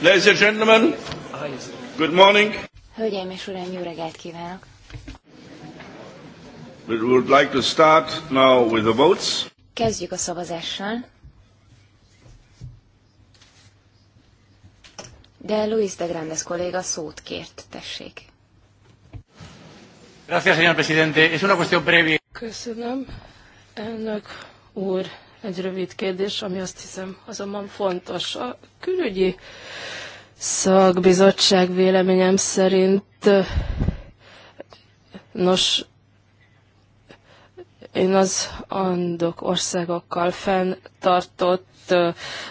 Ladies and gentlemen, good morning. Hölgyeim és uraim, jó reggelt kívánok. We would like to start now with the votes. Kezdjük a szavazással. De Luis de Grandes kolléga szót kért, tessék. Gracias, señor presidente. Es una cuestión previa. Köszönöm, elnök úr egy rövid kérdés, ami azt hiszem azonban fontos. A külügyi szakbizottság véleményem szerint nos, én az andok országokkal fenntartott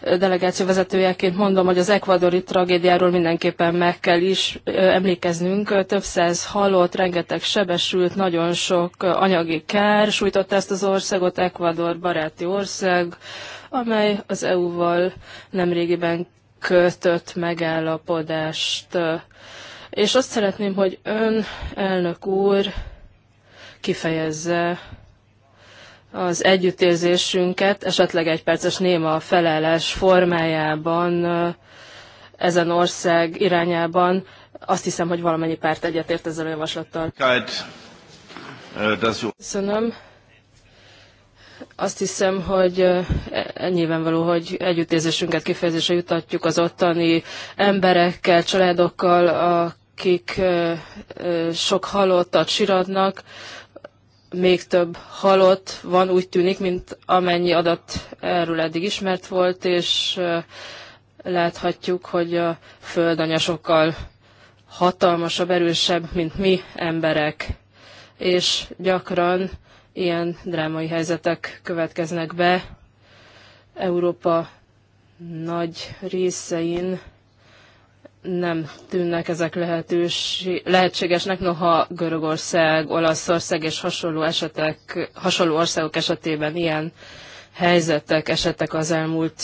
delegáció vezetőjeként mondom, hogy az ekvadori tragédiáról mindenképpen meg kell is emlékeznünk. Több száz halott, rengeteg sebesült, nagyon sok anyagi kár sújtott ezt az országot, Ekvador baráti ország, amely az EU-val nemrégiben kötött megállapodást. És azt szeretném, hogy ön, elnök úr, kifejezze az együttérzésünket, esetleg egy perces néma felelés formájában ezen ország irányában. Azt hiszem, hogy valamennyi párt egyetért ezzel a javaslattal. Äh, Köszönöm. Azt hiszem, hogy e, e, nyilvánvaló, hogy együttérzésünket kifejezésre jutatjuk az ottani emberekkel, családokkal, akik sok halottat siradnak még több halott van, úgy tűnik, mint amennyi adat erről eddig ismert volt, és láthatjuk, hogy a földanya sokkal hatalmasabb, erősebb, mint mi emberek. És gyakran ilyen drámai helyzetek következnek be Európa nagy részein nem tűnnek ezek lehetségesnek, noha Görögország, Olaszország és hasonló, esetek, hasonló országok esetében ilyen helyzetek, esetek az elmúlt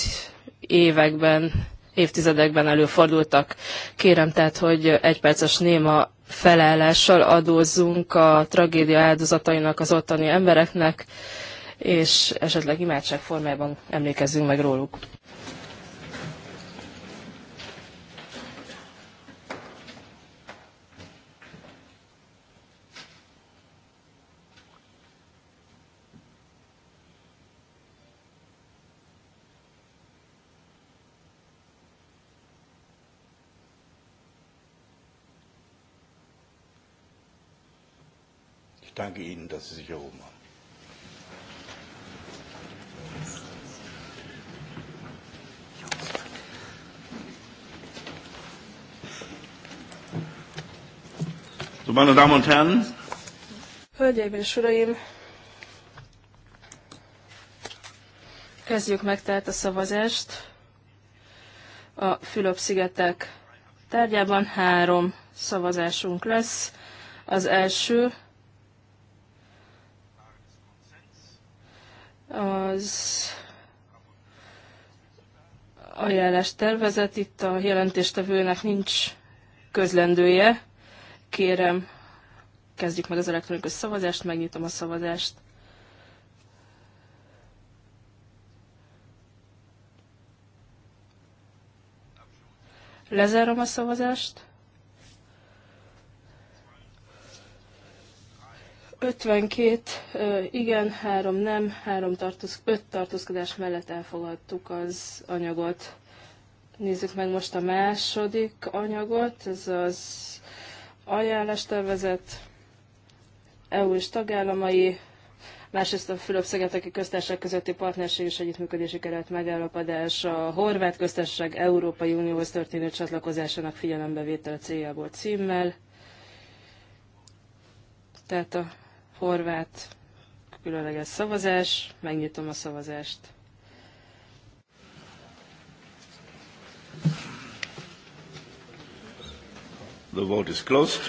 években, évtizedekben előfordultak. Kérem tehát, hogy egy perces néma felállással adózzunk a tragédia áldozatainak, az ottani embereknek, és esetleg imádság formájában emlékezzünk meg róluk. Ich danke Ihnen, dass Sie sich erhoben haben. So, meine Damen und Herren. Hölgyeim és Uraim, kezdjük meg tehát a szavazást. A Fülöp-szigetek tárgyában három szavazásunk lesz. Az első az ajánlás tervezet. Itt a jelentéstevőnek nincs közlendője. Kérem, kezdjük meg az elektronikus szavazást, megnyitom a szavazást. Lezárom a szavazást. 52 igen, 3 nem, 3 tartóz, 5 tartózkodás mellett elfogadtuk az anyagot. Nézzük meg most a második anyagot, ez az ajánlástervezet EU és tagállamai, másrészt a fülöp szegeteki köztársaság közötti partnerség és együttműködési keret megállapodás a Horvát köztársaság Európai Unióhoz történő csatlakozásának figyelembevétel céljából címmel. Tehát a horvát különleges szavazás. Megnyitom a szavazást. The vote is closed.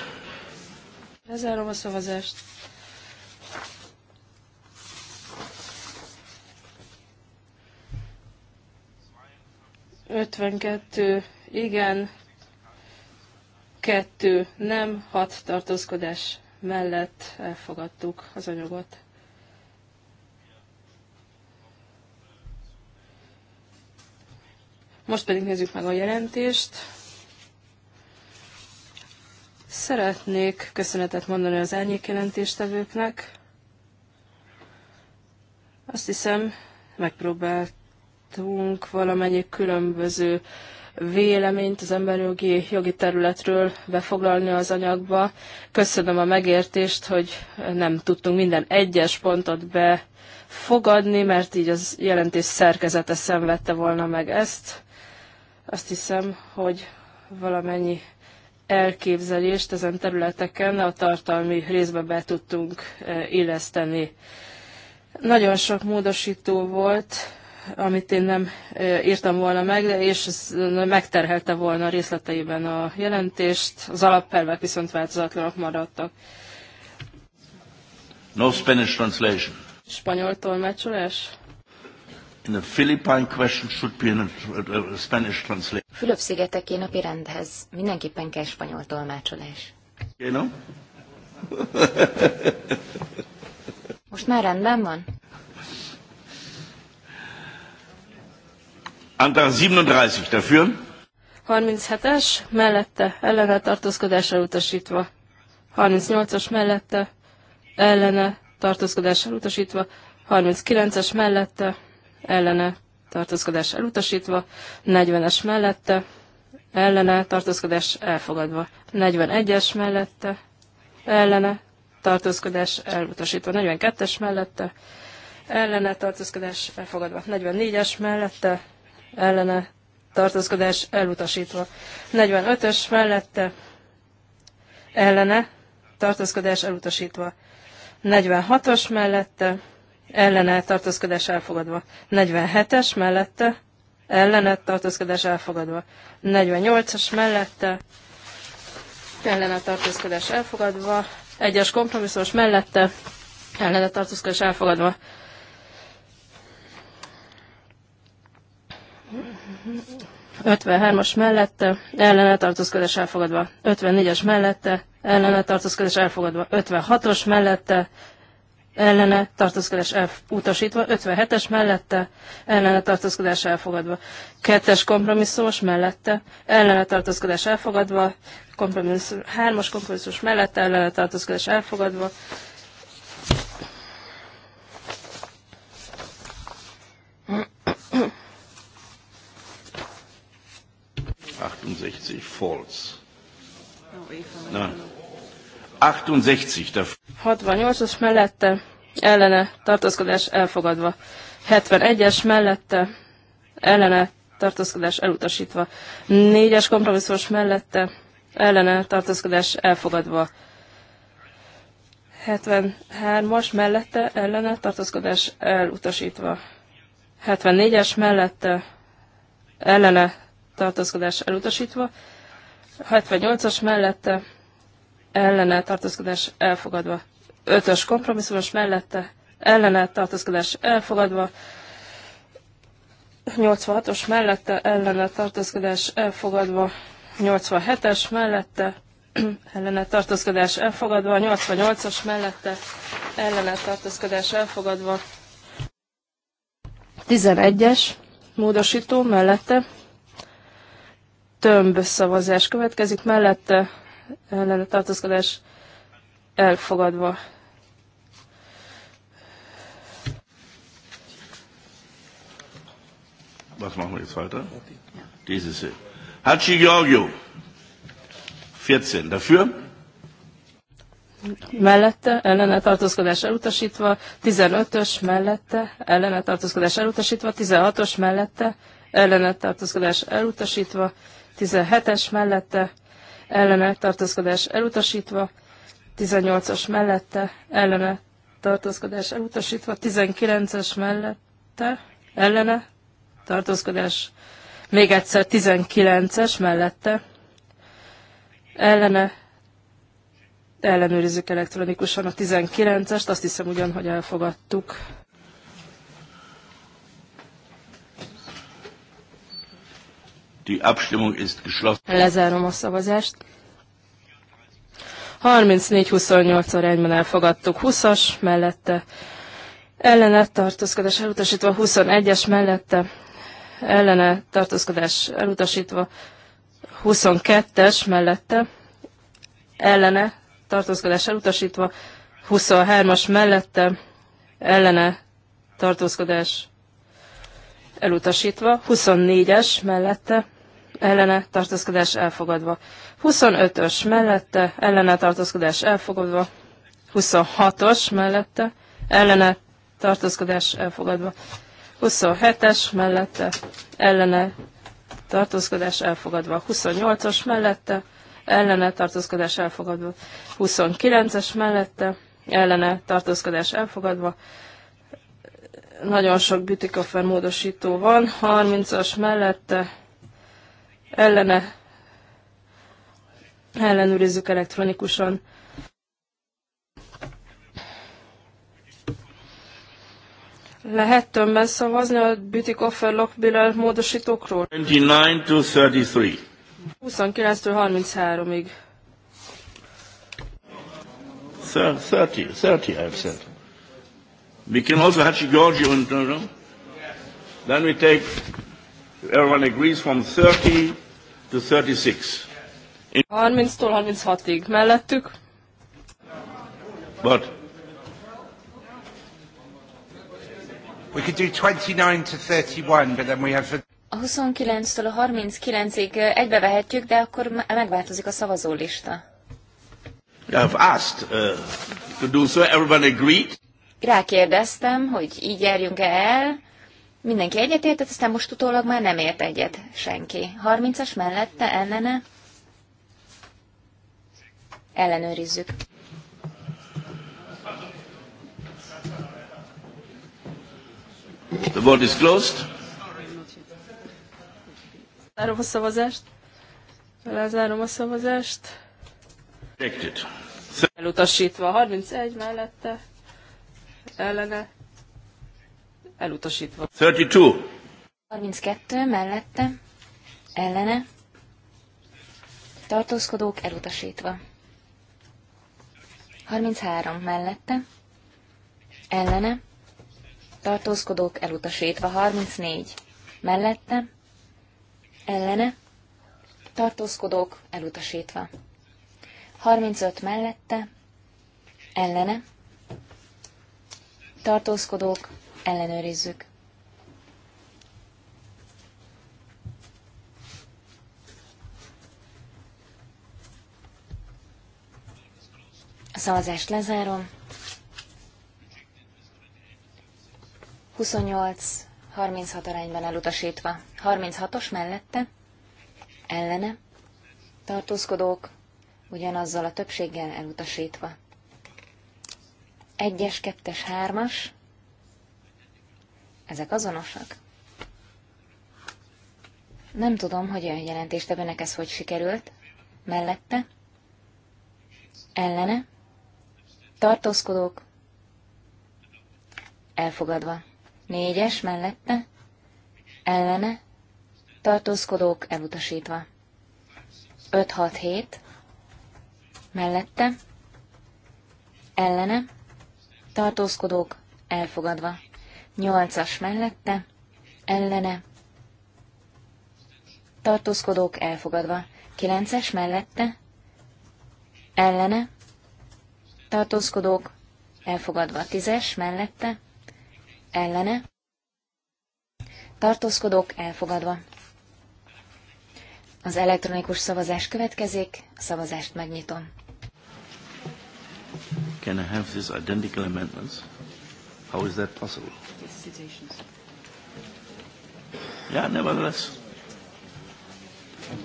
Lezárom a szavazást. Ötvenkettő, igen, kettő, nem, hat tartózkodás mellett elfogadtuk az anyagot. Most pedig nézzük meg a jelentést. Szeretnék köszönetet mondani az elnyék jelentéstevőknek. Azt hiszem, megpróbáltunk valamennyi különböző véleményt az emberjogi jogi területről befoglalni az anyagba. Köszönöm a megértést, hogy nem tudtunk minden egyes pontot befogadni, mert így az jelentés szerkezete szenvedte volna meg ezt. Azt hiszem, hogy valamennyi elképzelést ezen területeken a tartalmi részbe be tudtunk eh, illeszteni. Nagyon sok módosító volt, amit én nem írtam volna meg, és megterhelte volna részleteiben a jelentést. Az alapelvek viszont változatlanok maradtak. No Spanish translation. Spanyol tolmácsolás? The Philippine question should be in a Spanish translation. Fülöp-szigeteké napi rendhez mindenképpen kell spanyol tolmácsolás. Okay, Most már rendben van? Antrag 37 dafür. 37-es, mellette, ellene tartózkodásra utasítva. 38-as mellette, ellene tartózkodás elutasítva, 39-es mellette, ellene tartózkodás elutasítva, 40-es mellette, ellene tartózkodás elfogadva, 41-es mellette, ellene tartózkodás elutasítva, 42-es mellette, ellene tartózkodás elfogadva, 44-es mellette, ellene tartózkodás elutasítva. 45-ös mellette ellene tartózkodás elutasítva. 46-os mellette ellene tartózkodás elfogadva. 47-es mellette ellene tartózkodás elfogadva. 48-as mellette ellene tartózkodás elfogadva. 1-es kompromisszós mellette ellene tartózkodás elfogadva. 53-as mellette, ellene tartózkodás elfogadva. 54-es mellette, ellene tartózkodás elfogadva. 56-os mellette, ellene tartózkodás utasítva, 57-es mellette, ellene tartózkodás elfogadva. Kettes kompromisszumos mellette, ellene tartózkodás elfogadva, kompromisszum, hármas kompromisszumos mellette, ellene tartózkodás elfogadva, 68 false. Na. 68 dafür. 68-as mellette, ellene, tartózkodás elfogadva. 71-es mellette, ellene, tartózkodás elutasítva. 4-es kompromisszós mellette, ellene, tartózkodás elfogadva. 73-as mellette, ellene, tartózkodás elutasítva. 74-es mellette, ellene tartózkodás elutasítva, 78-as mellette ellene tartózkodás elfogadva, 5-ös kompromisszumos mellette ellene tartózkodás elfogadva, 86-os mellette ellene tartózkodás elfogadva, 87-es mellette ellene tartózkodás elfogadva, 88-as mellette ellene tartózkodás elfogadva, 11-es módosító mellette tömb szavazás következik, mellette ellene tartózkodás elfogadva. Was machen wir jetzt weiter? Dieses hier. Hachi Giorgio, 14. Dafür? mellette, ellene tartózkodás elutasítva, 15-ös mellette, ellene tartózkodás elutasítva, 16-os mellette, ellene tartózkodás elutasítva, 17-es mellette ellene tartózkodás elutasítva, 18-as mellette ellene tartózkodás elutasítva, 19-es mellette ellene tartózkodás, még egyszer 19-es mellette ellene ellenőrizzük elektronikusan a 19-est, azt hiszem ugyan, hogy elfogadtuk. Die Abstimmung ist geschlossen. Lezárom a szavazást. 34-28 arányban elfogadtuk 20-as mellette, ellene tartózkodás elutasítva 21-es mellette, ellene tartózkodás elutasítva 22-es mellette, ellene tartózkodás elutasítva 23-as mellette, ellene tartózkodás elutasítva 24-es mellette, ellene tartózkodás elfogadva. 25-ös mellette, ellene tartózkodás elfogadva. 26-os mellette, ellene tartózkodás elfogadva. 27-es mellette, ellene tartózkodás elfogadva. 28-os mellette, ellene tartózkodás elfogadva. 29-es mellette, ellene tartózkodás elfogadva. Nagyon sok bütikofen módosító van, 30-as mellette, ellene ellenőrizzük elektronikusan. Lehet tömbben szavazni a Beauty Bütikoffer Lockbiller módosítókról? 29-33. 29-33-ig. 30, 30 I've said. We can also have Giorgio and no, no. Then we take, everyone agrees from 30 36. tól 36-ig mellettük. What? We could do 29 to 31, but then we have a 29-től a 39-ig egybevehetjük, de akkor megváltozik a szavazólista. I've asked uh, to do so. Everyone agreed. Rákérdeztem, hogy így járjunk -e el. Mindenki egyet értett, aztán most utólag már nem ért egyet senki. 30-as mellette, ellene. Ellenőrizzük. The vote is closed. Lezárom a szavazást. Lezárom a szavazást. Elutasítva 31 mellette, ellene elutasítva. 32. 32 mellette, ellene, tartózkodók elutasítva. 33 mellette, ellene, tartózkodók elutasítva. 34 mellette, ellene, tartózkodók elutasítva. 35 mellette, ellene, tartózkodók Ellenőrizzük. A szavazást lezárom. 28 36 arányban elutasítva. 36-os mellette, ellene, tartózkodók, ugyanazzal a többséggel elutasítva. 1-es, 2-es, 3-as, ezek azonosak? Nem tudom, hogy olyan ebbenek ez hogy sikerült. Mellette? Ellene? Tartózkodók? Elfogadva. Négyes mellette? Ellene? Tartózkodók elutasítva. 5-6-7. Mellette? Ellene? Tartózkodók elfogadva. Nyolcas mellette, ellene, tartózkodók elfogadva, kilences mellette, ellene, tartózkodók elfogadva, Tízes mellette, ellene, tartózkodók elfogadva. Az elektronikus szavazás következik, a szavazást megnyitom. Can I have these identical amendments? How is that possible? presentations. Yeah, nevertheless.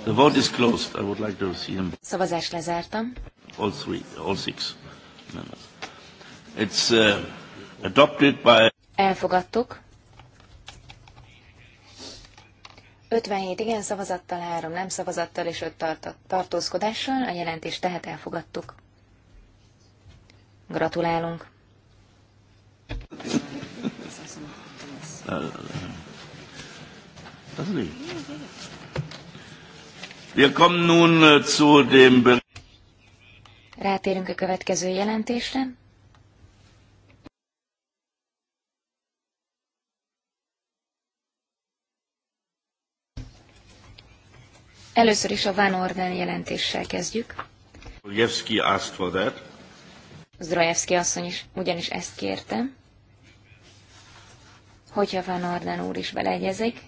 The vote is closed. I would like to see them. Szavazás lezártam. All three, all six members. It's uh, adopted by... Elfogadtuk. 57 igen szavazattal, 3 nem szavazattal és 5 tartózkodással a jelentést tehet elfogadtuk. Gratulálunk! Äh, Rátérünk a következő jelentésre. Először is a Van Orden jelentéssel kezdjük. Zdrojevski asked for that. Zdrojevski asszony is ugyanis ezt kérte hogyha Van Orden úr is beleegyezik.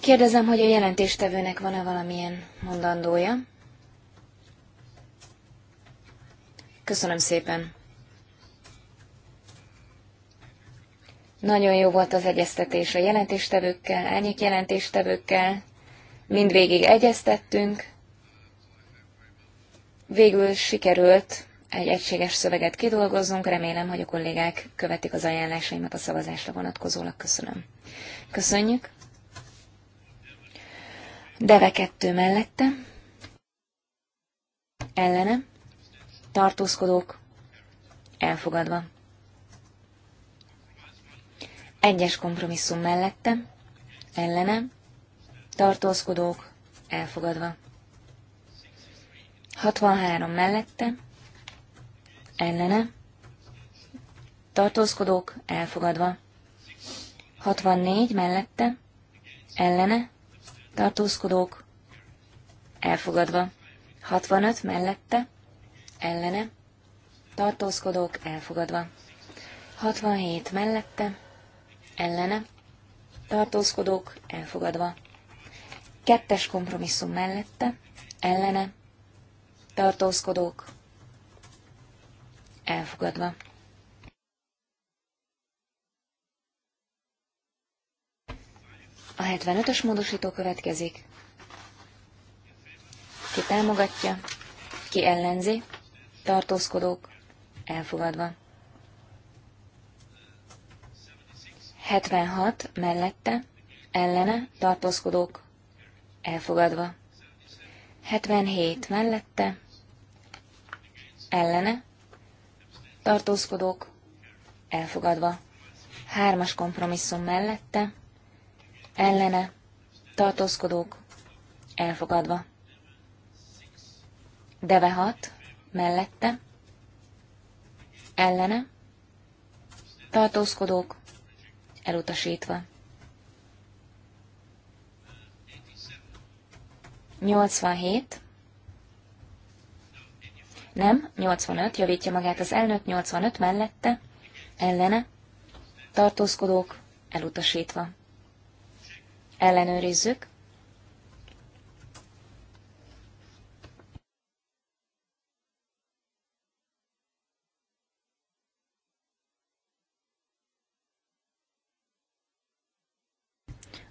Kérdezem, hogy a jelentéstevőnek van-e valamilyen mondandója? Köszönöm szépen. Nagyon jó volt az egyeztetés a jelentéstevőkkel, elnyék jelentéstevőkkel. Mindvégig egyeztettünk. Végül sikerült egy egységes szöveget kidolgozzunk. Remélem, hogy a kollégák követik az ajánlásaimat a szavazásra vonatkozólag. Köszönöm. Köszönjük. Deve kettő mellette. Ellene. Tartózkodók. Elfogadva. Egyes kompromisszum mellette. Ellene. Tartózkodók. Elfogadva. 63 mellette ellene, tartózkodók elfogadva. 64 mellette, ellene, tartózkodók elfogadva. 65 mellette, ellene, tartózkodók elfogadva. 67 mellette, ellene, tartózkodók elfogadva. Kettes kompromisszum mellette, ellene, tartózkodók elfogadva. A 75-ös módosító következik. Ki támogatja, ki ellenzi, tartózkodók, elfogadva. 76 mellette, ellene, tartózkodók, elfogadva. 77 mellette, ellene, tartózkodók, elfogadva. Hármas kompromisszum mellette, ellene, tartózkodók, elfogadva. Deve hat, mellette, ellene, tartózkodók, elutasítva. 87, nem, 85, javítja magát az elnök, 85 mellette, ellene, tartózkodók, elutasítva. Ellenőrizzük.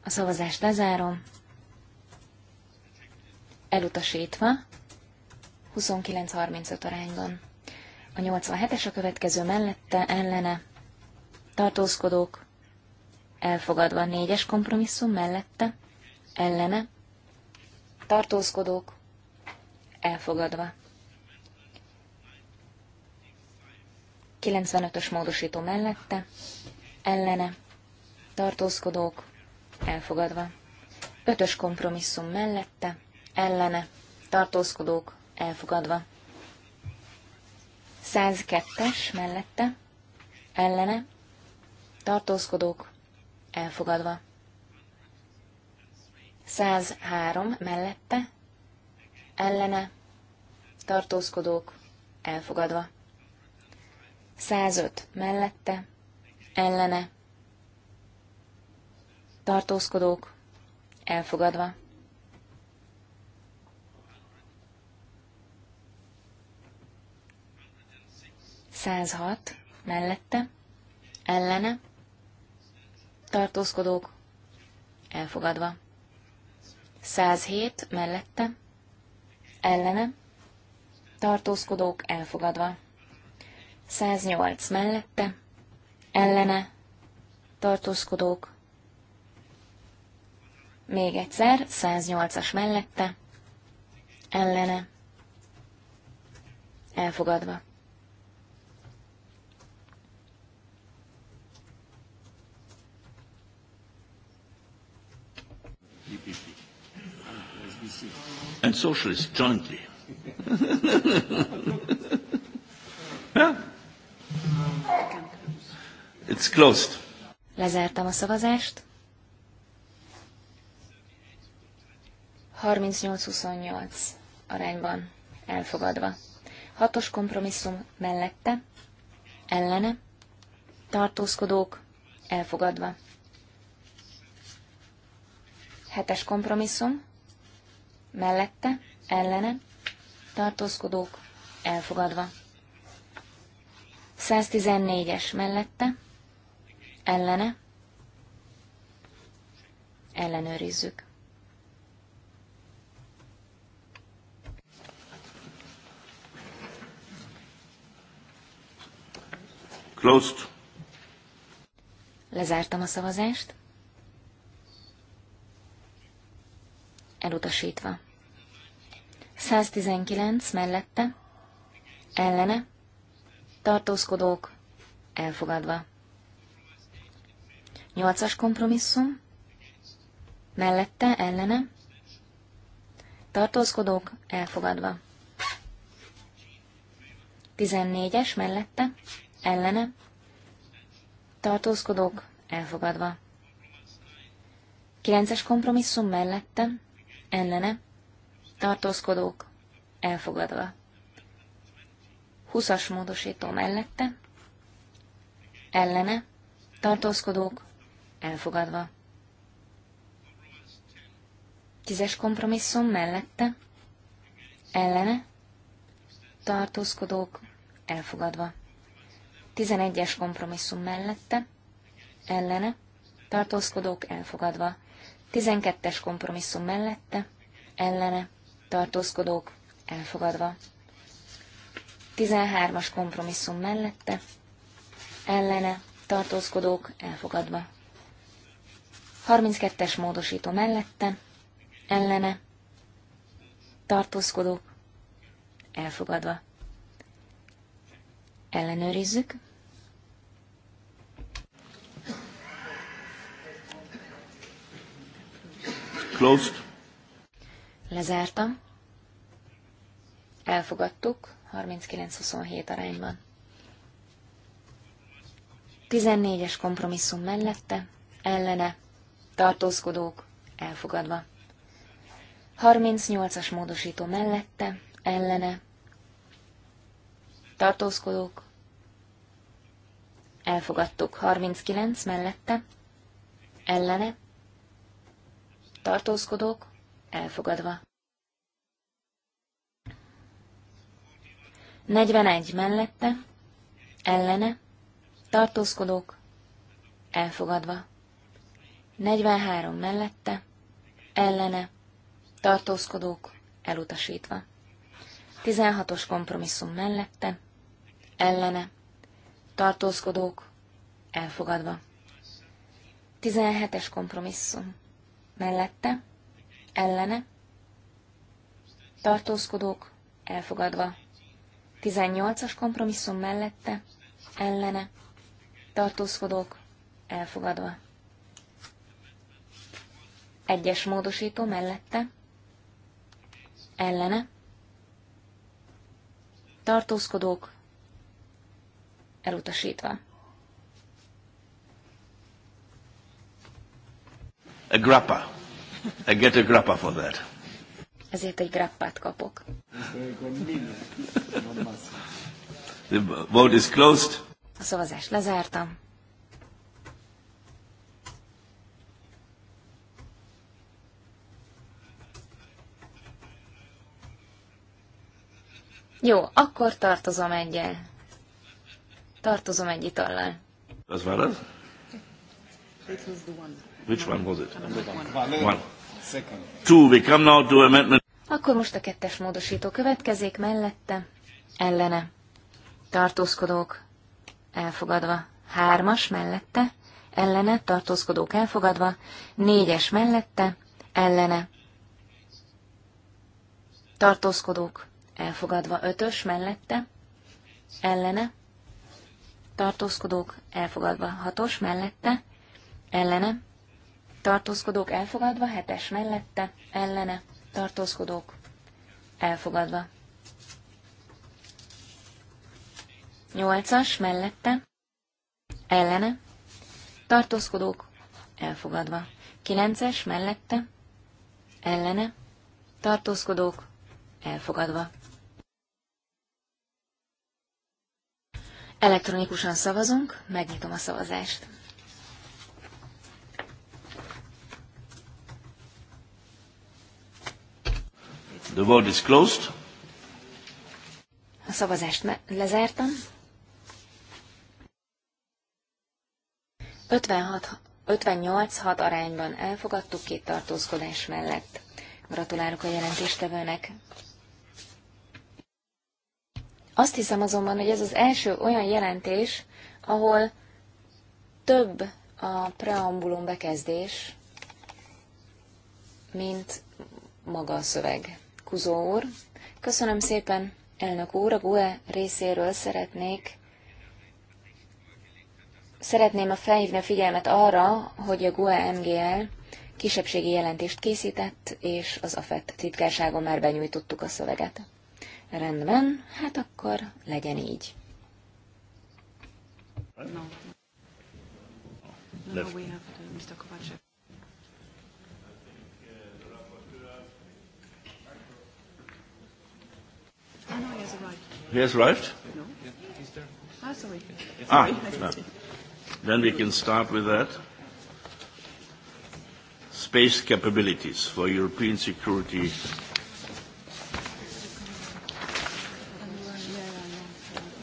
A szavazást lezárom. Elutasítva, 29-35 arányban. A 87-es a következő mellette, ellene, tartózkodók, elfogadva 4-es kompromisszum mellette, ellene, tartózkodók, elfogadva. 95-ös módosító mellette, ellene, tartózkodók, elfogadva. 5-ös kompromisszum mellette, ellene, tartózkodók, elfogadva. 102-es mellette, ellene, tartózkodók, elfogadva. 103 mellette, ellene, tartózkodók, elfogadva. 105 mellette, ellene, tartózkodók, elfogadva. 106 mellette, ellene, tartózkodók, elfogadva. 107 mellette, ellene, tartózkodók, elfogadva. 108 mellette, ellene, tartózkodók, még egyszer, 108-as mellette, ellene, elfogadva. and socialists jointly. yeah? It's closed. Lezártam a szavazást. 38-28 arányban elfogadva. Hatos kompromisszum mellette, ellene, tartózkodók elfogadva. Hetes kompromisszum mellette, ellene, tartózkodók, elfogadva. 114-es mellette, ellene, ellenőrizzük. Closed. Lezártam a szavazást. elutasítva. 119 mellette, ellene, tartózkodók, elfogadva. 8-as kompromisszum, mellette, ellene, tartózkodók, elfogadva. 14-es mellette, ellene, tartózkodók, elfogadva. 9-es kompromisszum mellette, ellene, tartózkodók, elfogadva. Huszas módosító mellette, ellene, tartózkodók, elfogadva. Tízes kompromisszum mellette, ellene, tartózkodók, elfogadva. Tizenegyes kompromisszum mellette, ellene, tartózkodók elfogadva. 12-es kompromisszum mellette, ellene, tartózkodók elfogadva. 13-as kompromisszum mellette, ellene, tartózkodók elfogadva. 32-es módosító mellette, ellene, tartózkodók elfogadva. Ellenőrizzük. closed. Lezártam. Elfogadtuk 39-27 arányban. 14-es kompromisszum mellette, ellene, tartózkodók, elfogadva. 38-as módosító mellette, ellene, tartózkodók, elfogadtuk. 39 mellette, ellene, tartózkodók, elfogadva. 41 mellette, ellene, tartózkodók, elfogadva. 43 mellette, ellene, tartózkodók, elutasítva. 16-os kompromisszum mellette, ellene, tartózkodók, elfogadva. 17-es kompromisszum mellette, ellene, tartózkodók, elfogadva. 18-as kompromisszum mellette, ellene, tartózkodók, elfogadva. Egyes módosító mellette, ellene, tartózkodók, elutasítva. A grappa. I get a grappa for that. Ezért egy grappát kapok. The vote is closed. A szavazás lezártam. Jó, akkor tartozom egyel. Tartozom egy itallal. Az már az? It was the one. Which one was it? One. Two. We come now to amendment. Akkor most a kettes módosító következik mellette, ellene, tartózkodók, elfogadva, hármas mellette, ellene, tartózkodók elfogadva, négyes mellette, ellene, tartózkodók elfogadva, ötös mellette, ellene, tartózkodók elfogadva, hatos mellette, ellene, tartózkodók elfogadva, hetes mellette, ellene, tartózkodók elfogadva. Nyolcas mellette, ellene, tartózkodók elfogadva. Kilences mellette, ellene, tartózkodók elfogadva. Elektronikusan szavazunk, megnyitom a szavazást. The vote is closed. A szavazást lezártam. 56, 58-6 arányban elfogadtuk két tartózkodás mellett. Gratulálok a jelentéstevőnek. Azt hiszem azonban, hogy ez az első olyan jelentés, ahol több a preambulum bekezdés, mint maga a szöveg. Kuzó úr. Köszönöm szépen, elnök úr. A GUE részéről szeretnék Szeretném a felhívni a figyelmet arra, hogy a GUE MGL kisebbségi jelentést készített, és az AFET titkárságon már benyújtottuk a szöveget. Rendben, hát akkor legyen így. No. No, we have to, Mr. Ah, no, he has arrived. He has arrived? No. Yeah, he's there. Ah, sorry. Ah, no. then we can start with that. Space capabilities for European security.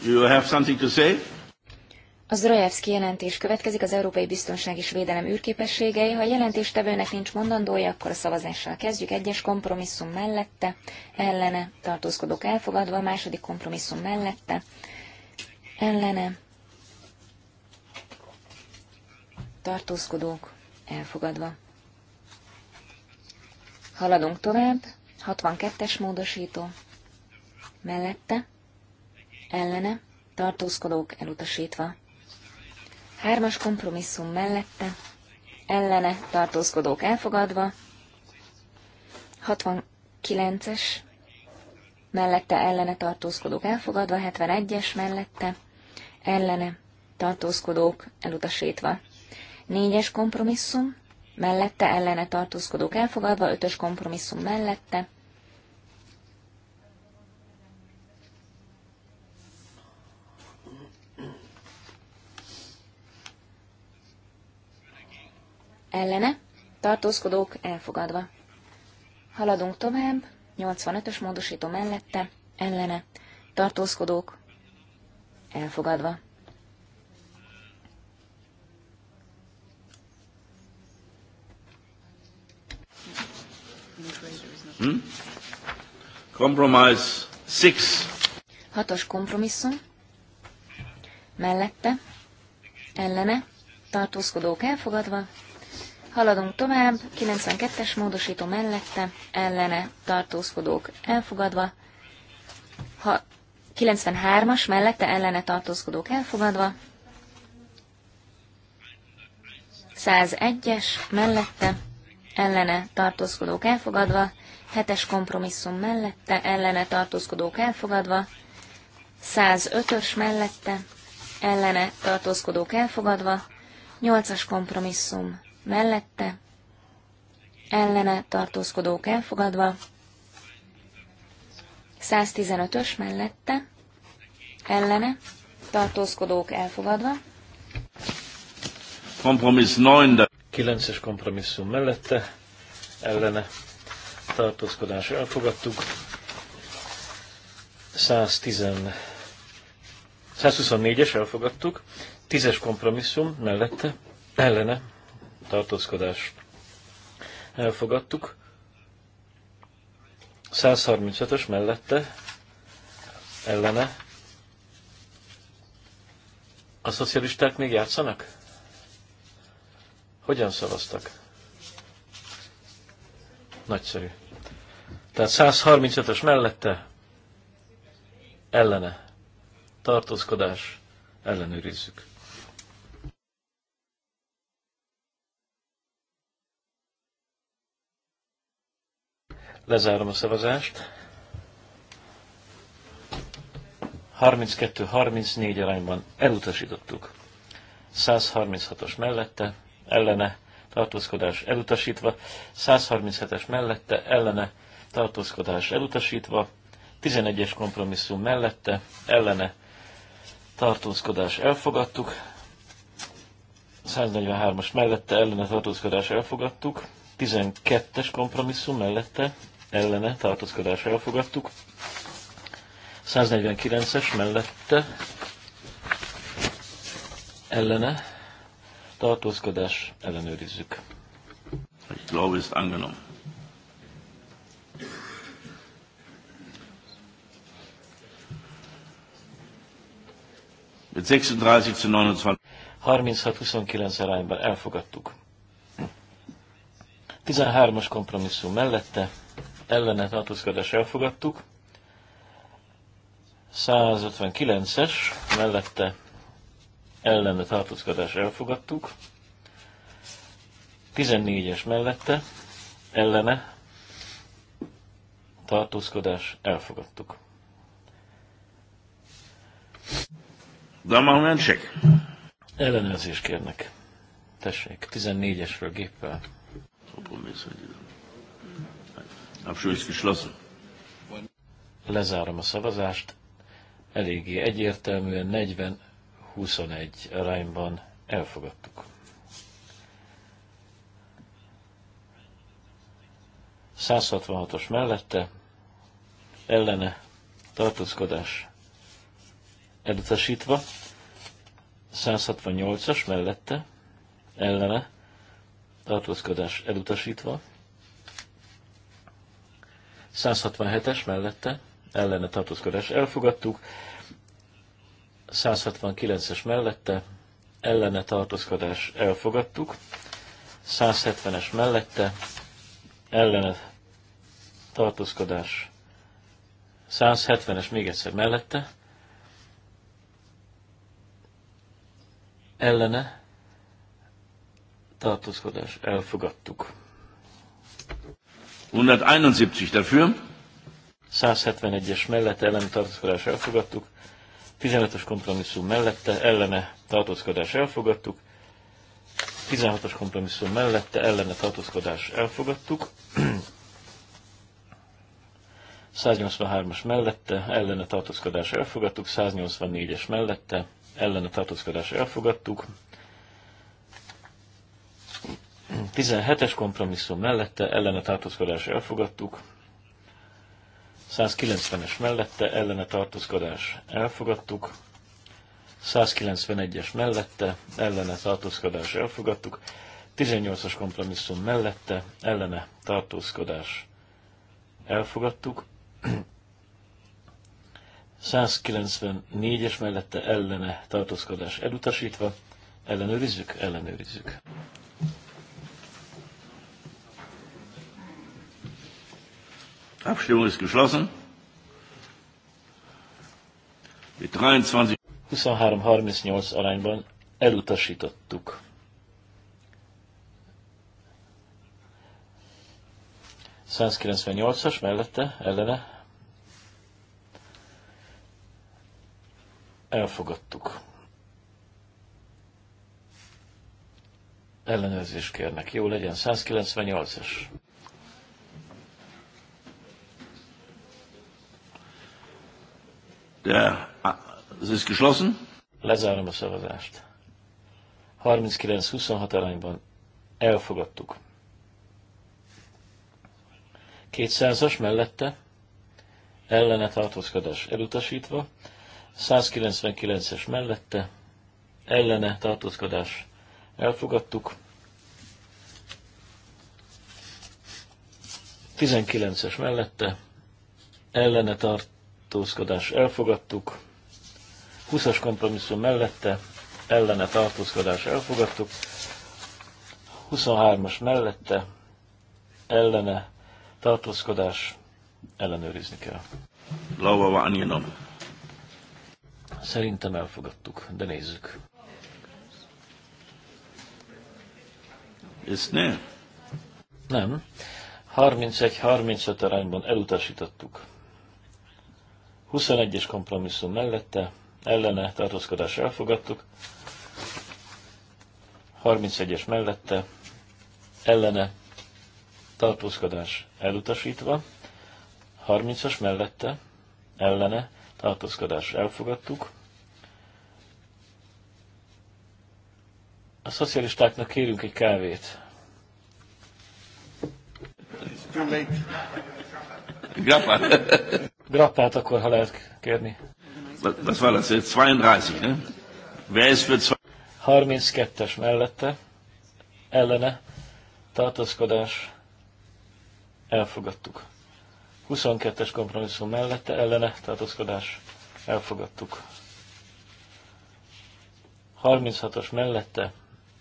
You have something to say? A Zrojevszki jelentés következik az Európai Biztonság és Védelem űrképességei. Ha a jelentéstevőnek nincs mondandója, akkor a szavazással kezdjük. Egyes kompromisszum mellette, ellene, tartózkodók elfogadva, a második kompromisszum mellette, ellene, tartózkodók elfogadva. Haladunk tovább, 62-es módosító, mellette, ellene, tartózkodók elutasítva. Hármas kompromisszum mellette, ellene tartózkodók elfogadva, 69-es mellette ellene tartózkodók elfogadva, 71-es mellette ellene tartózkodók elutasítva. 4-es kompromisszum mellette ellene tartózkodók elfogadva, 5-ös kompromisszum mellette ellene, tartózkodók elfogadva. Haladunk tovább, 85-ös módosító mellette, ellene, tartózkodók elfogadva. Hmm? Compromise six. Hatos kompromisszum. Mellette, ellene, tartózkodók elfogadva. Haladunk tovább, 92-es módosító mellette, ellene tartózkodók elfogadva, ha 93-as mellette ellene tartózkodók elfogadva, 101-es mellette ellene tartózkodók elfogadva, 7-es kompromisszum mellette ellene tartózkodók elfogadva, 105-ös mellette ellene tartózkodók elfogadva, 8-as kompromisszum mellette, ellene tartózkodók elfogadva, 115-ös mellette, ellene tartózkodók elfogadva, 9, 9-es kompromisszum mellette, ellene tartózkodás elfogadtuk, 110, 124-es elfogadtuk, 10-es kompromisszum mellette, ellene tartózkodás elfogadtuk. 135-ös mellette, ellene. A szocialisták még játszanak? Hogyan szavaztak? Nagyszerű. Tehát 135-ös mellette, ellene. Tartózkodás, ellenőrizzük. Lezárom a szavazást. 32-34 arányban elutasítottuk. 136-os mellette, ellene, tartózkodás elutasítva, 137-es mellette, ellene, tartózkodás elutasítva, 11-es kompromisszum mellette, ellene, tartózkodás elfogadtuk, 143-as mellette, ellene tartózkodás elfogadtuk, 12-es kompromisszum mellette, ellene tartózkodás elfogadtuk. 149-es mellette ellene tartózkodás ellenőrizzük. Ich glaube, ist angenommen. Mit 36 29. 36-29 arányban elfogadtuk. 13-as kompromisszum mellette ellene tartózkodás elfogadtuk. 159-es mellette ellene tartózkodás elfogadtuk. 14-es mellette ellene tartózkodás elfogadtuk. De már mentsek. Ellenőrzést kérnek. Tessék, 14-esről géppel. Apom, Lezárom a szavazást. Eléggé egyértelműen 40-21 arányban elfogadtuk. 166-os mellette, ellene tartózkodás elutasítva, 168-as mellette, ellene tartózkodás elutasítva, 167-es mellette ellene tartózkodás elfogadtuk, 169-es mellette ellene tartózkodás elfogadtuk, 170-es mellette ellene tartózkodás 170-es még egyszer mellette ellene tartózkodás elfogadtuk. 171 dafür. 171-es mellette ellentartózkodás elfogadtuk. 15-ös kompromisszum mellette ellene tartózkodás elfogadtuk. 16-os kompromisszum mellette ellene tartózkodás elfogadtuk. 183-as mellette ellene tartózkodás elfogadtuk, 184-es mellette ellene tartózkodás elfogadtuk, 17-es kompromisszum mellette ellene tartózkodás elfogadtuk. 190-es mellette ellene tartózkodás elfogadtuk. 191-es mellette ellene tartózkodás elfogadtuk. 18-as kompromisszum mellette ellene tartózkodás elfogadtuk. 194-es mellette ellene tartózkodás elutasítva. Ellenőrizzük, ellenőrizzük. Abstimmung ist geschlossen. Mit 23 23.38 arányban elutasítottuk. as mellette, ellene elfogadtuk. Ellenőrzést kérnek. Jó legyen, 198-as. De, ah, ez ist geschlossen. Lezárom a szavazást. 39-26 arányban elfogadtuk. 200-as mellette ellene tartózkodás elutasítva, 199-es mellette ellene tartózkodás elfogadtuk, 19-es mellette ellene tart tartózkodás elfogadtuk, 20-as kompromisszum mellette, ellene tartózkodás elfogadtuk, 23-as mellette, ellene tartózkodás ellenőrizni kell. Szerintem elfogadtuk, de nézzük. nem? Nem. 31-35 arányban elutasítottuk. 21-es kompromisszum mellette, ellene tartózkodás elfogadtuk. 31-es mellette, ellene tartózkodás elutasítva. 30-as mellette, ellene tartózkodás elfogadtuk. A szocialistáknak kérünk egy kávét. It's too late. Grappát akkor, ha lehet kérni. Das war das 32, ne? Wer ist für 32-es mellette, ellene, tartózkodás, elfogadtuk. 22-es kompromisszum mellette, ellene, tartózkodás, elfogadtuk. 36-os mellette,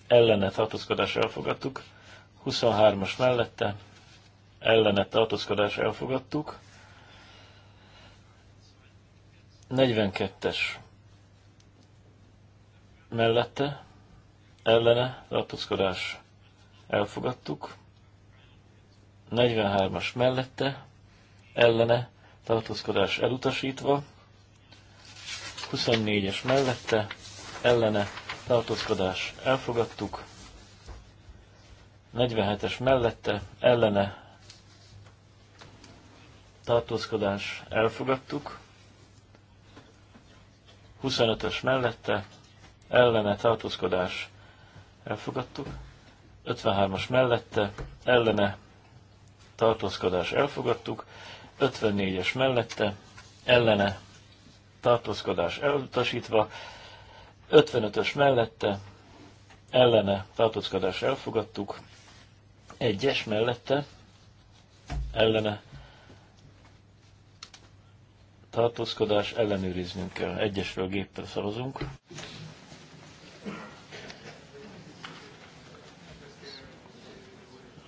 ellene, tartózkodás, elfogadtuk. 23-as mellette, ellene, tartózkodás, elfogadtuk. 42-es mellette, ellene, tartózkodás elfogadtuk. 43-as mellette, ellene, tartózkodás elutasítva. 24-es mellette, ellene, tartózkodás elfogadtuk. 47-es mellette, ellene, tartózkodás elfogadtuk. 25-ös mellette, ellene tartózkodás elfogadtuk, 53-as mellette, ellene tartózkodás elfogadtuk, 54-es mellette, ellene tartózkodás elutasítva, 55-ös mellette, ellene tartózkodás elfogadtuk, 1-es mellette, ellene tartózkodás, ellenőriznünk kell. Egyesről géppel szavazunk.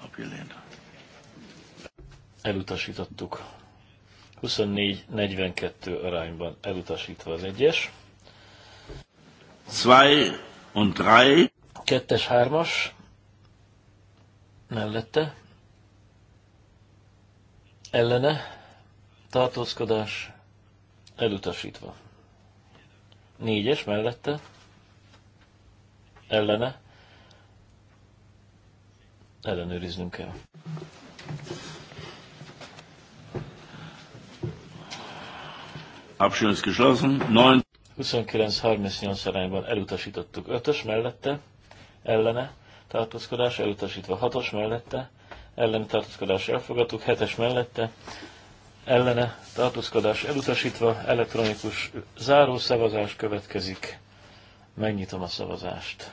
A Elutasítottuk. 24-42 arányban elutasítva az egyes. 2 und 3. Kettes, hármas. Mellette. Ellene. Tartózkodás elutasítva. Négyes mellette, ellene, ellenőriznünk kell. Abstimmung ist geschlossen. 9. 29-38 arányban elutasítottuk 5-ös mellette, ellene tartózkodás, elutasítva 6-os mellette, ellene tartózkodás elfogadtuk, 7-es mellette, ellene tartózkodás elutasítva, elektronikus zárószavazás következik. Megnyitom a szavazást.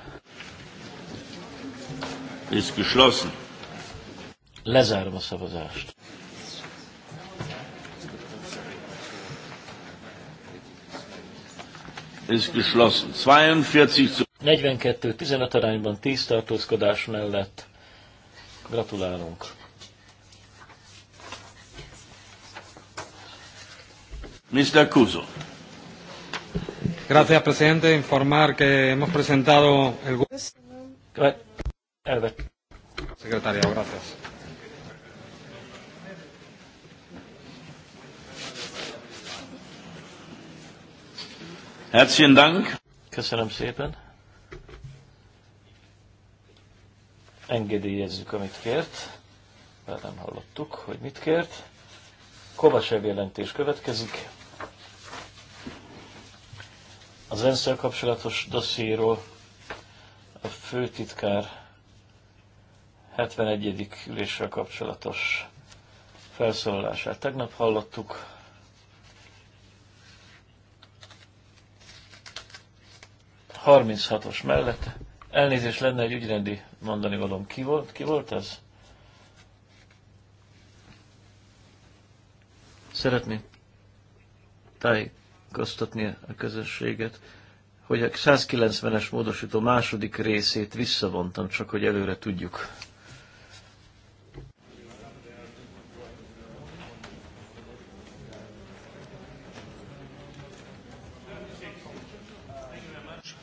Lezárom a szavazást. Ist geschlossen. 42 zu 42-15 arányban 10 tartózkodás mellett. Gratulálunk. Mr. Cuso. Gracias, presidente. Informar que hemos presentado el... Secretaria, gracias. Herzlichen Dank. Köszönöm szépen. Engedélyezzük, amit kért. Már nem hallottuk, hogy mit kért. Kovasev jelentés következik. Az ensz kapcsolatos dossziéról a főtitkár 71. üléssel kapcsolatos felszólalását tegnap hallottuk. os mellett. Elnézést lenne egy ügyrendi mondani valom. Ki volt, ki volt ez? Szeretném tájék szórakoztatni a közösséget, hogy a 190-es módosító második részét visszavontam, csak hogy előre tudjuk.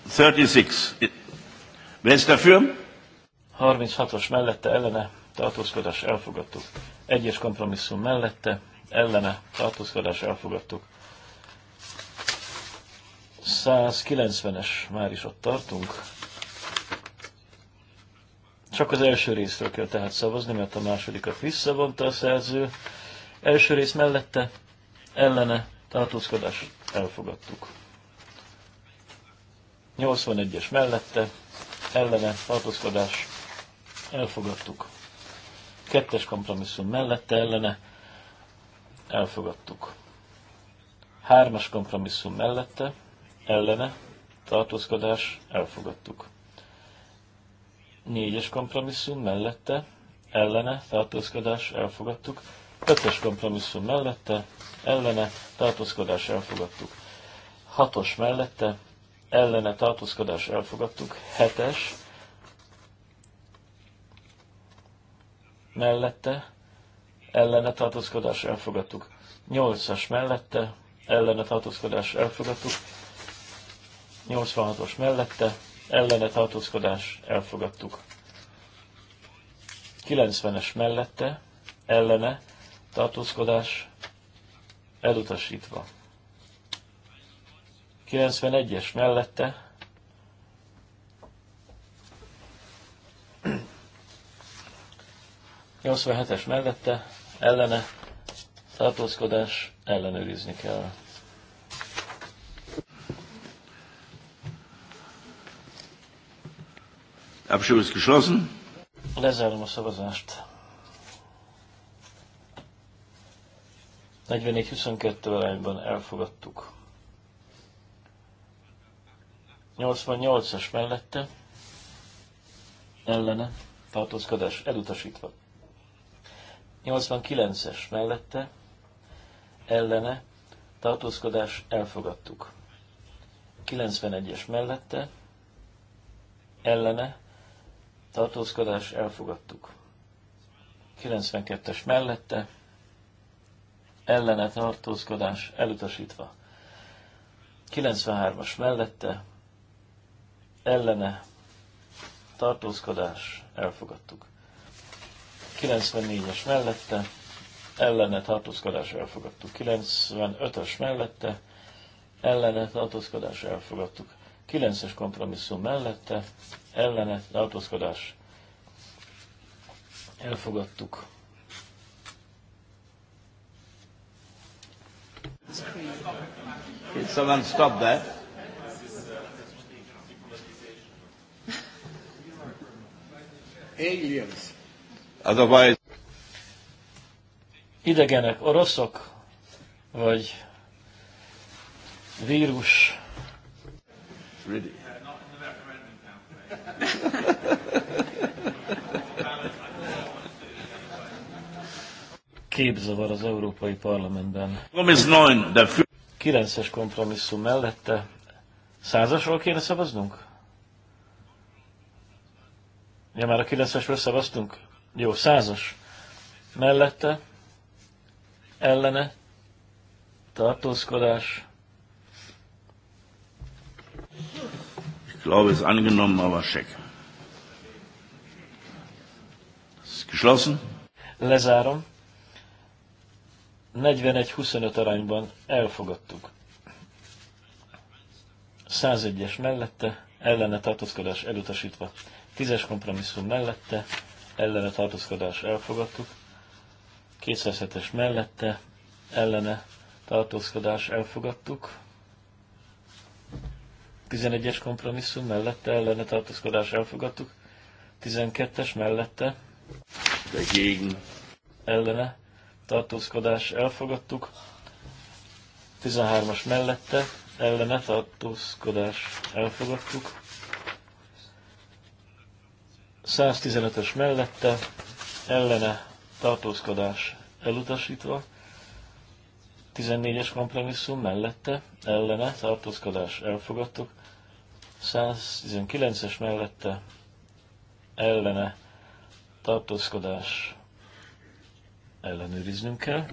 Thirty-six. 36-os mellette ellene tartózkodás elfogadtuk. Egyes kompromisszum mellette ellene tartózkodás elfogadtuk. 190-es, már is ott tartunk. Csak az első részről kell tehát szavazni, mert a másodikat visszavonta a szerző. Első rész mellette, ellene, tartózkodás, elfogadtuk. 81-es mellette, ellene, tartózkodás, elfogadtuk. Kettes kompromisszum mellette, ellene, elfogadtuk. Hármas kompromisszum mellette, ellene tartózkodás elfogadtuk. Négyes kompromisszum mellette ellene tartózkodás elfogadtuk. Ötös kompromisszum mellette ellene tartózkodás elfogadtuk. Hatos mellette ellene tartózkodás elfogadtuk. Hetes mellette ellene tartózkodás elfogadtuk. Nyolcas mellette ellene tartózkodás elfogadtuk. 86-os mellette, ellene tartózkodás, elfogadtuk. 90-es mellette, ellene tartózkodás, elutasítva. 91-es mellette, es mellette, ellene tartózkodás, ellenőrizni kell. Abstimmung ist geschlossen. Lezárom a szavazást. 44-22 arányban elfogadtuk. 88-as mellette ellene tartózkodás elutasítva. 89-es mellette ellene tartózkodás elfogadtuk. 91-es mellette ellene tartózkodás elfogadtuk. 92-es mellette, ellene tartózkodás elutasítva. 93-as mellette, ellene tartózkodás elfogadtuk. 94-es mellette, ellene tartózkodás elfogadtuk. 95-ös mellette, ellene tartózkodás elfogadtuk. 9-es kompromisszum mellette, ellene tartózkodás elfogadtuk. Did someone stop that? Aliens. Otherwise... Idegenek, oroszok, vagy vírus. Really. Képzavar az Európai Parlamentben. 9-es kompromisszum mellette. Százasról kéne szavaznunk? Ja, már a 9-esről szavaztunk? Jó, százas. Mellette, ellene, tartózkodás, glaube, es ist angenommen, aber Scheck. ist geschlossen. Lezárom. 41-25 arányban elfogadtuk. 101-es mellette, ellene tartózkodás elutasítva. 10-es kompromisszum mellette, ellene tartózkodás elfogadtuk. 207-es mellette, ellene tartózkodás elfogadtuk. 11-es kompromisszum mellette ellene tartózkodás elfogadtuk. 12-es mellette dagegen ellene tartózkodás elfogadtuk. 13-as mellette ellene tartózkodás elfogadtuk. 115-ös mellette ellene tartózkodás elutasítva. 14-es kompromisszum mellette ellene tartózkodás elfogadtuk. 119-es mellette ellene tartózkodás ellenőriznünk kell.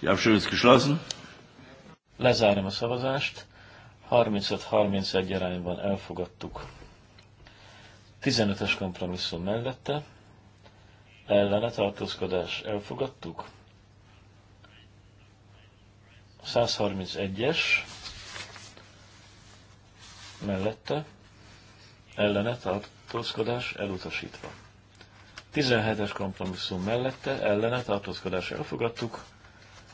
Die Abstimmung Lezárom a szavazást. 35-31 arányban elfogadtuk. 15-es kompromisszum mellette. Ellene tartózkodás elfogadtuk. 131-es mellette ellene tartózkodás elutasítva. 17-es kompromisszum mellette ellene tartózkodás elfogadtuk.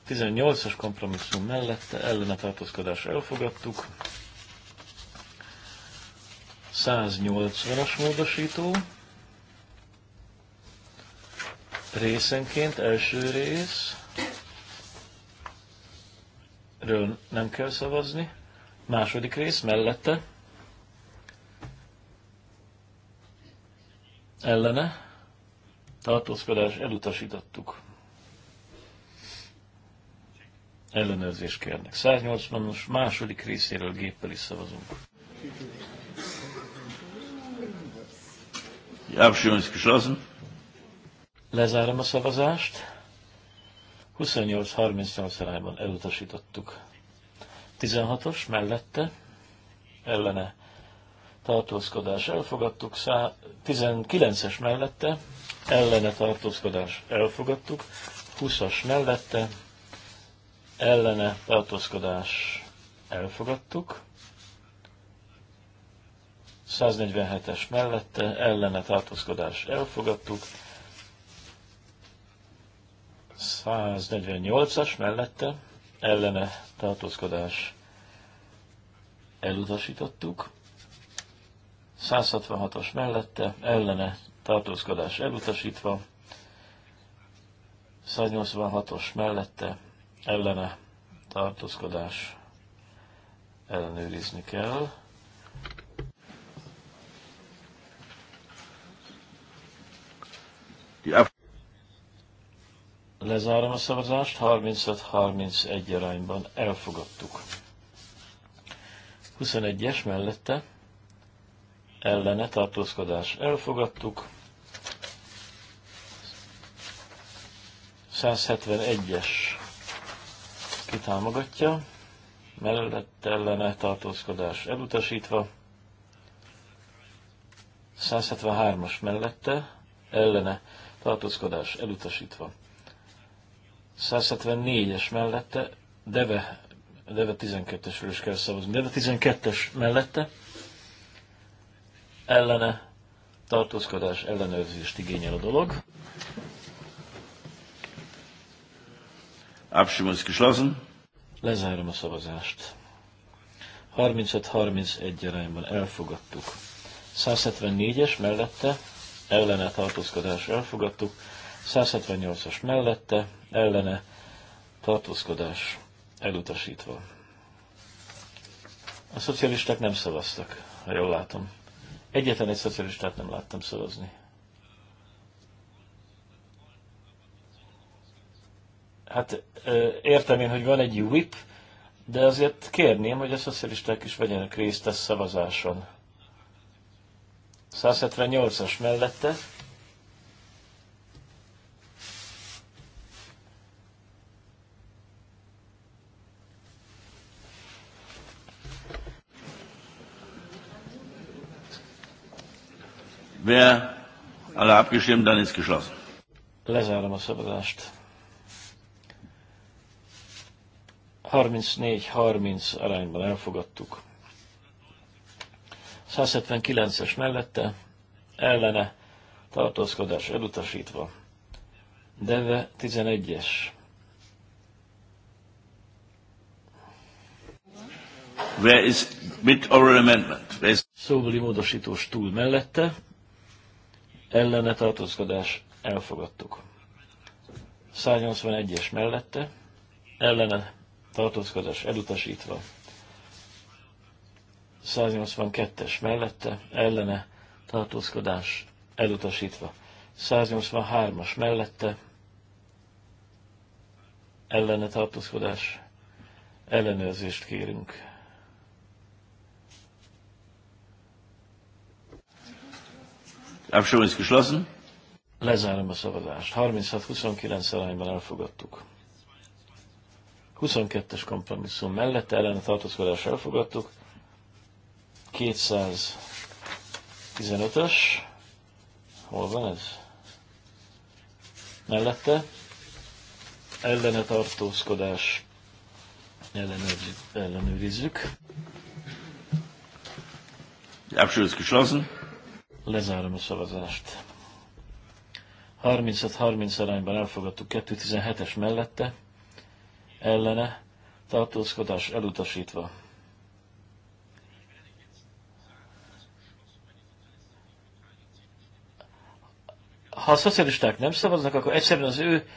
18-as kompromisszum mellette ellene tartózkodás elfogadtuk. 180-as módosító. Részenként első rész ről nem kell szavazni. Második rész mellette. Ellene. Tartózkodás elutasítottuk. Ellenőrzés kérnek. 180-os második részéről géppel is szavazunk. Lezárom a szavazást. 28-38 arányban elutasítottuk. 16-os mellette ellene tartózkodás elfogadtuk, 19-es mellette ellene tartózkodás elfogadtuk, 20-as mellette ellene tartózkodás elfogadtuk, 147-es mellette ellene tartózkodás elfogadtuk, 148-as mellette ellene tartózkodás elutasítottuk. 166 as mellette ellene tartózkodás elutasítva. 186-os mellette ellene tartózkodás ellenőrizni kell. Die Lezárom a szavazást, 35-31 arányban elfogadtuk. 21-es mellette ellene tartózkodás elfogadtuk. 171-es kitámogatja, mellette, ellene tartózkodás elutasítva. 173-as mellette ellene tartózkodás elutasítva. 174-es mellette, Deve, Deve 12-esről is kell szavazni. Deve 12-es mellette ellene tartózkodás ellenőrzést igényel a dolog. Abstimmung ist Lezárom a szavazást. 35-31 arányban elfogadtuk. 174-es mellette ellene tartózkodás elfogadtuk. 178-as mellette, ellene tartózkodás elutasítva. A szocialisták nem szavaztak, ha jól látom. Egyetlen egy szocialistát nem láttam szavazni. Hát értem én, hogy van egy whip, de azért kérném, hogy a szocialisták is vegyenek részt a szavazáson. 178-as mellette Wer alle abgestimmt, dann ist geschlossen. Lezárom a szavazást. 34-30 arányban elfogadtuk. 179-es mellette, ellene, tartózkodás elutasítva. Deve 11-es. Wer ist mit oral amendment? Wer ist... Szóbeli módosítós túl mellette, ellene tartózkodás elfogadtuk. 181-es mellette ellene tartózkodás elutasítva. 182-es mellette ellene tartózkodás elutasítva. 183-as mellette ellene tartózkodás ellenőrzést kérünk. Abstimmung ist geschlossen. Lezárom a szavazást. 36-29 arányban elfogadtuk. 22-es kompromisszum mellett ellen a tartózkodás elfogadtuk. 215-ös. Hol van ez? Mellette ellene tartózkodás ellenőrizzük. ellenőrizzük. Die Abstimmung ist geschlossen. Lezárom a szavazást. 35-30 arányban elfogadtuk 2.17-es mellette, ellene, tartózkodás elutasítva. Ha a szocialisták nem szavaznak, akkor egyszerűen az ő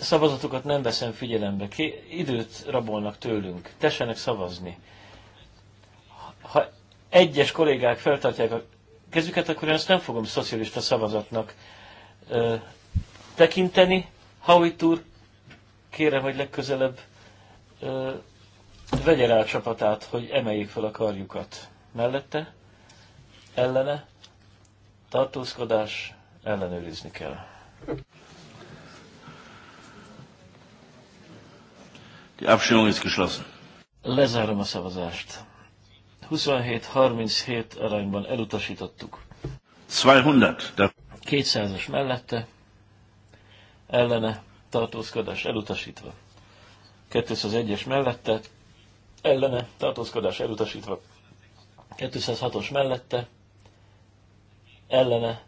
szavazatokat nem veszem figyelembe. Ki időt rabolnak tőlünk. Tessenek szavazni. Ha egyes kollégák feltartják a kezüket, hát akkor én ezt nem fogom szocialista szavazatnak ö, tekinteni. Howitt úr, kérem, hogy legközelebb ö, vegye rá a csapatát, hogy emeljék fel a karjukat. Mellette, ellene, tartózkodás, ellenőrizni kell. Die Abstimmung ist geschlossen. Lezárom a szavazást. 27-37 arányban elutasítottuk. 200. 200-as mellette, ellene, tartózkodás elutasítva. 201-es mellette, ellene, tartózkodás elutasítva. 206-os mellette, ellene,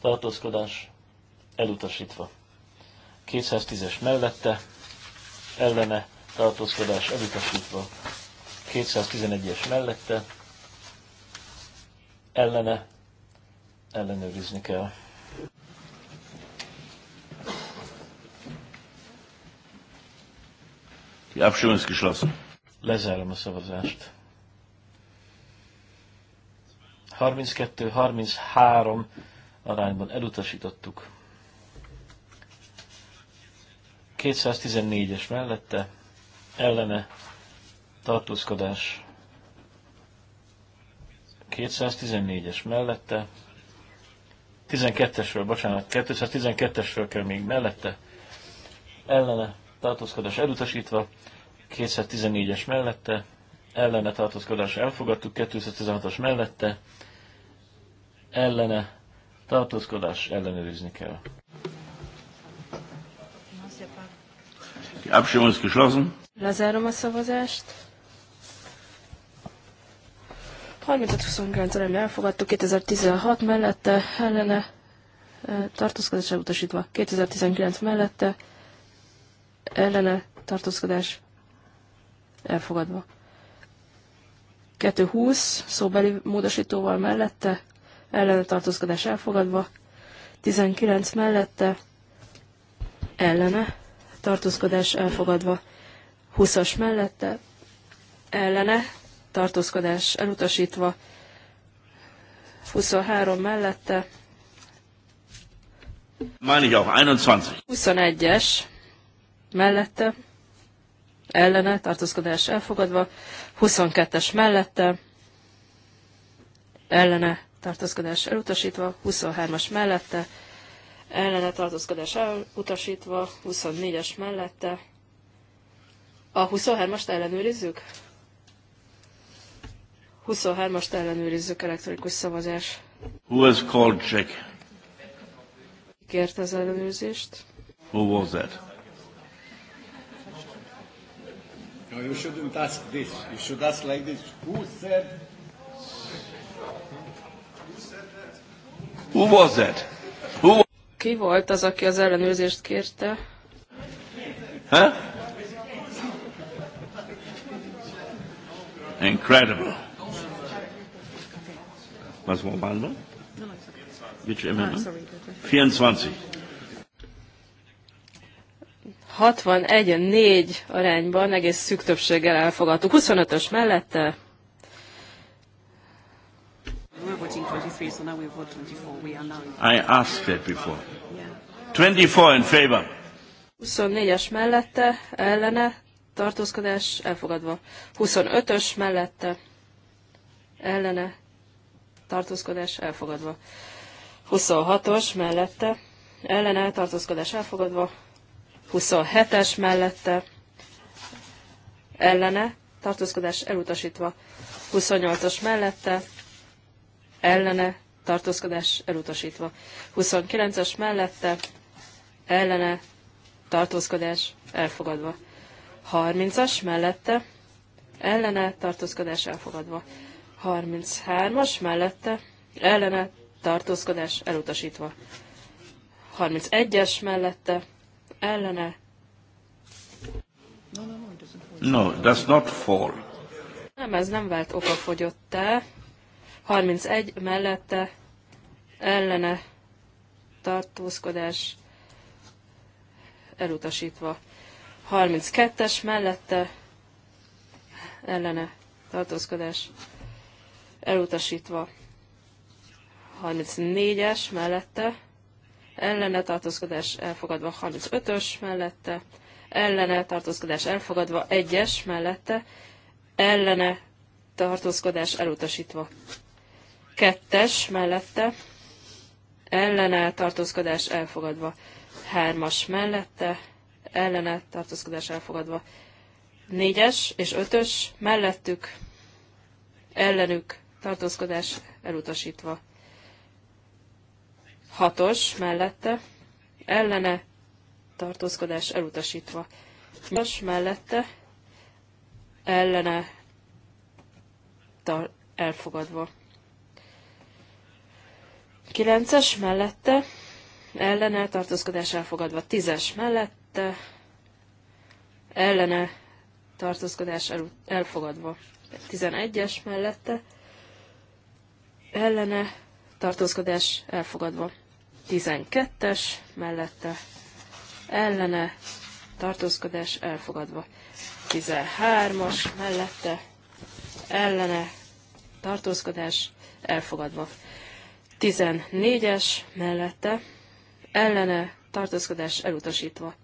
tartózkodás elutasítva. 210-es mellette, ellene, tartózkodás elutasítva. 211-es mellette ellene ellenőrizni kell. Die Abstimmung Lezárom a szavazást. 32-33 arányban elutasítottuk. 214-es mellette ellene tartózkodás 214-es mellette, 12-esről, bocsánat, 212-esről kell még mellette, ellene tartózkodás elutasítva, 214-es mellette, ellene tartózkodás elfogadtuk, 216-as mellette, ellene tartózkodás ellenőrizni kell. Lezárom a szavazást. 35-29 mi elfogadtuk, 2016 mellette ellene tartózkodás elutasítva, 2019 mellette ellene tartózkodás elfogadva. 220 szóbeli módosítóval mellette ellene tartózkodás elfogadva, 19 mellette ellene tartózkodás elfogadva, 20-as mellette ellene tartózkodás elutasítva, 23 mellette. 21. 21-es mellette, ellene, tartózkodás elfogadva, 22-es mellette, ellene, tartózkodás elutasítva, 23-as mellette, ellene tartózkodás elutasítva, 24-es mellette. A 23-ast ellenőrizzük? 23-ast ellenőrizzük elektronikus szavazás. Who has called check? Kérte az ellenőrzést. Who was that? No, you shouldn't ask this. You should ask like this. Who said? Who was that? Who Ki volt az, aki az ellenőrzést kérte? Huh? Incredible. Was war mal noch? Which amendment? 24. 61-4 arányban egész szűk többséggel elfogadtuk. 25-ös mellette. I asked that before. 24 in favor. 24-es mellette, ellene, tartózkodás elfogadva. 25-ös mellette, ellene, tartózkodás elfogadva. 26-os mellette ellen eltartózkodás elfogadva. 27-es mellette ellene tartózkodás elutasítva. 28-os mellette ellene tartózkodás elutasítva. 29-es mellette ellene tartózkodás elfogadva. 30-as mellette ellene tartózkodás elfogadva. 33-as mellette ellene tartózkodás elutasítva. 31-es mellette ellene. No, does not fall. Nem, ez nem vált okafogyottá. 31 mellette ellene tartózkodás elutasítva. 32-es mellette ellene tartózkodás elutasítva. 34-es mellette, ellene tartózkodás elfogadva 35-ös mellette, ellene tartózkodás elfogadva 1-es mellette, ellene tartózkodás elutasítva. 2-es mellette, ellene tartózkodás elfogadva 3-as mellette, ellene tartózkodás elfogadva 4-es és 5-ös mellettük, ellenük tartózkodás elutasítva. Hatos mellette, ellene, tartózkodás elutasítva. Nyolcas mellette, ellene, tar- elfogadva. Kilences mellette, ellene, tartózkodás elfogadva. Tízes mellette, ellene, tartózkodás el- elfogadva. tizenegyes mellette ellene tartózkodás elfogadva. 12-es mellette ellene tartózkodás elfogadva. 13-as mellette ellene tartózkodás elfogadva. 14-es mellette ellene tartózkodás elutasítva.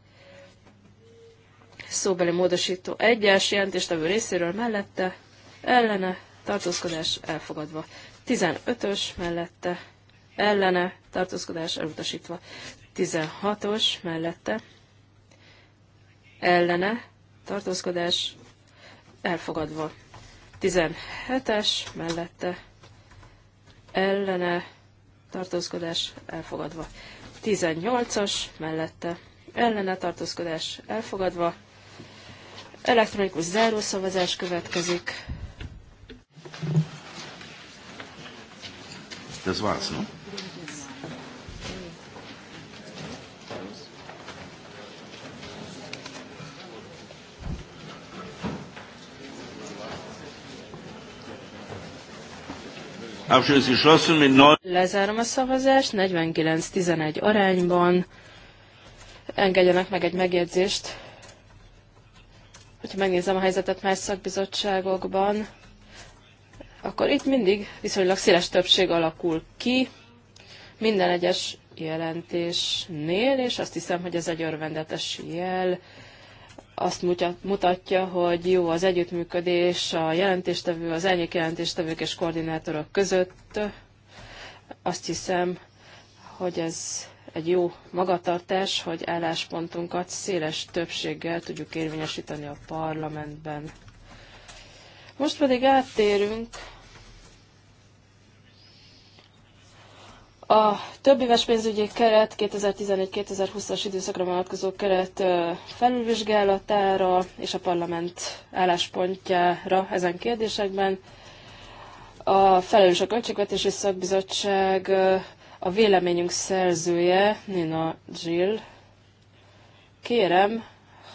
Szóbeli módosító 1-es jelentéstevő részéről mellette ellene tartózkodás elfogadva. 15-ös mellette ellene tartózkodás elutasítva. 16-os mellette ellene tartózkodás elfogadva. 17-es mellette ellene tartózkodás elfogadva. 18-as mellette ellene tartózkodás elfogadva. Elektronikus zárószavazás következik. Das war's, ne? Lezárom a szavazást, 49-11 arányban. Engedjenek meg egy megjegyzést. Hogyha megnézem a helyzetet más szakbizottságokban, akkor itt mindig viszonylag széles többség alakul ki minden egyes jelentésnél, és azt hiszem, hogy ez egy örvendetes jel, azt mutatja, hogy jó az együttműködés a jelentéstevő, az elnyék jelentéstevők és koordinátorok között. Azt hiszem, hogy ez egy jó magatartás, hogy álláspontunkat széles többséggel tudjuk érvényesíteni a parlamentben. Most pedig áttérünk a több éves pénzügyi keret 2014 2020 as időszakra vonatkozó keret felülvizsgálatára és a parlament álláspontjára ezen kérdésekben. A felelős a Költségvetési Szakbizottság a véleményünk szerzője, Nina Jill. Kérem,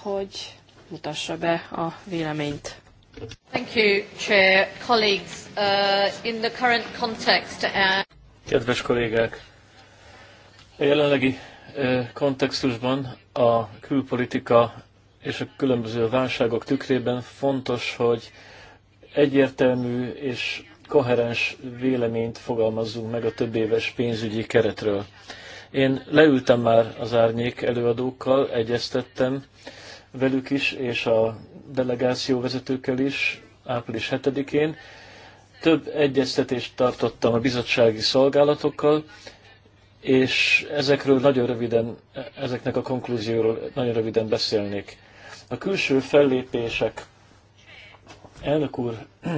hogy mutassa be a véleményt. Uh, uh, Kedves kollégák, a jelenlegi uh, kontextusban a külpolitika és a különböző válságok tükrében fontos, hogy egyértelmű és koherens véleményt fogalmazzunk meg a több éves pénzügyi keretről. Én leültem már az árnyék előadókkal, egyeztettem velük is, és a delegáció vezetőkkel is április 7-én. Több egyeztetést tartottam a bizottsági szolgálatokkal, és ezekről nagyon röviden, ezeknek a konklúzióról nagyon röviden beszélnék. A külső fellépések, elnök úr,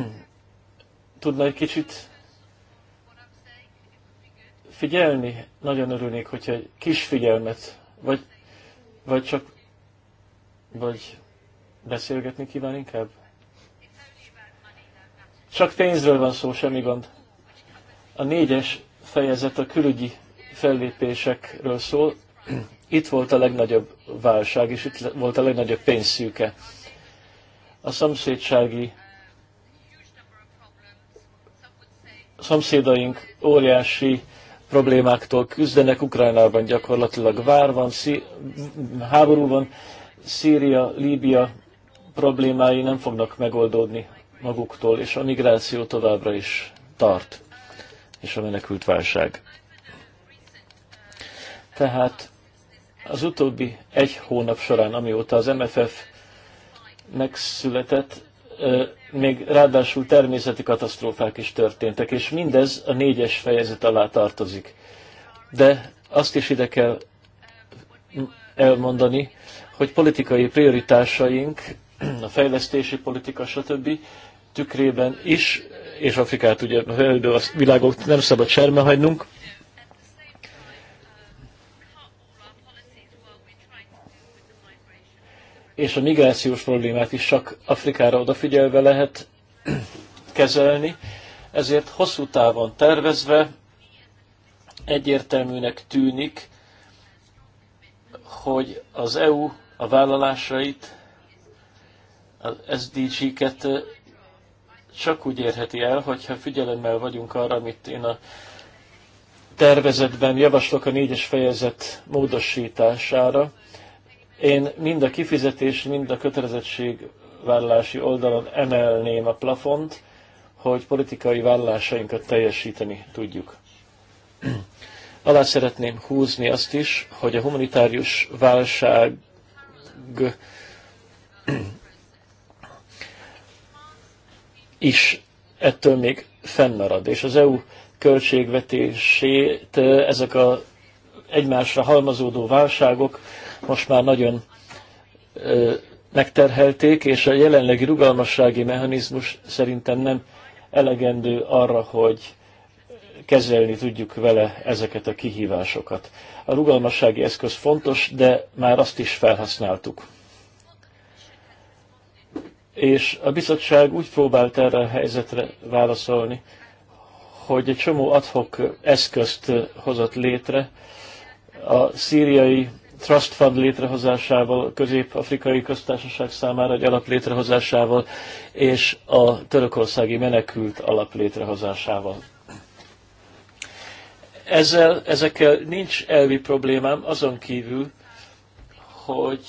tudna egy kicsit figyelni? Nagyon örülnék, hogyha egy kis figyelmet, vagy, vagy csak, vagy Beszélgetni kíván inkább? Csak pénzről van szó, semmi gond. A négyes fejezet a külügyi fellépésekről szól. Itt volt a legnagyobb válság, és itt volt a legnagyobb pénzszűke. A szomszédsági a szomszédaink óriási problémáktól küzdenek, Ukrajnában gyakorlatilag vár van, szí- háború van, Szíria, Líbia, problémái nem fognak megoldódni maguktól, és a migráció továbbra is tart, és a menekült válság. Tehát az utóbbi egy hónap során, amióta az MFF megszületett, még ráadásul természeti katasztrófák is történtek, és mindez a négyes fejezet alá tartozik. De azt is ide kell elmondani, hogy politikai prioritásaink a fejlesztési politika, stb. tükrében is, és Afrikát ugye a fejlődő világot nem szabad serme hagynunk. És a migrációs problémát is csak Afrikára odafigyelve lehet kezelni, ezért hosszú távon tervezve egyértelműnek tűnik, hogy az EU a vállalásait az SDG-ket csak úgy érheti el, hogyha figyelemmel vagyunk arra, amit én a tervezetben javaslok a négyes fejezet módosítására. Én mind a kifizetés, mind a kötelezettségvállalási oldalon emelném a plafont, hogy politikai vállalásainkat teljesíteni tudjuk. Alá szeretném húzni azt is, hogy a humanitárius válság is ettől még fennmarad, és az EU költségvetését ezek a egymásra halmazódó válságok most már nagyon megterhelték, és a jelenlegi rugalmassági mechanizmus szerintem nem elegendő arra, hogy kezelni tudjuk vele ezeket a kihívásokat. A rugalmassági eszköz fontos, de már azt is felhasználtuk és a bizottság úgy próbált erre a helyzetre válaszolni, hogy egy csomó adhok eszközt hozott létre, a szíriai Trust Fund létrehozásával, a Közép-Afrikai Köztársaság számára egy alap létrehozásával, és a törökországi menekült alap létrehozásával. Ezzel, ezekkel nincs elvi problémám, azon kívül, hogy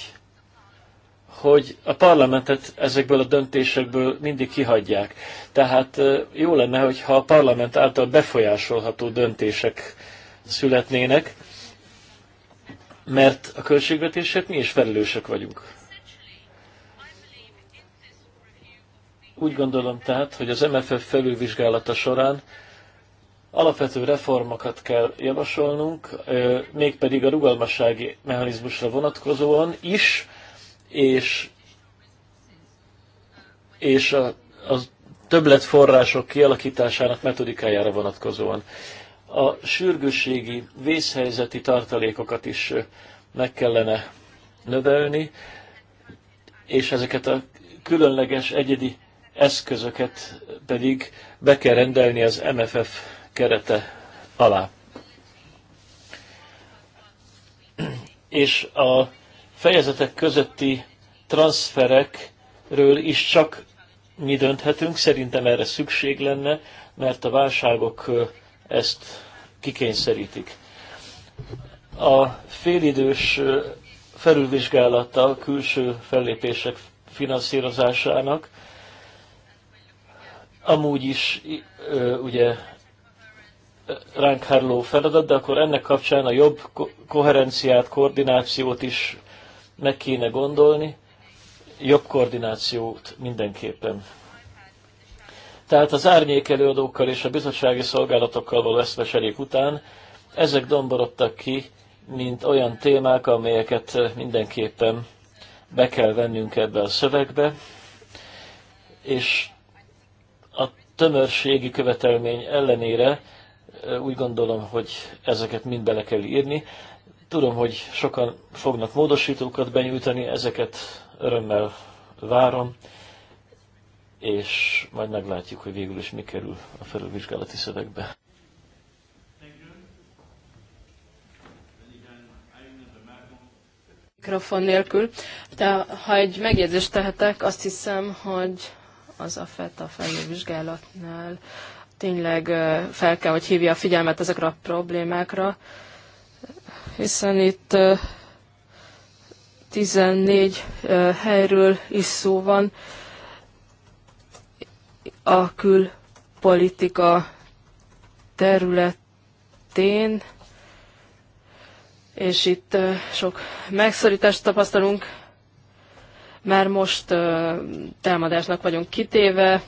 hogy a parlamentet ezekből a döntésekből mindig kihagyják. Tehát jó lenne, hogyha a parlament által befolyásolható döntések születnének, mert a költségvetésért mi is felelősek vagyunk. Úgy gondolom tehát, hogy az MFF felülvizsgálata során alapvető reformokat kell javasolnunk, mégpedig a rugalmassági mechanizmusra vonatkozóan is, és, és a, a többletforrások kialakításának metodikájára vonatkozóan. A sürgősségi vészhelyzeti tartalékokat is meg kellene növelni, és ezeket a különleges egyedi eszközöket pedig be kell rendelni az MFF kerete alá. És a fejezetek közötti transferekről is csak mi dönthetünk, szerintem erre szükség lenne, mert a válságok ezt kikényszerítik. A félidős felülvizsgálata a külső fellépések finanszírozásának amúgy is ugye ránk feladat, de akkor ennek kapcsán a jobb koherenciát, koordinációt is meg kéne gondolni, jobb koordinációt mindenképpen. Tehát az árnyék előadókkal és a bizottsági szolgálatokkal való eszmeserék után ezek domborodtak ki, mint olyan témák, amelyeket mindenképpen be kell vennünk ebbe a szövegbe, és a tömörségi követelmény ellenére úgy gondolom, hogy ezeket mind bele kell írni. Tudom, hogy sokan fognak módosítókat benyújtani, ezeket örömmel várom, és majd meglátjuk, hogy végül is mi kerül a felülvizsgálati szövegbe. mikrofon nélkül. De ha egy megjegyzést tehetek, azt hiszem, hogy az a a felülvizsgálatnál tényleg fel kell, hogy hívja a figyelmet ezekre a problémákra, hiszen itt 14 helyről is szó van a külpolitika területén, és itt sok megszorítást tapasztalunk, már most támadásnak vagyunk kitéve,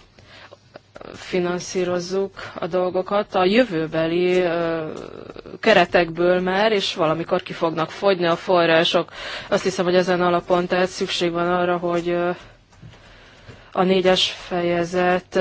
finanszírozzuk a dolgokat a jövőbeli keretekből már, és valamikor ki fognak fogyni a források. Azt hiszem, hogy ezen alapon tehát szükség van arra, hogy a négyes fejezet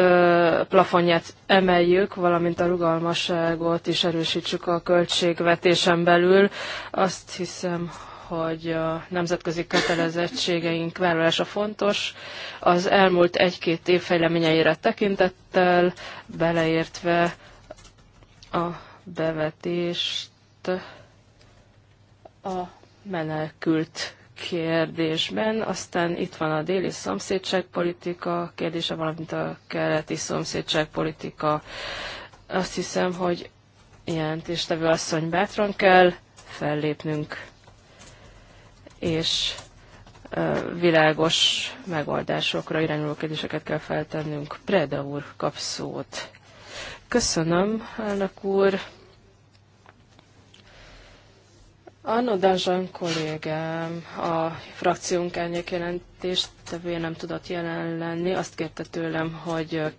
plafonját emeljük, valamint a rugalmasságot is erősítsük a költségvetésen belül. Azt hiszem, hogy a nemzetközi kötelezettségeink vállalása fontos. Az elmúlt egy-két év fejleményeire tekintettel, beleértve a bevetést a menekült kérdésben, aztán itt van a déli szomszédságpolitika kérdése, valamint a keleti szomszédságpolitika. Azt hiszem, hogy jelentéstevő asszony bátran kell fellépnünk és világos megoldásokra irányuló kérdéseket kell feltennünk. Preda úr kap szót. Köszönöm, elnök úr. Anno Dazsan kollégám a frakciónk elnyék jelentéstevője nem tudott jelen lenni. Azt kérte tőlem, hogy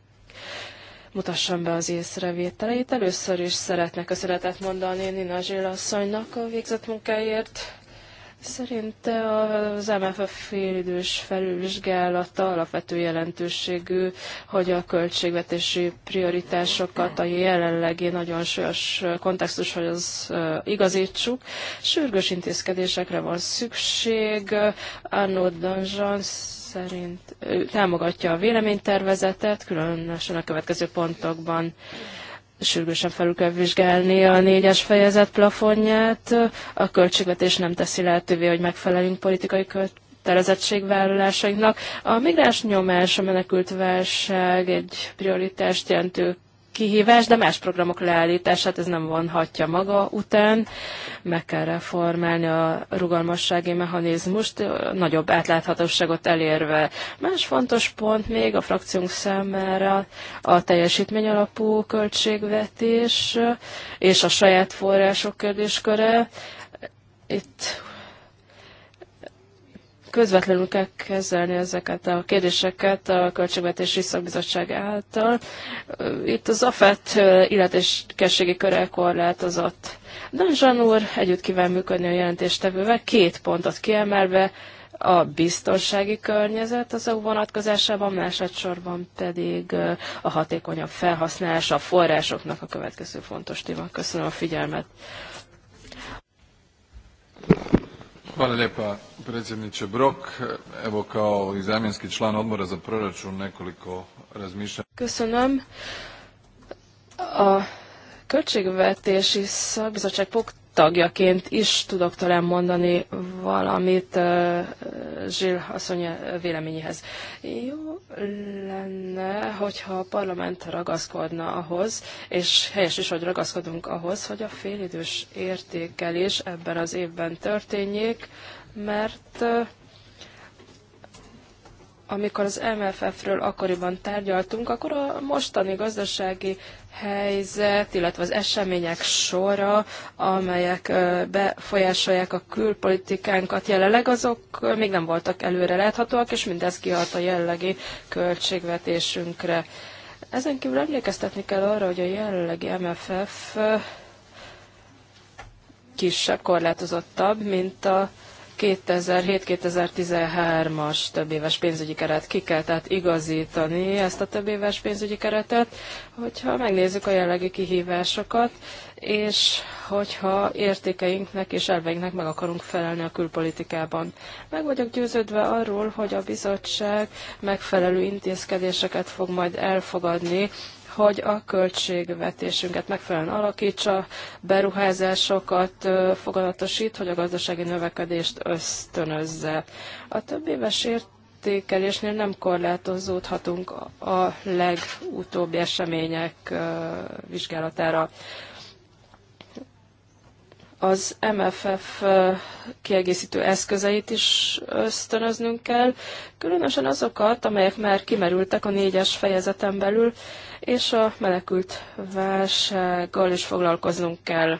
mutassam be az észrevételeit. Először is szeretnék köszönetet mondani Nina Zsill asszonynak a végzett munkáért. Szerinte az MFF félidős felülvizsgálata alapvető jelentőségű, hogy a költségvetési prioritásokat a jelenlegi nagyon súlyos az eh, igazítsuk. Sürgős intézkedésekre van szükség. Arnold Dungeon szerint eh, támogatja a véleménytervezetet, különösen a következő pontokban sürgősen felül kell vizsgálni a négyes fejezet plafonját. A költségvetés nem teszi lehetővé, hogy megfelelünk politikai kötelezettségvállalásainknak. A migráns nyomás, a menekült válság egy prioritást jelentő kihívás, de más programok leállítását ez nem vonhatja maga után. Meg kell reformálni a rugalmassági mechanizmust, nagyobb átláthatóságot elérve. Más fontos pont még a frakciónk számára a teljesítmény alapú költségvetés és a saját források kérdésköre. Itt közvetlenül kell kezelni ezeket a kérdéseket a Költségvetési Szakbizottság által. Itt az AFET illetékességi köre korlátozott. Danzsan úr együtt kíván működni a jelentéstevővel, két pontot kiemelve, a biztonsági környezet az EU vonatkozásában, másodszorban pedig a hatékonyabb felhasználása a forrásoknak a következő fontos téma. Köszönöm a figyelmet. Hvala lijepa predsjedniče Brok. Evo kao i zamjenski član odbora za proračun nekoliko razmišljanja. Köszönöm. A költségvetési szakbizottság tagjaként is tudok talán mondani valamit uh, Zsill asszony véleményéhez. Jó lenne, hogyha a parlament ragaszkodna ahhoz, és helyes is, hogy ragaszkodunk ahhoz, hogy a félidős értékelés ebben az évben történjék, mert uh, amikor az MFF-ről akkoriban tárgyaltunk, akkor a mostani gazdasági helyzet, illetve az események sora, amelyek befolyásolják a külpolitikánkat jelenleg, azok még nem voltak előre láthatóak, és mindez kihat a jellegi költségvetésünkre. Ezen kívül emlékeztetni kell arra, hogy a jelenlegi MFF kisebb, korlátozottabb, mint a 2007-2013-as többéves pénzügyi keret ki kell tehát igazítani ezt a többéves pénzügyi keretet, hogyha megnézzük a jelenlegi kihívásokat, és hogyha értékeinknek és elveinknek meg akarunk felelni a külpolitikában. Meg vagyok győződve arról, hogy a bizottság megfelelő intézkedéseket fog majd elfogadni hogy a költségvetésünket megfelelően alakítsa, beruházásokat foganatosít, hogy a gazdasági növekedést ösztönözze. A több éves értékelésnél nem korlátozódhatunk a legutóbbi események vizsgálatára az MFF kiegészítő eszközeit is ösztönöznünk kell, különösen azokat, amelyek már kimerültek a négyes fejezeten belül, és a menekült válsággal is foglalkoznunk kell.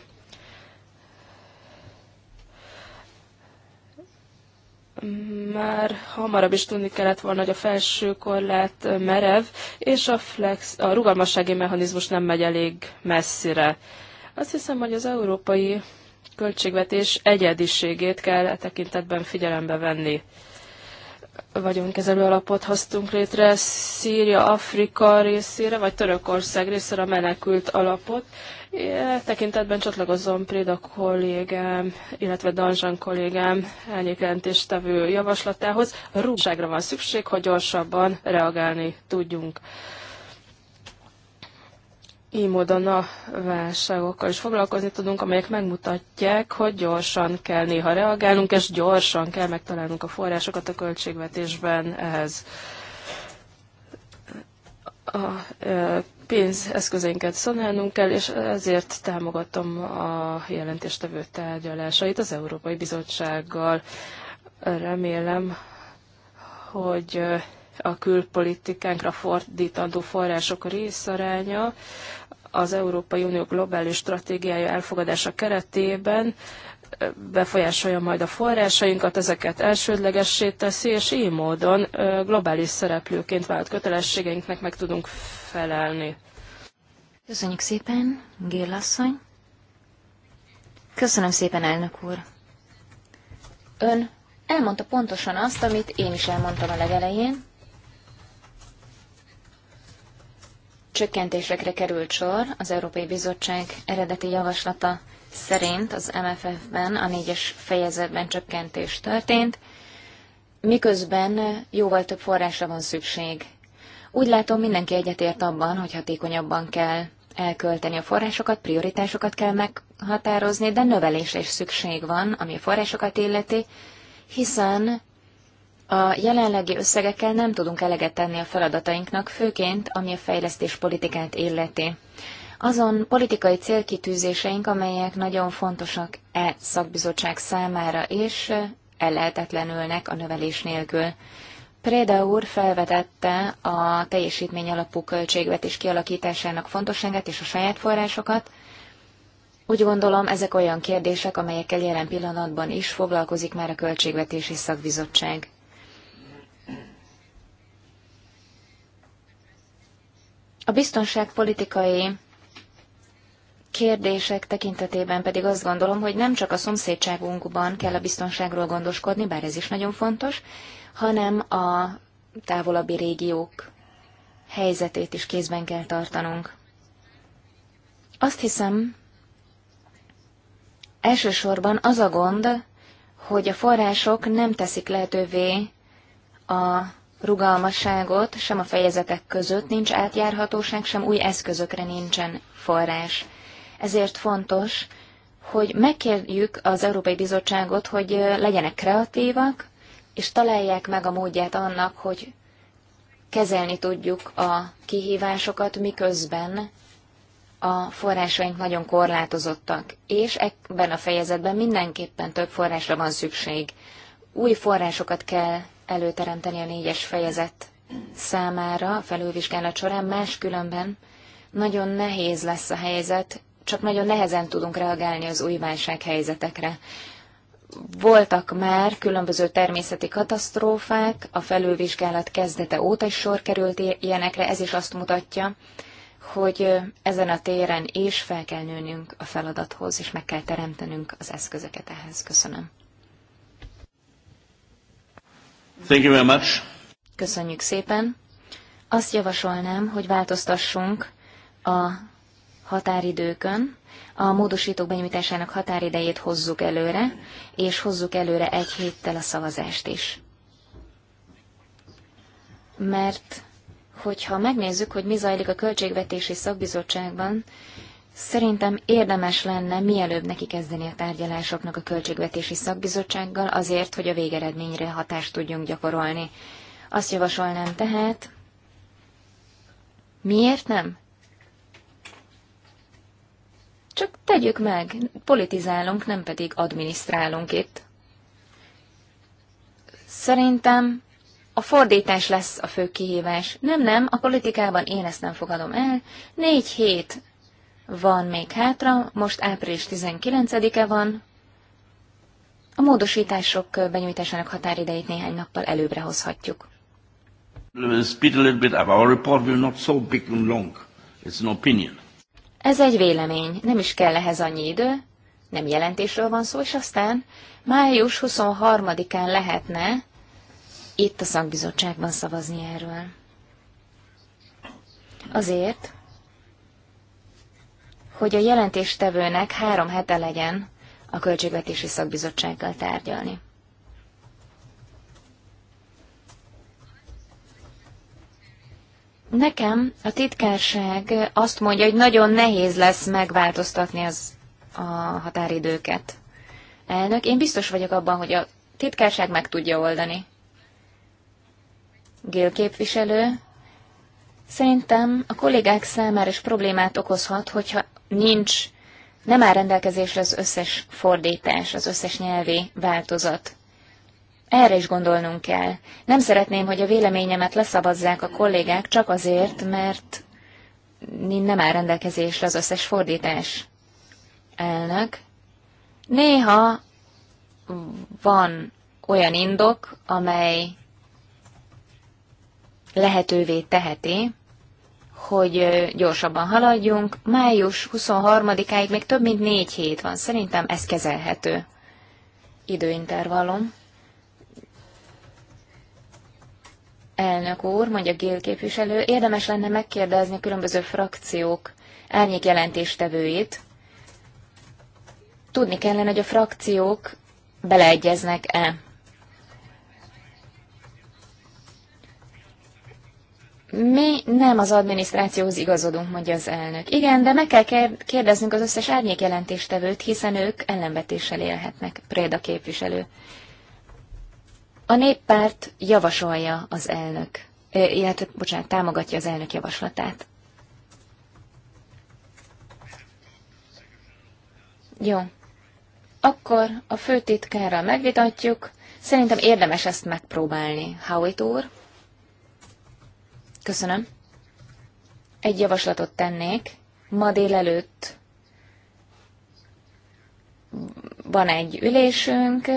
már hamarabb is tudni kellett volna, hogy a felső korlát merev, és a, flex, a rugalmassági mechanizmus nem megy elég messzire. Azt hiszem, hogy az európai költségvetés egyediségét kell e tekintetben figyelembe venni vagyonkezelő alapot hoztunk létre Szíria, Afrika részére, vagy Törökország részére a menekült alapot. É, tekintetben csatlakozom Préda kollégám, illetve Danzsan kollégám elnyékjelentéstevő javaslatához. Rúgságra van szükség, hogy gyorsabban reagálni tudjunk így módon a válságokkal is foglalkozni tudunk, amelyek megmutatják, hogy gyorsan kell néha reagálnunk, és gyorsan kell megtalálnunk a forrásokat a költségvetésben ehhez. A pénzeszközeinket szonálnunk kell, és ezért támogatom a jelentéstevő tárgyalásait az Európai Bizottsággal. Remélem, hogy a külpolitikánkra fordítandó források részaránya az Európai Unió globális stratégiája elfogadása keretében befolyásolja majd a forrásainkat, ezeket elsődlegessé teszi, és így módon globális szereplőként vált kötelességeinknek meg tudunk felelni. Köszönjük szépen, Gél asszony. Köszönöm szépen, elnök úr. Ön elmondta pontosan azt, amit én is elmondtam a legelején, csökkentésekre került sor az Európai Bizottság eredeti javaslata szerint az MFF-ben a négyes fejezetben csökkentés történt, miközben jóval több forrásra van szükség. Úgy látom, mindenki egyetért abban, hogy hatékonyabban kell elkölteni a forrásokat, prioritásokat kell meghatározni, de növelésre is szükség van, ami a forrásokat illeti, hiszen a jelenlegi összegekkel nem tudunk eleget tenni a feladatainknak, főként ami a fejlesztés politikát illeti. Azon politikai célkitűzéseink, amelyek nagyon fontosak e szakbizottság számára, és ellehetetlenülnek a növelés nélkül. Préda úr felvetette a teljesítmény alapú költségvetés kialakításának fontosságát és a saját forrásokat. Úgy gondolom, ezek olyan kérdések, amelyekkel jelen pillanatban is foglalkozik már a Költségvetési Szakbizottság. A biztonságpolitikai kérdések tekintetében pedig azt gondolom, hogy nem csak a szomszédságunkban kell a biztonságról gondoskodni, bár ez is nagyon fontos, hanem a távolabbi régiók helyzetét is kézben kell tartanunk. Azt hiszem, elsősorban az a gond, hogy a források nem teszik lehetővé a rugalmasságot, sem a fejezetek között nincs átjárhatóság, sem új eszközökre nincsen forrás. Ezért fontos, hogy megkérjük az Európai Bizottságot, hogy legyenek kreatívak, és találják meg a módját annak, hogy kezelni tudjuk a kihívásokat, miközben a forrásaink nagyon korlátozottak, és ebben a fejezetben mindenképpen több forrásra van szükség. Új forrásokat kell előteremteni a négyes fejezet számára a felülvizsgálat során, máskülönben nagyon nehéz lesz a helyzet, csak nagyon nehezen tudunk reagálni az új válsághelyzetekre. Voltak már különböző természeti katasztrófák, a felülvizsgálat kezdete óta is sor került ilyenekre, ez is azt mutatja, hogy ezen a téren is fel kell nőnünk a feladathoz, és meg kell teremtenünk az eszközöket ehhez. Köszönöm. Thank you very much. Köszönjük szépen. Azt javasolnám, hogy változtassunk a határidőkön. A módosítók benyújtásának határidejét hozzuk előre, és hozzuk előre egy héttel a szavazást is. Mert hogyha megnézzük, hogy mi zajlik a Költségvetési Szakbizottságban, Szerintem érdemes lenne mielőbb neki kezdeni a tárgyalásoknak a Költségvetési Szakbizottsággal azért, hogy a végeredményre hatást tudjunk gyakorolni. Azt javasolnám tehát... Miért nem? Csak tegyük meg, politizálunk, nem pedig adminisztrálunk itt. Szerintem a fordítás lesz a fő kihívás. Nem, nem, a politikában én ezt nem fogadom el. Négy hét van még hátra, most április 19-e van. A módosítások benyújtásának határidejét néhány nappal előbbre hozhatjuk. Ez egy vélemény, nem is kell ehhez annyi idő, nem jelentésről van szó, és aztán május 23-án lehetne itt a szakbizottságban szavazni erről. Azért, hogy a jelentéstevőnek három hete legyen a Költségvetési Szakbizottsággal tárgyalni. Nekem a titkárság azt mondja, hogy nagyon nehéz lesz megváltoztatni az, a határidőket. Elnök, én biztos vagyok abban, hogy a titkárság meg tudja oldani. Gél képviselő, szerintem a kollégák számára is problémát okozhat, hogyha nincs, nem áll rendelkezésre az összes fordítás, az összes nyelvi változat. Erre is gondolnunk kell. Nem szeretném, hogy a véleményemet leszavazzák a kollégák csak azért, mert nem áll rendelkezésre az összes fordítás. Elnök. Néha van olyan indok, amely lehetővé teheti, hogy gyorsabban haladjunk. Május 23-áig még több mint négy hét van. Szerintem ez kezelhető időintervallum. Elnök úr, mondja Gél képviselő, érdemes lenne megkérdezni a különböző frakciók árnyék jelentéstevőit. Tudni kellene, hogy a frakciók beleegyeznek-e Mi nem az adminisztrációhoz igazodunk, mondja az elnök. Igen, de meg kell kérdeznünk az összes árnyék jelentéstevőt, hiszen ők ellenvetéssel élhetnek, Préda képviselő. A néppárt javasolja az elnök, illetve, bocsánat, támogatja az elnök javaslatát. Jó. Akkor a főtitkárral megvitatjuk. Szerintem érdemes ezt megpróbálni. Howitt úr? Köszönöm. Egy javaslatot tennék. Ma délelőtt van egy ülésünk,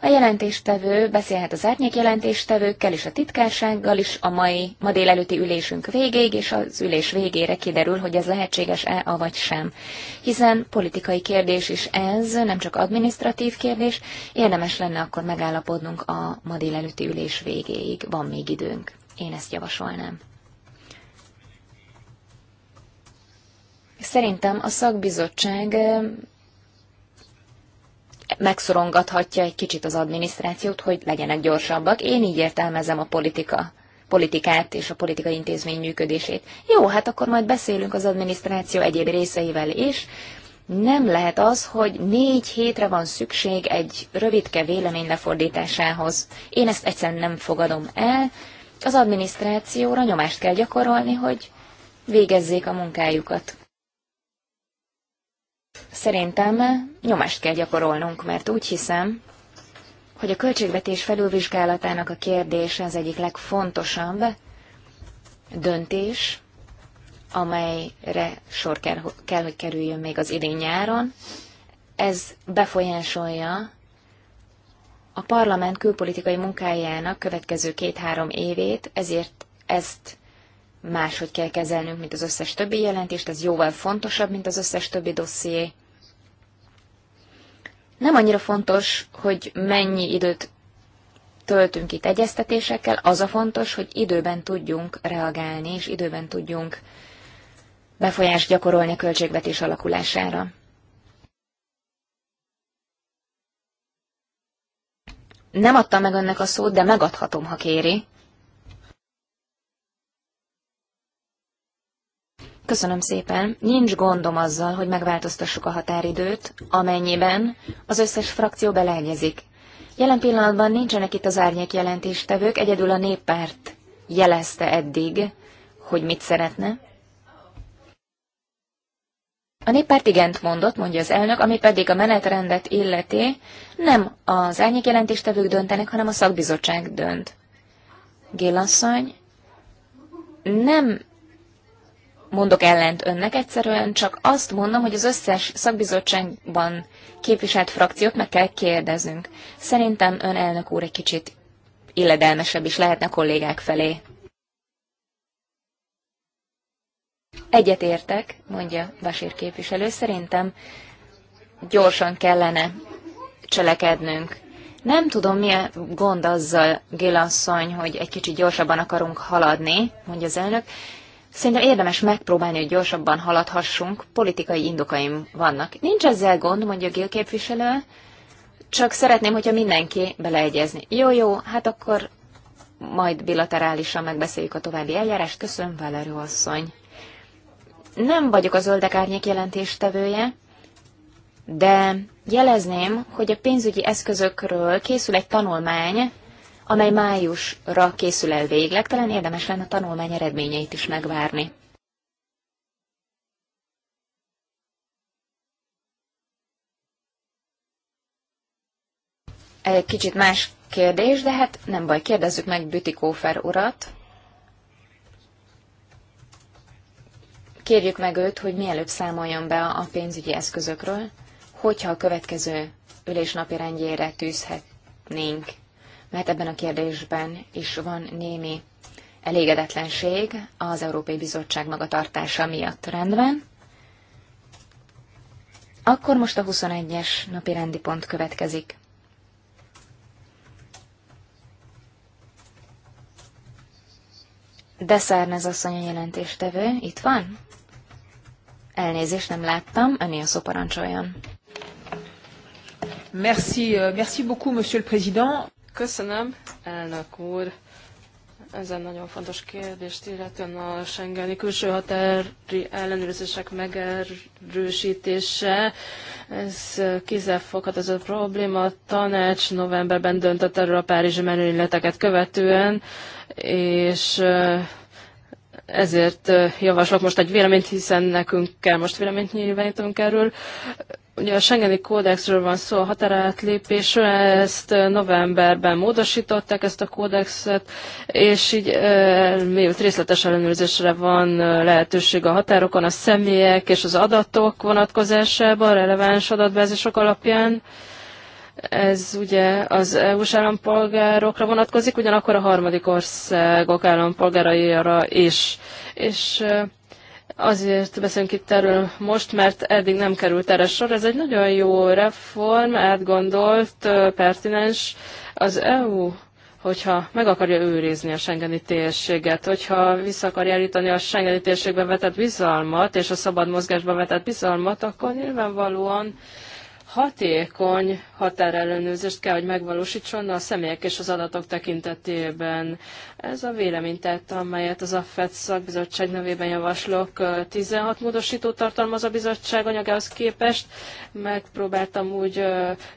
a jelentéstevő beszélhet az árnyék jelentéstevőkkel és a titkársággal is a mai, ma délelőtti ülésünk végéig, és az ülés végére kiderül, hogy ez lehetséges-e, avagy sem. Hiszen politikai kérdés is ez, nem csak administratív kérdés, érdemes lenne akkor megállapodnunk a ma délelőtti ülés végéig, van még időnk. Én ezt javasolnám. Szerintem a szakbizottság megszorongathatja egy kicsit az adminisztrációt, hogy legyenek gyorsabbak. Én így értelmezem a politika politikát és a politikai intézmény működését. Jó, hát akkor majd beszélünk az adminisztráció egyéb részeivel is. Nem lehet az, hogy négy hétre van szükség egy rövidke vélemény lefordításához. Én ezt egyszerűen nem fogadom el. Az adminisztrációra nyomást kell gyakorolni, hogy végezzék a munkájukat. Szerintem nyomást kell gyakorolnunk, mert úgy hiszem, hogy a költségvetés felülvizsgálatának a kérdése az egyik legfontosabb döntés, amelyre sor kell, kell hogy kerüljön még az idén nyáron. Ez befolyásolja a parlament külpolitikai munkájának következő két-három évét, ezért ezt máshogy kell kezelnünk, mint az összes többi jelentést, ez jóval fontosabb, mint az összes többi dosszié. Nem annyira fontos, hogy mennyi időt töltünk itt egyeztetésekkel, az a fontos, hogy időben tudjunk reagálni, és időben tudjunk befolyást gyakorolni a költségvetés alakulására. Nem adtam meg önnek a szót, de megadhatom, ha kéri. Köszönöm szépen. Nincs gondom azzal, hogy megváltoztassuk a határidőt, amennyiben az összes frakció beleegyezik. Jelen pillanatban nincsenek itt az árnyék jelentéstevők, egyedül a néppárt jelezte eddig, hogy mit szeretne. A néppárt igent mondott, mondja az elnök, ami pedig a menetrendet illeti, nem az árnyék jelentéstevők döntenek, hanem a szakbizottság dönt. Gélasszony, nem mondok ellent önnek, egyszerűen csak azt mondom, hogy az összes szakbizottságban képviselt frakciót meg kell kérdeznünk. Szerintem ön elnök úr egy kicsit illedelmesebb is lehetne kollégák felé. Egyet értek, mondja Basír képviselő, szerintem gyorsan kellene cselekednünk. Nem tudom, mi a gond azzal, Gélasszony, hogy egy kicsit gyorsabban akarunk haladni, mondja az elnök. Szerintem érdemes megpróbálni, hogy gyorsabban haladhassunk. Politikai indokaim vannak. Nincs ezzel gond, mondja Gil képviselő, csak szeretném, hogyha mindenki beleegyezni. Jó, jó, hát akkor majd bilaterálisan megbeszéljük a további eljárást. Köszönöm, Valerő asszony. Nem vagyok a zöldek árnyék jelentéstevője, de jelezném, hogy a pénzügyi eszközökről készül egy tanulmány, amely májusra készül el végleg, talán érdemes lenne a tanulmány eredményeit is megvárni. Egy kicsit más kérdés, de hát nem baj, kérdezzük meg Bütikófer urat. Kérjük meg őt, hogy mielőbb számoljon be a pénzügyi eszközökről, hogyha a következő ülés napirendjére tűzhetnénk mert ebben a kérdésben is van némi elégedetlenség az Európai Bizottság magatartása miatt rendben. Akkor most a 21-es napi rendi pont következik. Szárnez asszony a jelentéstevő, itt van? Elnézést, nem láttam, öné a szó parancsoljon. Merci, euh, merci beaucoup, monsieur le président. Köszönöm, elnök úr. Ezen nagyon fontos kérdést, illetően a Schengeni külső határi ellenőrzések megerősítése. Ez foghat ez a probléma. A tanács novemberben döntött erről a párizsi merényleteket követően, és eh, ezért eh, javaslok most egy véleményt, hiszen nekünk kell most véleményt nyilvánítunk erről. Ugye a Schengeni kódexről van szó, a határátlépésről, ezt novemberben módosították ezt a kódexet, és így miért részletes ellenőrzésre van lehetőség a határokon, a személyek és az adatok vonatkozásában, a releváns adatbázisok alapján. Ez ugye az EU-s állampolgárokra vonatkozik, ugyanakkor a harmadik országok állampolgáraira is. És, és Azért beszélünk itt erről most, mert eddig nem került erre sor. Ez egy nagyon jó reform, átgondolt, pertinens. Az EU hogyha meg akarja őrizni a Schengeni térséget, hogyha vissza akarja állítani a Schengeni térségbe vetett bizalmat, és a szabad mozgásba vetett bizalmat, akkor nyilvánvalóan hatékony határellenőrzést kell, hogy megvalósítson a személyek és az adatok tekintetében. Ez a vélemény tehát, amelyet az AFET szakbizottság nevében javaslok, 16 módosító tartalmaz a bizottság anyagához képest. Megpróbáltam úgy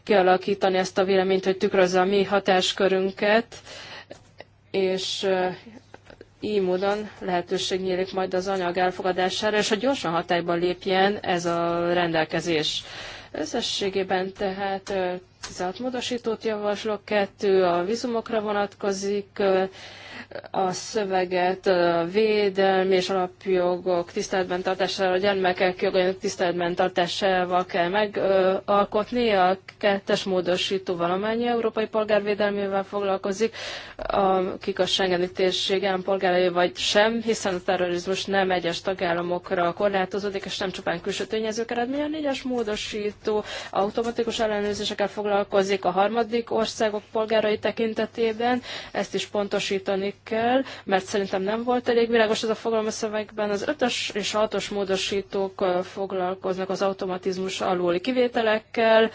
kialakítani ezt a véleményt, hogy tükrözze a mi hatáskörünket, és így módon lehetőség nyílik majd az anyag elfogadására, és hogy gyorsan hatályban lépjen ez a rendelkezés. Összességében tehát 16 módosítót javaslok, kettő a vízumokra vonatkozik, a szöveget a védelmi és alapjogok tiszteletben tartásával, a gyermekek jogainak tiszteletben tartásával kell megalkotni. A kettes módosító valamennyi európai polgárvédelmével foglalkozik, akik a Schengeni térség állampolgárai vagy sem, hiszen a terrorizmus nem egyes tagállamokra korlátozódik, és nem csupán külső tényezők eredménye. A négyes módosító automatikus ellenőrzésekkel foglalkozik a harmadik országok polgárai tekintetében, ezt is pontosítani kell, mert szerintem nem volt elég világos ez a fogalom a szövegben. Az ötös és hatos módosítók foglalkoznak az automatizmus aluli kivételekkel.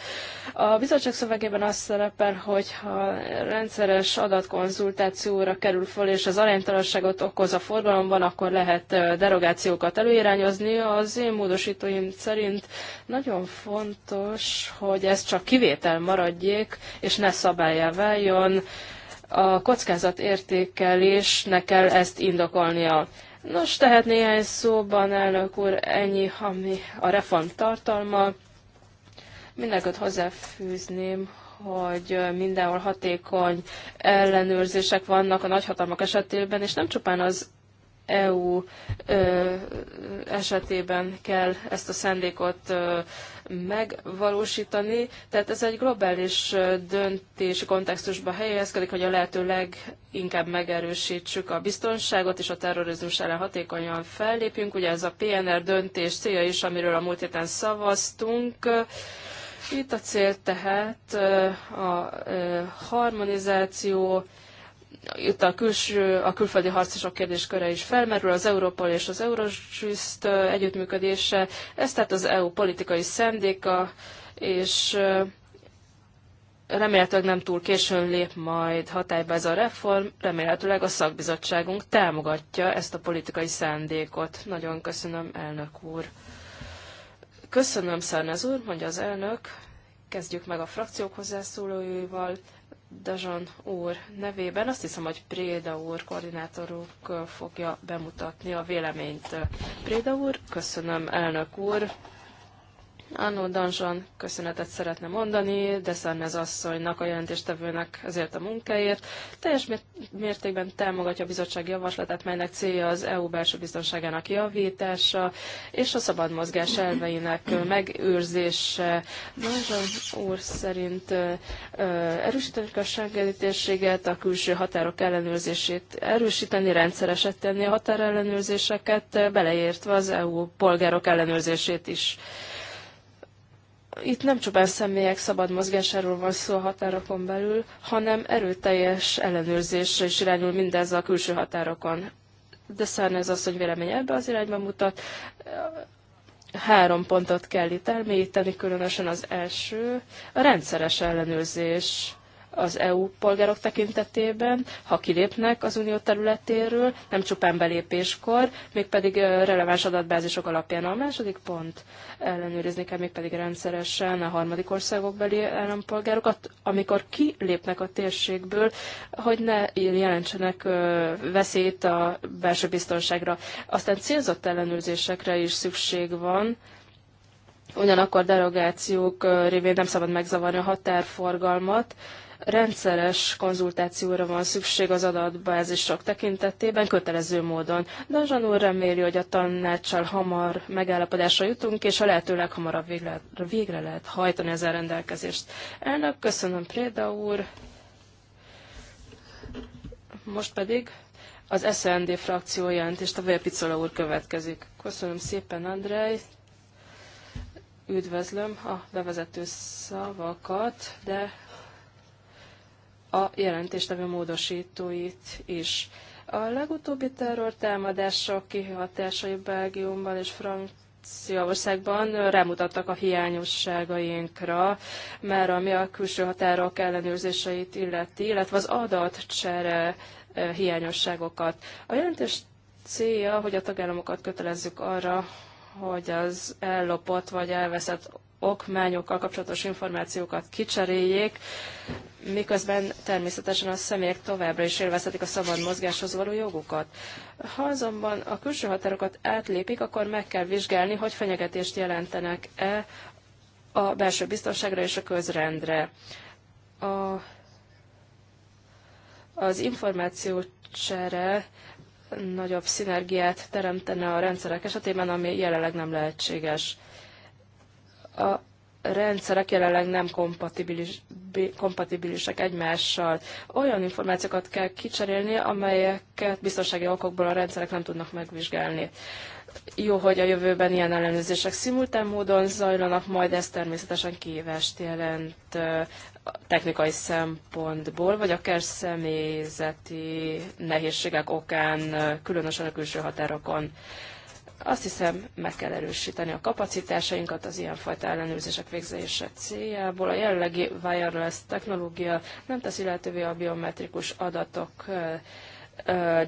A bizottság szövegében azt szerepel, hogy ha rendszeres adatkonzultációra kerül föl, és az aránytalanságot okoz a forgalomban, akkor lehet derogációkat előirányozni. Az én módosítóim szerint nagyon fontos, hogy ez csak kivétel maradjék, és ne szabályá váljon, a kockázatértékelésnek kell ezt indokolnia. Nos, tehát néhány szóban, elnök úr, ennyi, ami a reform tartalma. Mindenkit hozzáfűzném, hogy mindenhol hatékony ellenőrzések vannak a nagyhatalmak esetében, és nem csupán az EU ö, esetében kell ezt a szendékot ö, megvalósítani. Tehát ez egy globális döntési kontextusba helyezkedik, hogy a lehető leginkább megerősítsük a biztonságot és a terrorizmus ellen hatékonyan fellépjünk. Ugye ez a PNR döntés célja is, amiről a múlt héten szavaztunk. Itt a cél tehát a harmonizáció, itt a, külső, a külföldi harcosok kérdésköre is felmerül, az Európol és az Eurojust együttműködése, ez tehát az EU politikai szendéka, és remélhetőleg nem túl későn lép majd hatályba ez a reform, remélhetőleg a szakbizottságunk támogatja ezt a politikai szándékot. Nagyon köszönöm, elnök úr. Köszönöm, Szernez úr, mondja az elnök. Kezdjük meg a frakciók hozzászólóival. Dajon úr nevében. Azt hiszem, hogy Préda úr koordinátoruk fogja bemutatni a véleményt. Préda úr, köszönöm elnök úr, Anno Danzson köszönetet szeretne mondani, de az, asszonynak, a jelentéstevőnek ezért a munkáért. Teljes mértékben támogatja a bizottság javaslatát, melynek célja az EU belső biztonságának javítása és a szabad mozgás elveinek megőrzése. Danzson úr szerint erősíteni a sengedítésséget, a külső határok ellenőrzését erősíteni, rendszereset tenni a határellenőrzéseket, beleértve az EU polgárok ellenőrzését is. Itt nem csupán személyek szabad mozgásáról van szó a határokon belül, hanem erőteljes ellenőrzésre is irányul mindez a külső határokon. De az, hogy vélemény ebbe az irányba mutat. Három pontot kell itt elmélyíteni, különösen az első, a rendszeres ellenőrzés az EU polgárok tekintetében, ha kilépnek az unió területéről, nem csupán belépéskor, mégpedig releváns adatbázisok alapján. A második pont ellenőrizni kell mégpedig rendszeresen a harmadik országok beli állampolgárokat, amikor kilépnek a térségből, hogy ne jelentsenek veszélyt a belső biztonságra. Aztán célzott ellenőrzésekre is szükség van, ugyanakkor derogációk révén nem szabad megzavarni a határforgalmat, rendszeres konzultációra van szükség az adatbázisok tekintetében kötelező módon. Dazsan úr reméli, hogy a tanácssal hamar megállapodásra jutunk, és a lehető leghamarabb végre, végre lehet hajtani ezen rendelkezést. Elnök, köszönöm Préda úr. Most pedig az SND frakció a Picola úr következik. Köszönöm szépen, Andrej. Üdvözlöm a bevezető szavakat, de a jelentéstevő módosítóit is. A legutóbbi terrortámadások kihatásai Belgiumban és Franciaországban rámutattak a hiányosságainkra, mert ami a külső határok ellenőrzéseit illeti, illetve az adatcsere hiányosságokat. A jelentés célja, hogy a tagállamokat kötelezzük arra, hogy az ellopott vagy elveszett okmányokkal kapcsolatos információkat kicseréljék, miközben természetesen a személyek továbbra is élvezhetik a szabad mozgáshoz való jogukat. Ha azonban a külső határokat átlépik, akkor meg kell vizsgálni, hogy fenyegetést jelentenek-e a belső biztonságra és a közrendre. A, az információcsere nagyobb szinergiát teremtene a rendszerek esetében, ami jelenleg nem lehetséges a rendszerek jelenleg nem kompatibilis, kompatibilisek egymással. Olyan információkat kell kicserélni, amelyeket biztonsági okokból a rendszerek nem tudnak megvizsgálni. Jó, hogy a jövőben ilyen ellenőrzések szimultán módon zajlanak, majd ez természetesen kívást jelent technikai szempontból, vagy akár személyzeti nehézségek okán, különösen a külső határokon. Azt hiszem, meg kell erősíteni a kapacitásainkat az ilyenfajta ellenőrzések végzése céljából. A jelenlegi wireless technológia nem teszi lehetővé a biometrikus adatok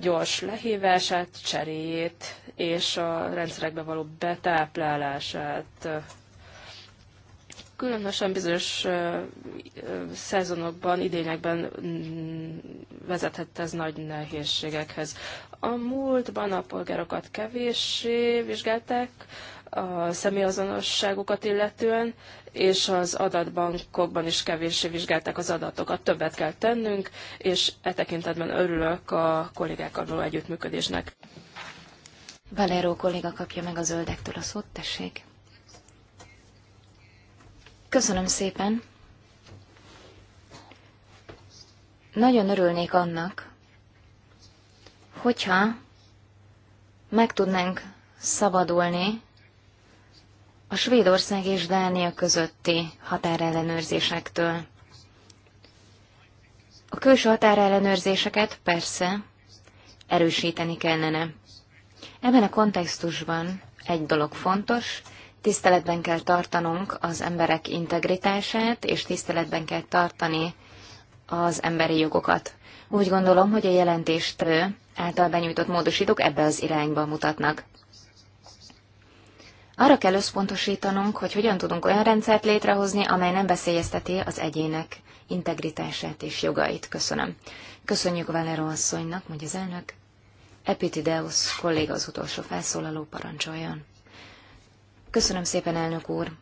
gyors lehívását, cseréjét és a rendszerekbe való betáplálását különösen bizonyos szezonokban, idényekben mm, vezethet ez nagy nehézségekhez. A múltban a polgárokat kevéssé vizsgálták, a személyazonosságukat illetően, és az adatbankokban is kevéssé vizsgálták az adatokat. Többet kell tennünk, és e tekintetben örülök a kollégákkal való együttműködésnek. Valero kolléga kapja meg a zöldektől a szót, tessék. Köszönöm szépen. Nagyon örülnék annak, hogyha meg tudnánk szabadulni a Svédország és Dánia közötti határellenőrzésektől. A külső határellenőrzéseket persze erősíteni kellene. Ebben a kontextusban egy dolog fontos, tiszteletben kell tartanunk az emberek integritását, és tiszteletben kell tartani az emberi jogokat. Úgy gondolom, hogy a jelentést által benyújtott módosítók ebbe az irányba mutatnak. Arra kell összpontosítanunk, hogy hogyan tudunk olyan rendszert létrehozni, amely nem veszélyezteti az egyének integritását és jogait. Köszönöm. Köszönjük Valero asszonynak, mondja az elnök. Epitideus kolléga az utolsó felszólaló parancsoljon. Köszönöm szépen, elnök úr.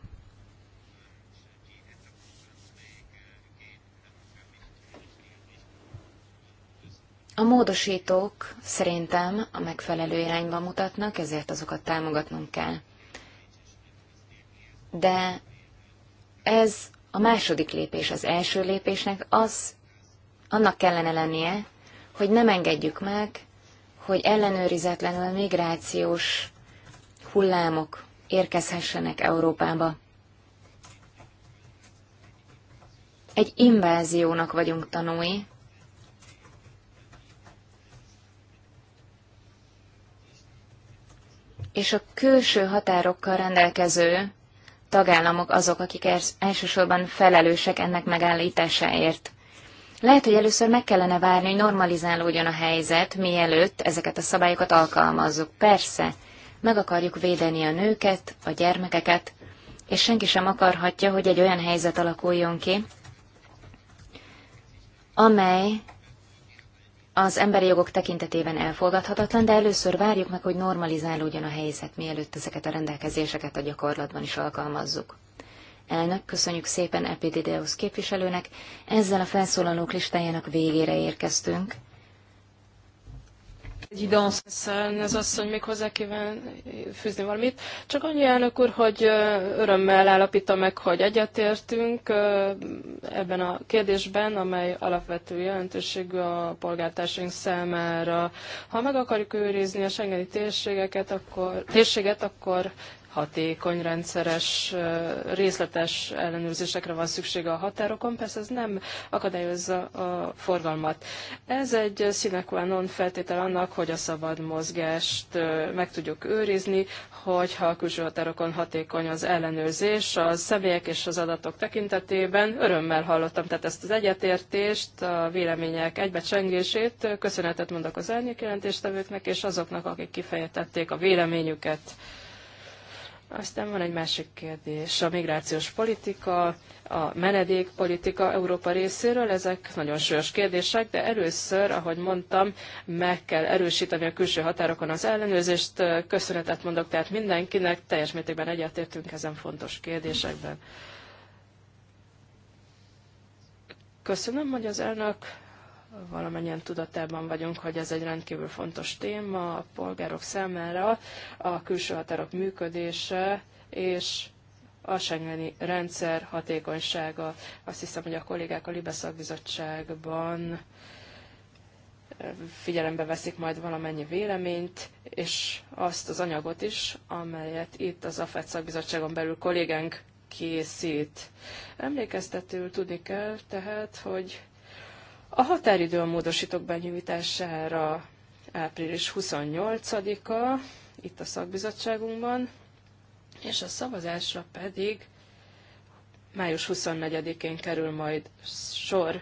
A módosítók szerintem a megfelelő irányba mutatnak, ezért azokat támogatnunk kell. De ez a második lépés, az első lépésnek az, annak kellene lennie, hogy nem engedjük meg, hogy ellenőrizetlenül migrációs hullámok érkezhessenek Európába. Egy inváziónak vagyunk tanúi, és a külső határokkal rendelkező tagállamok azok, akik elsősorban felelősek ennek megállításáért. Lehet, hogy először meg kellene várni, hogy normalizálódjon a helyzet, mielőtt ezeket a szabályokat alkalmazzuk. Persze, meg akarjuk védeni a nőket, a gyermekeket, és senki sem akarhatja, hogy egy olyan helyzet alakuljon ki, amely az emberi jogok tekintetében elfogadhatatlan, de először várjuk meg, hogy normalizálódjon a helyzet, mielőtt ezeket a rendelkezéseket a gyakorlatban is alkalmazzuk. Elnök, köszönjük szépen Epidideus képviselőnek, ezzel a felszólalók listájának végére érkeztünk. Egy Szán az asszony még hozzá kíván fűzni valamit. Csak annyi elnök úr, hogy örömmel állapítom meg, hogy egyetértünk ebben a kérdésben, amely alapvető jelentőségű a polgártársaink számára. Ha meg akarjuk őrizni a Schengeni térségeket, akkor, térséget, akkor hatékony, rendszeres, részletes ellenőrzésekre van szüksége a határokon, persze ez nem akadályozza a forgalmat. Ez egy sine qua non feltétel annak, hogy a szabad mozgást meg tudjuk őrizni, hogyha a külső határokon hatékony az ellenőrzés, a személyek és az adatok tekintetében. Örömmel hallottam tehát ezt az egyetértést, a vélemények egybecsengését. Köszönetet mondok az árnyék jelentéstevőknek és azoknak, akik kifejtették a véleményüket. Aztán van egy másik kérdés, a migrációs politika, a menedékpolitika Európa részéről, ezek nagyon súlyos kérdések, de először, ahogy mondtam, meg kell erősíteni a külső határokon az ellenőrzést. Köszönetet mondok tehát mindenkinek, teljes mértékben egyetértünk ezen fontos kérdésekben. Köszönöm, hogy az elnök valamennyien tudatában vagyunk, hogy ez egy rendkívül fontos téma a polgárok számára, a külső határok működése és a Schengeni rendszer hatékonysága. Azt hiszem, hogy a kollégák a Libe szakbizottságban eh, figyelembe veszik majd valamennyi véleményt, és azt az anyagot is, amelyet itt az AFET szakbizottságon belül kollégánk készít. Emlékeztetőül tudni kell tehát, hogy a határidő a módosítók benyújtására április 28-a, itt a szakbizottságunkban, és a szavazásra pedig május 24-én kerül majd sor.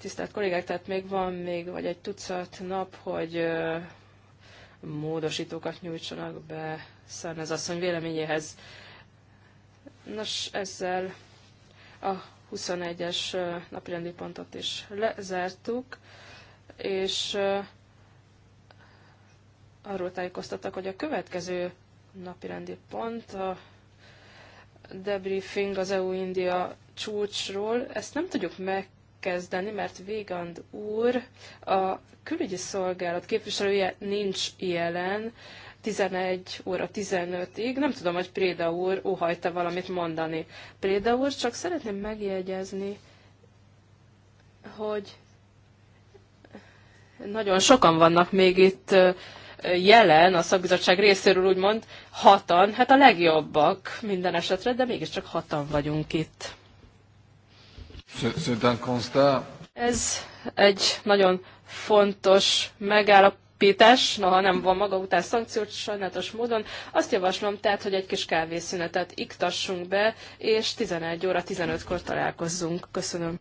Tisztelt kollégák, tehát még van még vagy egy tucat nap, hogy módosítókat nyújtsanak be Szarnez asszony véleményéhez. Nos, ezzel a 21-es napirendi pontot is lezártuk, és arról tájékoztattak, hogy a következő napirendi pont a debriefing az EU-India csúcsról. Ezt nem tudjuk megkezdeni, mert Végand úr, a külügyi szolgálat képviselője nincs jelen, 11 óra 15-ig. Nem tudom, hogy Préda úr óhajta valamit mondani. Préda úr, csak szeretném megjegyezni, hogy nagyon sokan vannak még itt jelen a szakbizottság részéről úgymond hatan, hát a legjobbak minden esetre, de mégiscsak hatan vagyunk itt. Ez egy nagyon fontos megállapodás megállapítás, noha nem van maga után szankciót sajnálatos módon. Azt javaslom tehát, hogy egy kis kávészünetet iktassunk be, és 11 óra 15-kor találkozzunk. Köszönöm.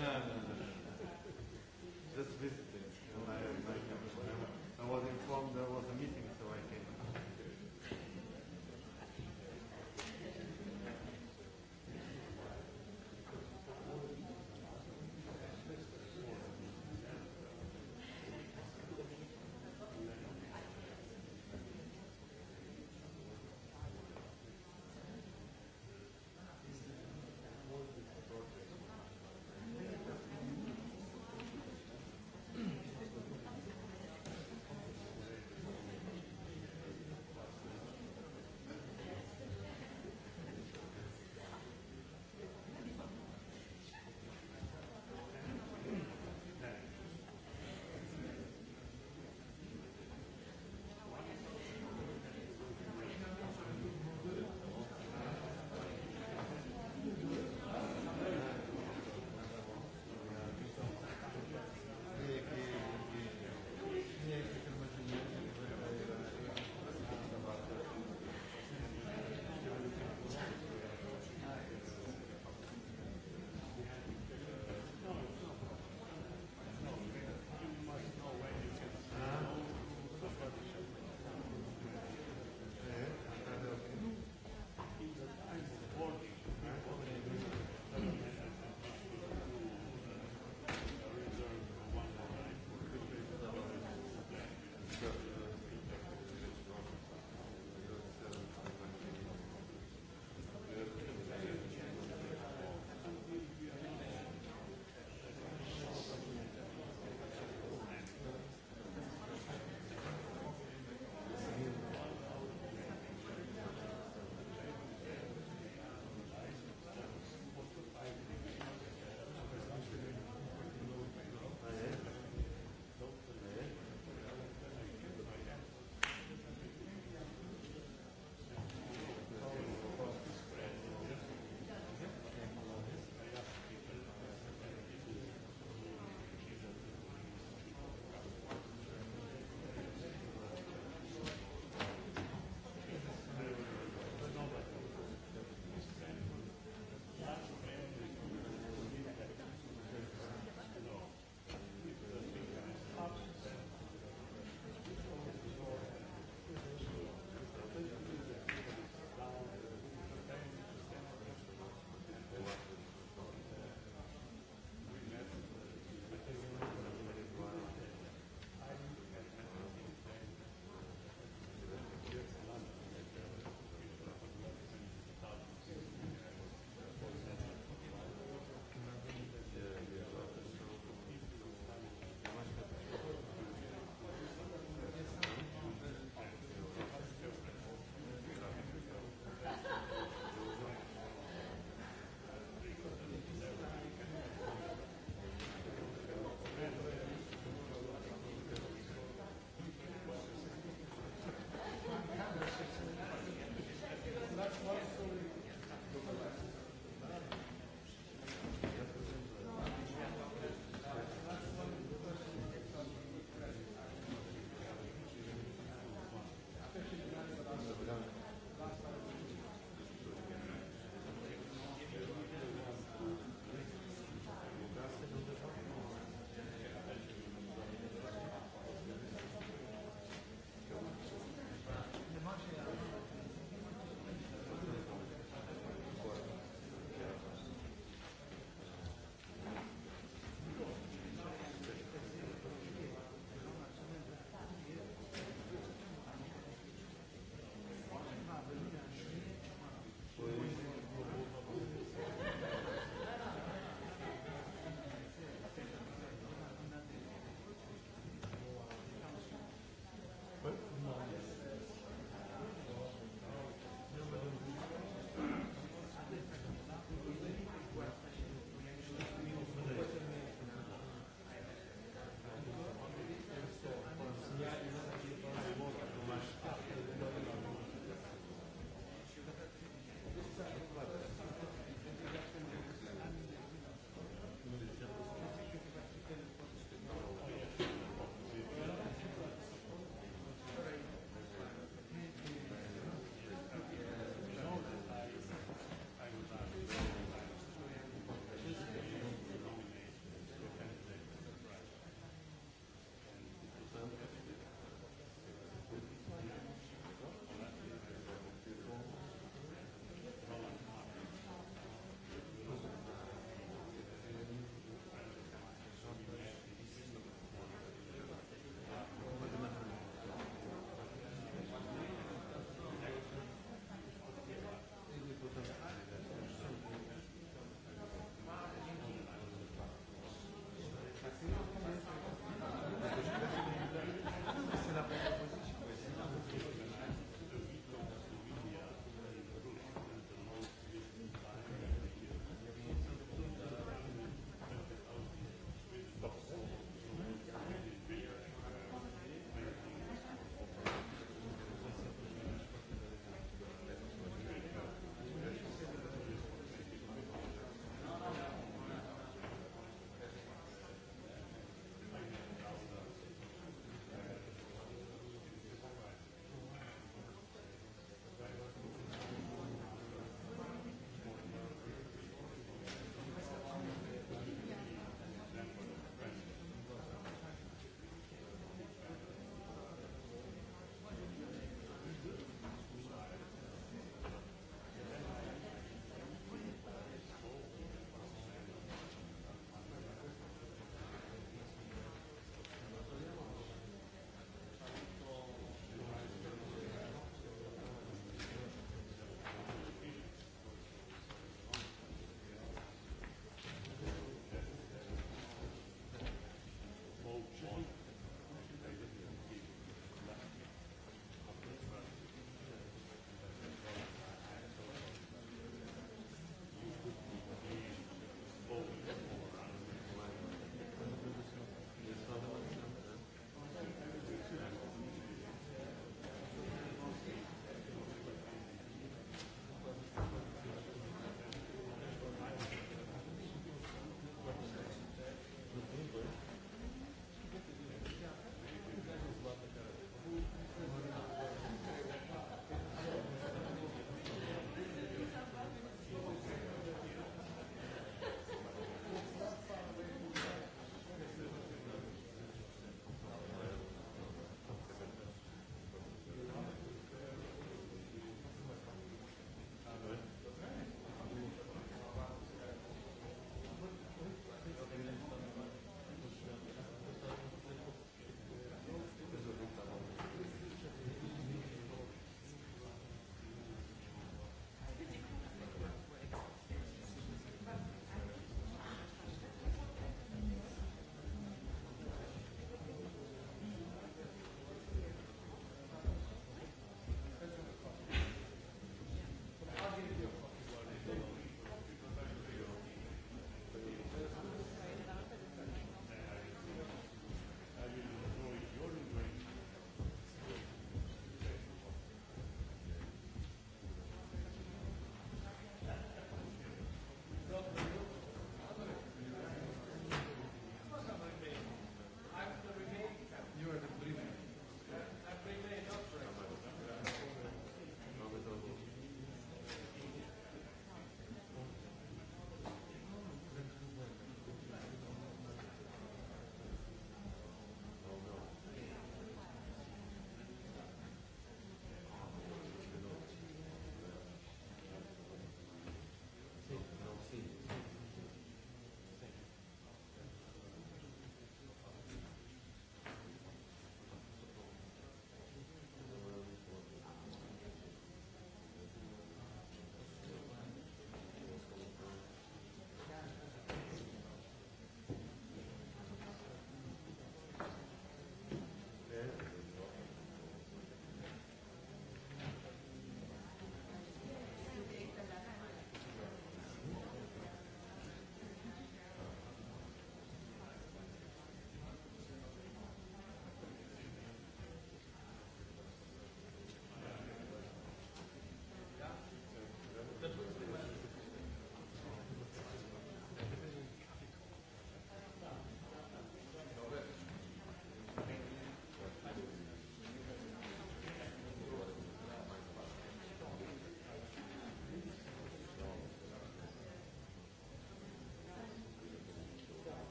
Nem, nem.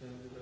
Köszönöm.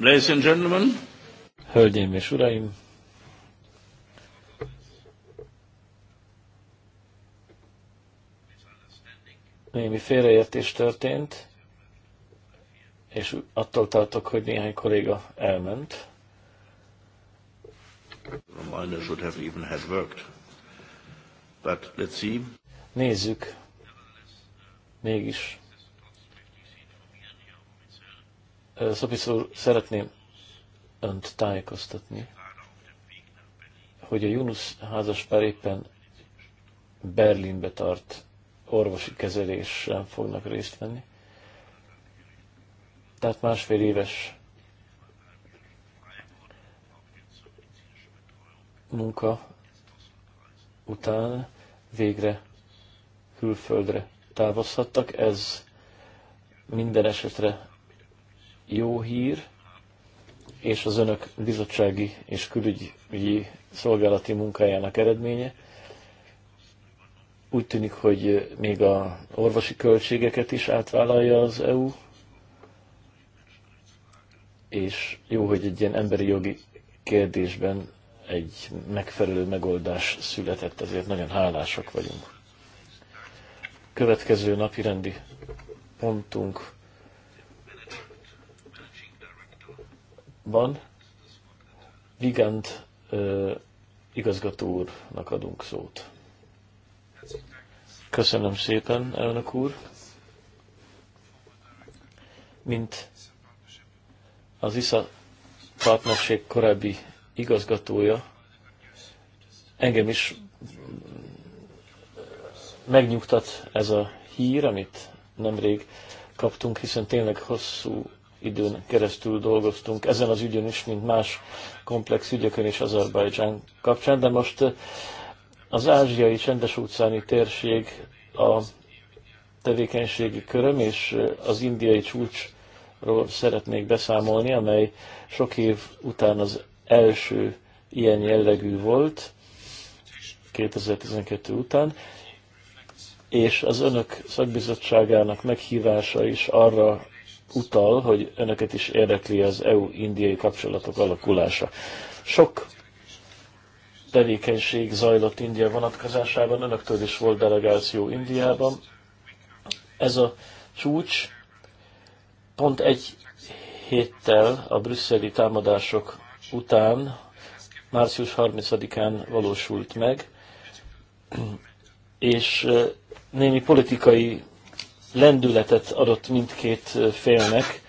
Ladies and gentlemen. Hölgyeim és uraim. Némi félreértés történt, és attól tartok, hogy néhány kolléga elment. Nézzük. Mégis Szopisz úr, szeretném önt tájékoztatni, hogy a Junus házaspár éppen Berlinbe tart orvosi kezelésen fognak részt venni. Tehát másfél éves munka után végre külföldre távozhattak. Ez minden esetre jó hír, és az önök bizottsági és külügyi szolgálati munkájának eredménye. Úgy tűnik, hogy még a orvosi költségeket is átvállalja az EU, és jó, hogy egy ilyen emberi jogi kérdésben egy megfelelő megoldás született, ezért nagyon hálásak vagyunk. Következő napi rendi pontunk van. Vigant igazgató úrnak adunk szót. Köszönöm szépen, elnök úr. Mint az ISZA partnerség korábbi igazgatója, engem is megnyugtat ez a hír, amit nemrég kaptunk, hiszen tényleg hosszú időn keresztül dolgoztunk ezen az ügyön is, mint más komplex ügyökön is Azerbajdzsán kapcsán, de most eh, az ázsiai csendes utcáni térség a tevékenységi köröm, és eh, az indiai csúcsról szeretnék beszámolni, amely sok év után az első ilyen jellegű volt, 2012 után, és az önök szakbizottságának meghívása is arra utal, hogy önöket is érdekli az EU-indiai kapcsolatok alakulása. Sok tevékenység zajlott India vonatkozásában, önöktől is volt delegáció Indiában. Ez a csúcs pont egy héttel a brüsszeli támadások után, március 30-án valósult meg, és némi politikai lendületet adott mindkét félnek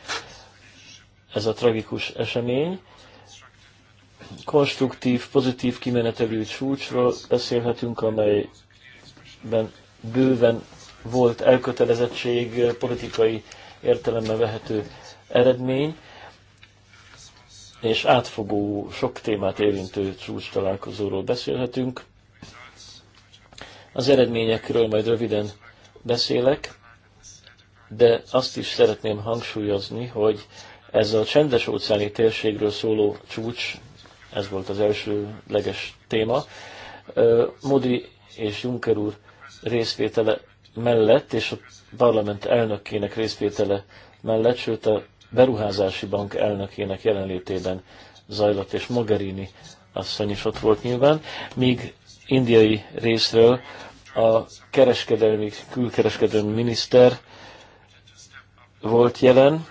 ez a tragikus esemény. Konstruktív, pozitív kimenetelű csúcsról beszélhetünk, amelyben bőven volt elkötelezettség, politikai értelemben vehető eredmény, és átfogó, sok témát érintő csúcs találkozóról beszélhetünk. Az eredményekről majd röviden beszélek de azt is szeretném hangsúlyozni, hogy ez a csendes óceáni térségről szóló csúcs, ez volt az első leges téma, Modi és Juncker úr részvétele mellett, és a parlament elnökének részvétele mellett, sőt a beruházási bank elnökének jelenlétében zajlott, és Mogherini asszony is ott volt nyilván, míg indiai részről a kereskedelmi, külkereskedelmi miniszter volt jelen.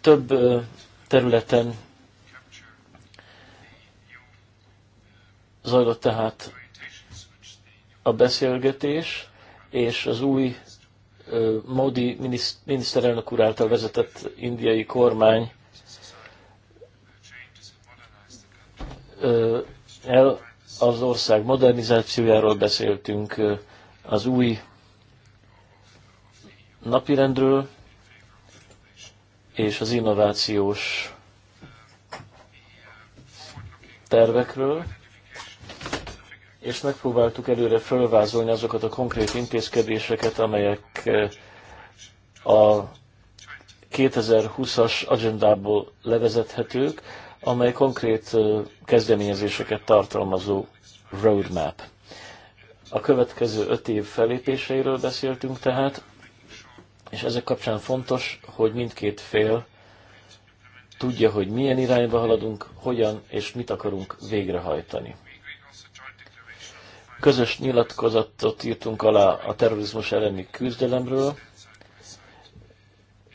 Több területen zajlott tehát a beszélgetés, és az új Modi miniszterelnök úr által vezetett indiai kormány el az ország modernizációjáról beszéltünk, az új napirendről, és az innovációs tervekről, és megpróbáltuk előre fölvázolni azokat a konkrét intézkedéseket, amelyek eh, a 2020-as agendából levezethetők, amely konkrét eh, kezdeményezéseket tartalmazó roadmap. A következő öt év felépéseiről beszéltünk tehát, és ezek kapcsán fontos, hogy mindkét fél tudja, hogy milyen irányba haladunk, hogyan és mit akarunk végrehajtani. Közös nyilatkozatot írtunk alá a terrorizmus elleni küzdelemről,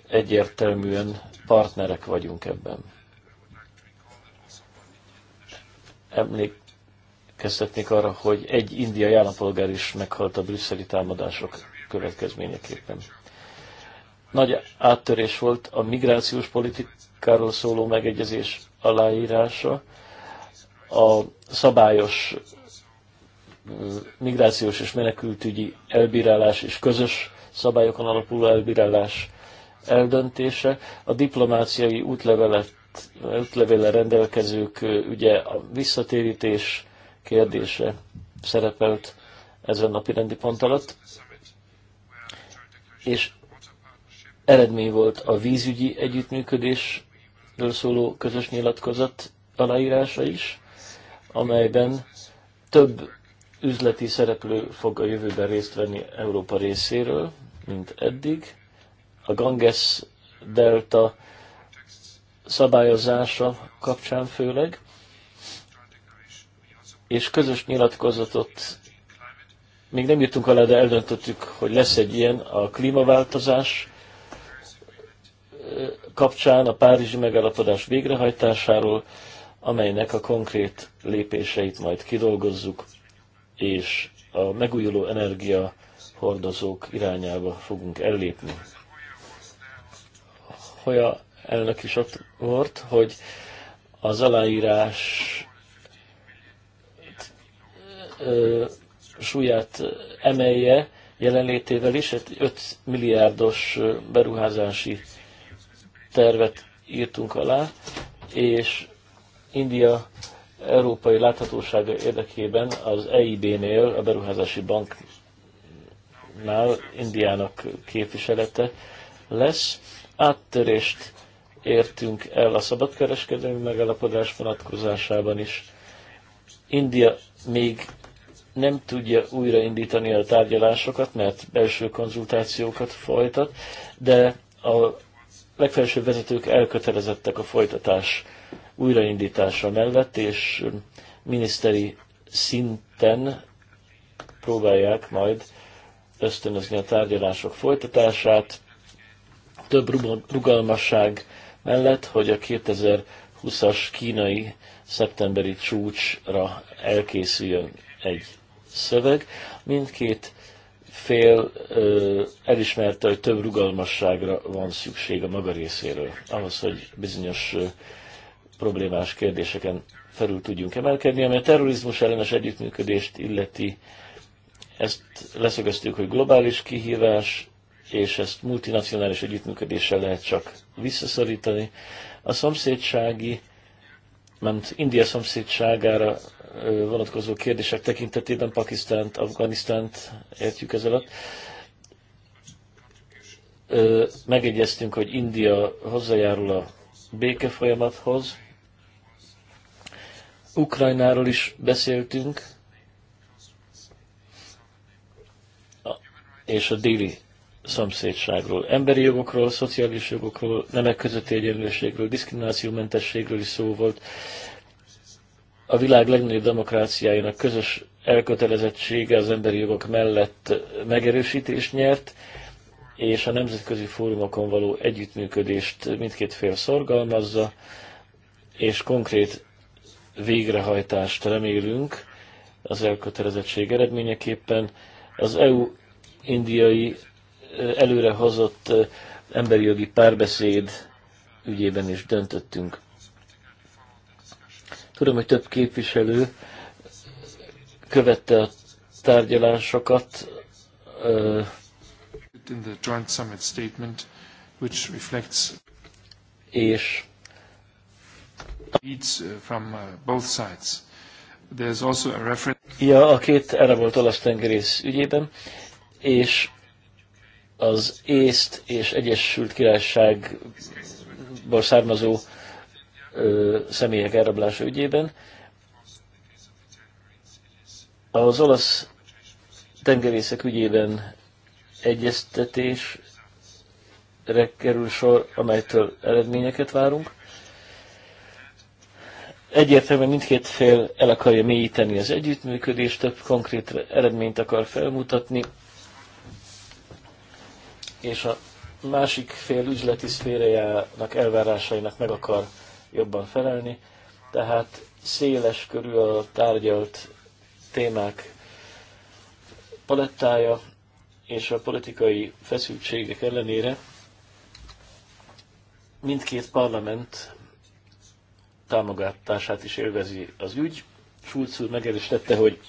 egyértelműen partnerek vagyunk ebben. Emlékeztetnék arra, hogy egy indiai állampolgár is meghalt a brüsszeli támadások következményeképpen. Nagy áttörés volt a migrációs politikáról szóló megegyezés aláírása, a szabályos migrációs és menekültügyi elbírálás és közös szabályokon alapuló elbírálás eldöntése, a diplomáciai útlevelet, útlevele rendelkezők ugye a visszatérítés kérdése szerepelt ezen napi rendi pont alatt, és Eredmény volt a vízügyi együttműködésről szóló közös nyilatkozat aláírása is, amelyben több üzleti szereplő fog a jövőben részt venni Európa részéről, mint eddig. A Ganges Delta szabályozása kapcsán főleg, és közös nyilatkozatot még nem jutunk alá, de eldöntöttük, hogy lesz egy ilyen a klímaváltozás kapcsán a Párizsi megállapodás végrehajtásáról, amelynek a konkrét lépéseit majd kidolgozzuk, és a megújuló energia hordozók irányába fogunk ellépni. Hoja elnök is ott volt, hogy az aláírás súlyát emelje jelenlétével is, egy 5 milliárdos beruházási tervet írtunk alá, és India európai láthatósága érdekében az EIB-nél, a Beruházási Banknál Indiának képviselete lesz. Áttörést értünk el a szabadkereskedelmi megállapodás vonatkozásában is. India még nem tudja újraindítani a tárgyalásokat, mert belső konzultációkat folytat, de a legfelsőbb vezetők elkötelezettek a folytatás újraindítása mellett, és miniszteri szinten próbálják majd ösztönözni a tárgyalások folytatását, több rugalmasság mellett, hogy a 2020-as kínai szeptemberi csúcsra elkészüljön egy szöveg. Mindkét fél ö, elismerte, hogy több rugalmasságra van szükség a maga részéről, ahhoz, hogy bizonyos ö, problémás kérdéseken felül tudjunk emelkedni, ami a terrorizmus ellenes együttműködést illeti. Ezt leszögeztük, hogy globális kihívás, és ezt multinacionális együttműködéssel lehet csak visszaszorítani. A szomszédsági, mert India szomszédságára vonatkozó kérdések tekintetében Pakisztánt, Afganisztánt értjük ez alatt. Megegyeztünk, hogy India hozzájárul a béke folyamathoz. Ukrajnáról is beszéltünk, és a déli szomszédságról, emberi jogokról, szociális jogokról, nemek közötti egyenlőségről, diszkriminációmentességről is szó volt a világ legnagyobb demokráciáinak közös elkötelezettsége az emberi jogok mellett megerősítést nyert, és a nemzetközi fórumokon való együttműködést mindkét fél szorgalmazza, és konkrét végrehajtást remélünk az elkötelezettség eredményeképpen. Az EU indiai előrehozott emberi jogi párbeszéd ügyében is döntöttünk. Tudom, hogy több képviselő követte a tárgyalásokat. In the joint summit statement, which reflects és leads uh, from uh, both sides. There's also a reference. Ja, a két erre volt olasz tengerész ügyében, és az észt és Egyesült Királyságból származó személyek elrablása ügyében. Az olasz tengerészek ügyében egyeztetésre kerül sor, amelytől eredményeket várunk. Egyértelműen mindkét fél el akarja mélyíteni az együttműködést, több konkrét eredményt akar felmutatni, és a másik fél üzleti szférájának elvárásainak meg akar jobban felelni. Tehát széles körül a tárgyalt témák palettája, és a politikai feszültségek ellenére mindkét parlament támogatását is élvezi az ügy. Schulz úr tette, hogy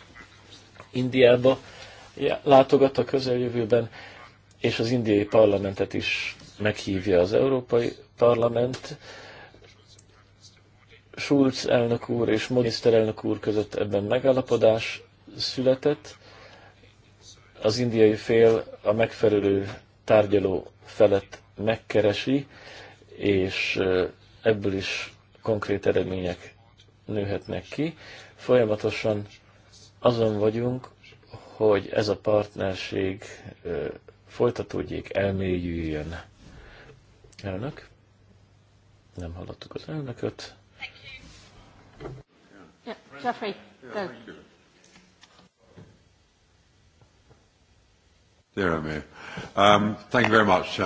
Indiába látogat a közeljövőben, és az indiai parlamentet is meghívja az Európai Parlament Schulz elnök úr és miniszterelnök úr között ebben megállapodás született. Az indiai fél a megfelelő tárgyaló felett megkeresi, és ebből is konkrét eredmények nőhetnek ki. Folyamatosan azon vagyunk, hogy ez a partnerség folytatódjék, elmélyüljön. Elnök? Nem hallottuk az elnököt. Yeah, Jeffrey.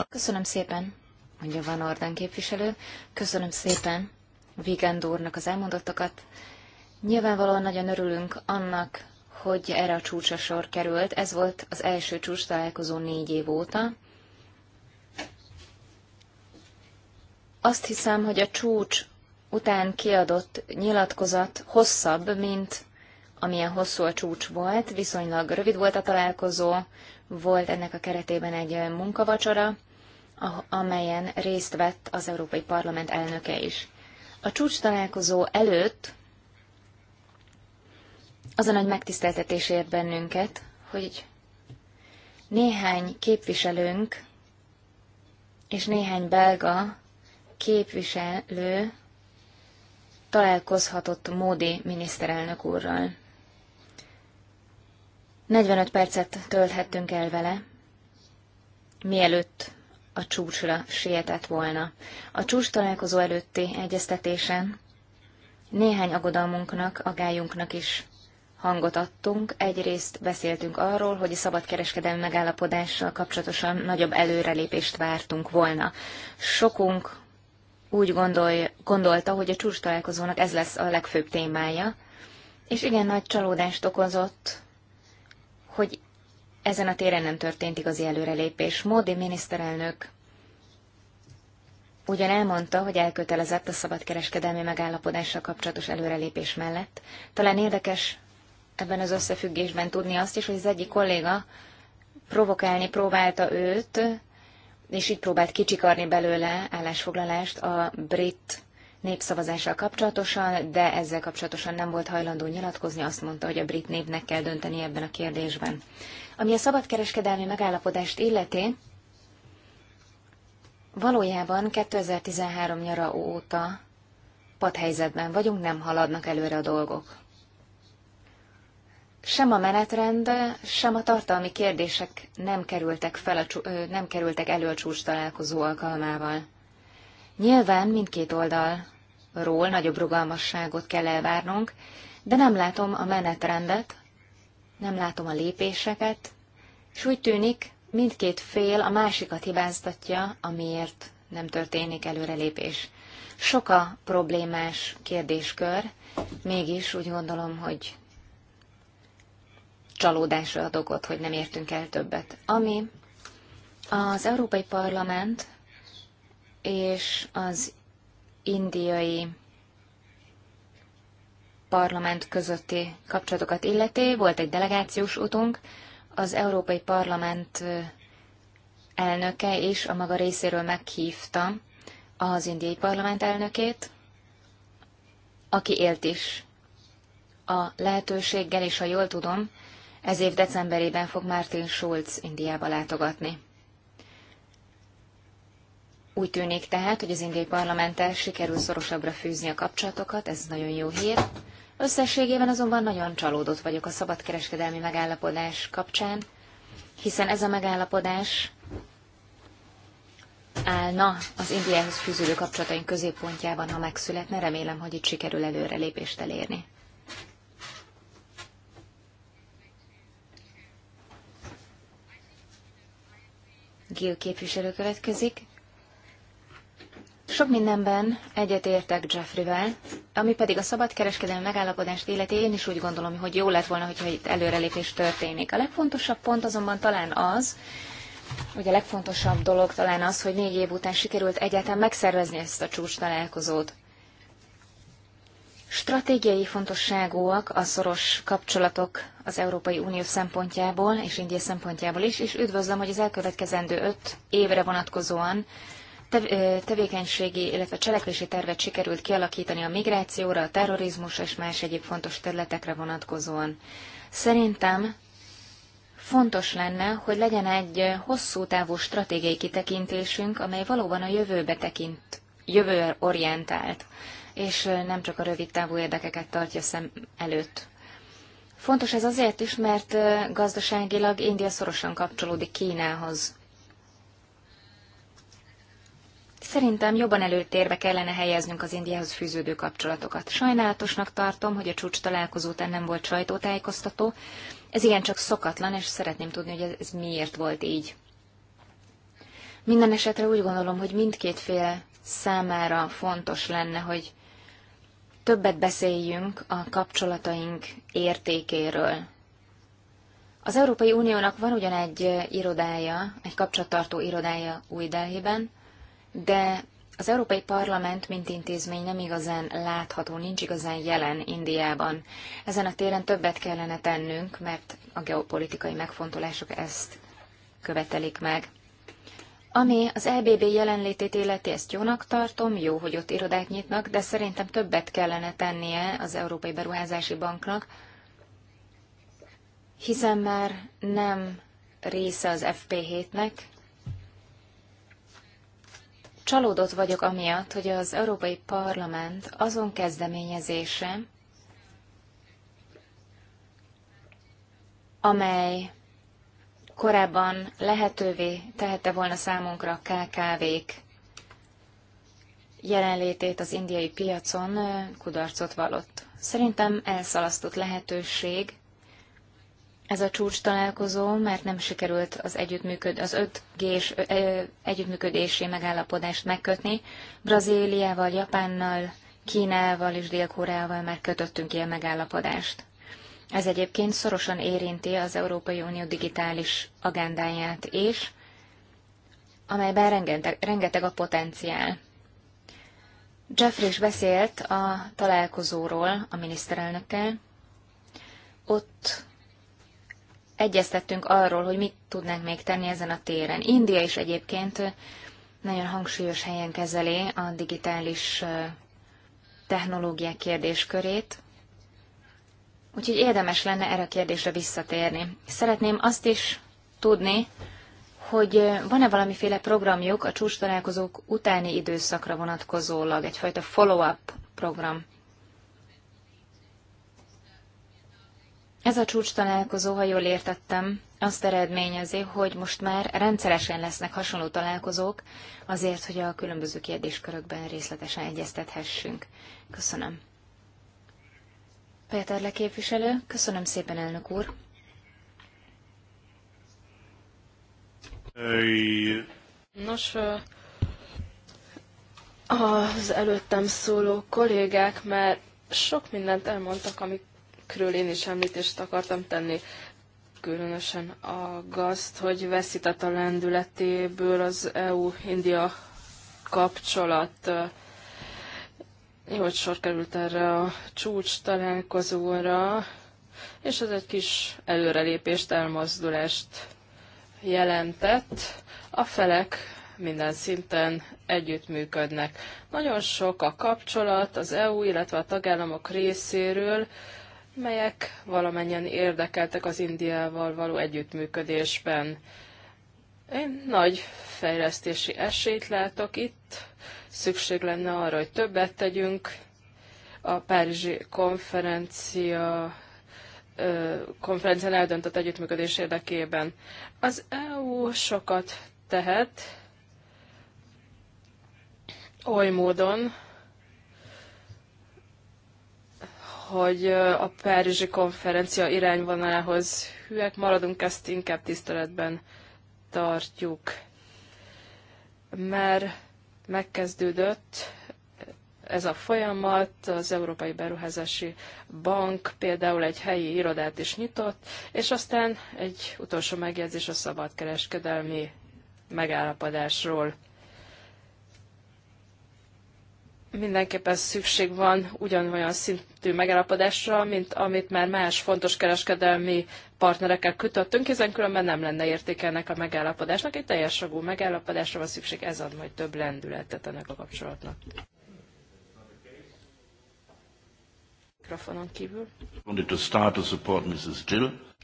Köszönöm szépen, mondja Van Orden képviselő. Köszönöm szépen Vigand úrnak az elmondottakat. Nyilvánvalóan nagyon örülünk annak, hogy erre a csúcsra sor került. Ez volt az első csúcs találkozó négy év óta. Azt hiszem, hogy a csúcs után kiadott nyilatkozat hosszabb, mint amilyen hosszú a csúcs volt, viszonylag rövid volt a találkozó, volt ennek a keretében egy munkavacsora, amelyen részt vett az Európai Parlament elnöke is. A csúcs találkozó előtt az a nagy megtiszteltetés ért bennünket, hogy néhány képviselőnk és néhány belga képviselő találkozhatott Módi miniszterelnök úrral. 45 percet tölthettünk el vele, mielőtt a csúcsra sietett volna. A csúcs találkozó előtti egyeztetésen néhány agodalmunknak, agályunknak is hangot adtunk. Egyrészt beszéltünk arról, hogy a szabadkereskedelmi megállapodással kapcsolatosan nagyobb előrelépést vártunk volna. Sokunk úgy gondol, gondolta, hogy a csúcs találkozónak ez lesz a legfőbb témája, és igen nagy csalódást okozott, hogy ezen a téren nem történt igazi előrelépés. Módi miniszterelnök ugyan elmondta, hogy elkötelezett a szabadkereskedelmi megállapodással kapcsolatos előrelépés mellett. Talán érdekes ebben az összefüggésben tudni azt is, hogy az egyik kolléga provokálni próbálta őt, és így próbált kicsikarni belőle állásfoglalást a brit népszavazással kapcsolatosan, de ezzel kapcsolatosan nem volt hajlandó nyilatkozni, azt mondta, hogy a brit népnek kell dönteni ebben a kérdésben. Ami a szabadkereskedelmi megállapodást illeti, valójában 2013 nyara óta padhelyzetben vagyunk, nem haladnak előre a dolgok sem a menetrend, sem a tartalmi kérdések nem kerültek, fel a, nem kerültek elő a csúcs találkozó alkalmával. Nyilván mindkét oldalról nagyobb rugalmasságot kell elvárnunk, de nem látom a menetrendet, nem látom a lépéseket, és úgy tűnik, mindkét fél a másikat hibáztatja, amiért nem történik előrelépés. Sok a problémás kérdéskör, mégis úgy gondolom, hogy csalódásra ad okot, hogy nem értünk el többet. Ami az Európai Parlament és az indiai parlament közötti kapcsolatokat illeti. Volt egy delegációs utunk, az Európai Parlament elnöke is a maga részéről meghívta az indiai parlament elnökét, aki élt is a lehetőséggel, és ha jól tudom, ez év decemberében fog Martin Schulz Indiába látogatni. Úgy tűnik tehát, hogy az indiai parlamenttel sikerül szorosabbra fűzni a kapcsolatokat, ez nagyon jó hír. Összességében azonban nagyon csalódott vagyok a szabadkereskedelmi megállapodás kapcsán, hiszen ez a megállapodás állna az Indiához fűződő kapcsolataink középpontjában, ha megszületne, remélem, hogy itt sikerül előrelépést elérni. Gil képviselő következik. Sok mindenben egyetértek Jeffrey-vel, ami pedig a szabadkereskedelmi megállapodást illeti, én is úgy gondolom, hogy jó lett volna, hogyha itt előrelépés történik. A legfontosabb pont azonban talán az, hogy a legfontosabb dolog talán az, hogy négy év után sikerült egyáltalán megszervezni ezt a csúcs találkozót. Stratégiai fontosságúak a szoros kapcsolatok az Európai Unió szempontjából és India szempontjából is, és üdvözlöm, hogy az elkövetkezendő öt évre vonatkozóan tevékenységi, illetve cselekvési tervet sikerült kialakítani a migrációra, a terrorizmusra és más egyéb fontos területekre vonatkozóan. Szerintem fontos lenne, hogy legyen egy hosszú távú stratégiai kitekintésünk, amely valóban a jövőbe tekint, jövőre orientált és nem csak a rövid távú érdekeket tartja szem előtt. Fontos ez azért is, mert gazdaságilag India szorosan kapcsolódik Kínához. Szerintem jobban előtérbe kellene helyeznünk az Indiához fűződő kapcsolatokat. Sajnálatosnak tartom, hogy a csúcs találkozó után nem volt sajtótájékoztató. Ez igencsak szokatlan, és szeretném tudni, hogy ez miért volt így. Minden esetre úgy gondolom, hogy mindkét fél számára fontos lenne, hogy többet beszéljünk a kapcsolataink értékéről. Az Európai Uniónak van ugyan egy irodája, egy kapcsolattartó irodája új Delhiben, de az Európai Parlament, mint intézmény nem igazán látható, nincs igazán jelen Indiában. Ezen a téren többet kellene tennünk, mert a geopolitikai megfontolások ezt követelik meg. Ami az EBB jelenlétét életi, ezt jónak tartom, jó, hogy ott irodát nyitnak, de szerintem többet kellene tennie az Európai Beruházási Banknak, hiszen már nem része az FP7-nek. Csalódott vagyok amiatt, hogy az Európai Parlament azon kezdeményezése, amely korábban lehetővé tehette volna számunkra a KKV-k jelenlétét az indiai piacon kudarcot vallott. Szerintem elszalasztott lehetőség ez a csúcs találkozó, mert nem sikerült az, együttműköd, az 5G-s együttműködési megállapodást megkötni. Brazíliával, Japánnal, Kínával és Dél-Koreával már kötöttünk ilyen megállapodást. Ez egyébként szorosan érinti az Európai Unió digitális agendáját is, amelyben rengeteg, rengeteg a potenciál. Jeffrey is beszélt a találkozóról a miniszterelnökkel. Ott egyeztettünk arról, hogy mit tudnánk még tenni ezen a téren. India is egyébként nagyon hangsúlyos helyen kezeli a digitális technológiák kérdéskörét. Úgyhogy érdemes lenne erre a kérdésre visszatérni. Szeretném azt is tudni, hogy van-e valamiféle programjuk a csúcs találkozók utáni időszakra vonatkozólag, egyfajta follow-up program. Ez a csúcs találkozó, ha jól értettem, azt eredményezi, hogy most már rendszeresen lesznek hasonló találkozók, azért, hogy a különböző kérdéskörökben részletesen egyeztethessünk. Köszönöm. Péter leképviselő, köszönöm szépen, elnök úr. Nos, az előttem szóló kollégák már sok mindent elmondtak, amikről én is említést akartam tenni. Különösen a gazt, hogy veszített a lendületéből az EU-India kapcsolat. Jó, hogy sor került erre a csúcs találkozóra, és ez egy kis előrelépést, elmozdulást jelentett. A felek minden szinten együttműködnek. Nagyon sok a kapcsolat az EU, illetve a tagállamok részéről, melyek valamennyien érdekeltek az Indiával való együttműködésben. Én nagy fejlesztési esélyt látok itt, szükség lenne arra, hogy többet tegyünk. A Párizsi konferencia konferencián eldöntött együttműködés érdekében. Az EU sokat tehet oly módon, hogy a Párizsi konferencia irányvonalához hűek maradunk, ezt inkább tiszteletben tartjuk. Mert megkezdődött ez a folyamat, az Európai Beruházási Bank például egy helyi irodát is nyitott, és aztán egy utolsó megjegyzés a szabadkereskedelmi megállapodásról mindenképpen szükség van ugyanolyan szintű megállapodásra, mint amit már más fontos kereskedelmi partnerekkel kötöttünk, hiszen különben nem lenne értéke ennek a megállapodásnak. Egy teljes ragú megállapodásra van szükség, ez ad majd több lendületet ennek a kapcsolatnak. Mikrofonon kívül.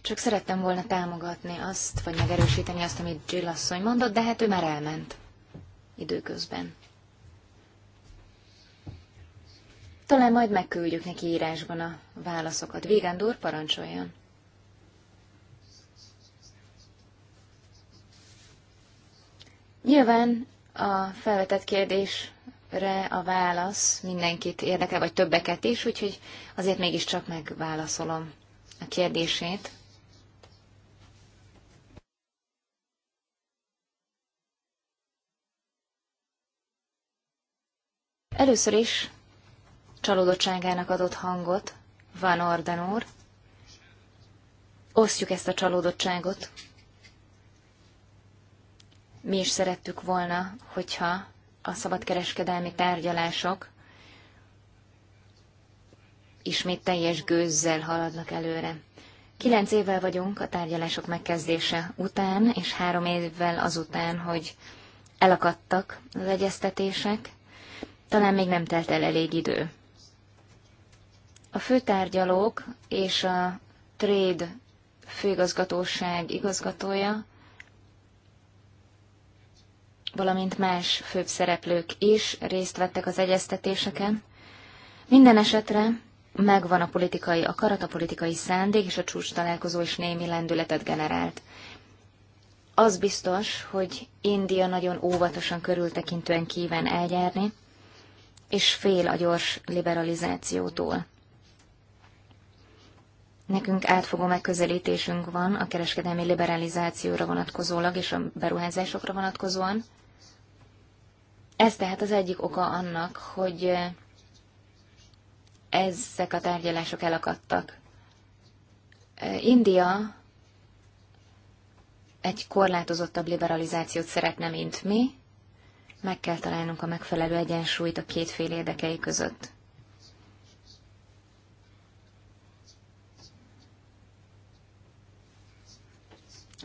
Csak szerettem volna támogatni azt, vagy megerősíteni azt, amit Jill asszony mondott, de hát ő már elment időközben. Talán majd megküldjük neki írásban a válaszokat. Végándor, parancsoljon! Nyilván a felvetett kérdésre a válasz mindenkit érdekel, vagy többeket is, úgyhogy azért mégiscsak megválaszolom a kérdését. Először is csalódottságának adott hangot Van Orden úr. Osztjuk ezt a csalódottságot. Mi is szerettük volna, hogyha a szabadkereskedelmi tárgyalások ismét teljes gőzzel haladnak előre. Kilenc évvel vagyunk a tárgyalások megkezdése után, és három évvel azután, hogy elakadtak az egyeztetések, talán még nem telt el elég idő. A főtárgyalók és a Trade főigazgatóság igazgatója, valamint más főbb szereplők is részt vettek az egyeztetéseken. Minden esetre megvan a politikai akarat, a politikai szándék, és a csúcs találkozó is némi lendületet generált. Az biztos, hogy India nagyon óvatosan körültekintően kíván eljárni, és fél a gyors liberalizációtól. Nekünk átfogó megközelítésünk van a kereskedelmi liberalizációra vonatkozólag és a beruházásokra vonatkozóan. Ez tehát az egyik oka annak, hogy eh, ezek a tárgyalások elakadtak. Eh, India egy korlátozottabb liberalizációt szeretne, mint mi. Meg kell találnunk a megfelelő egyensúlyt a két fél érdekei között.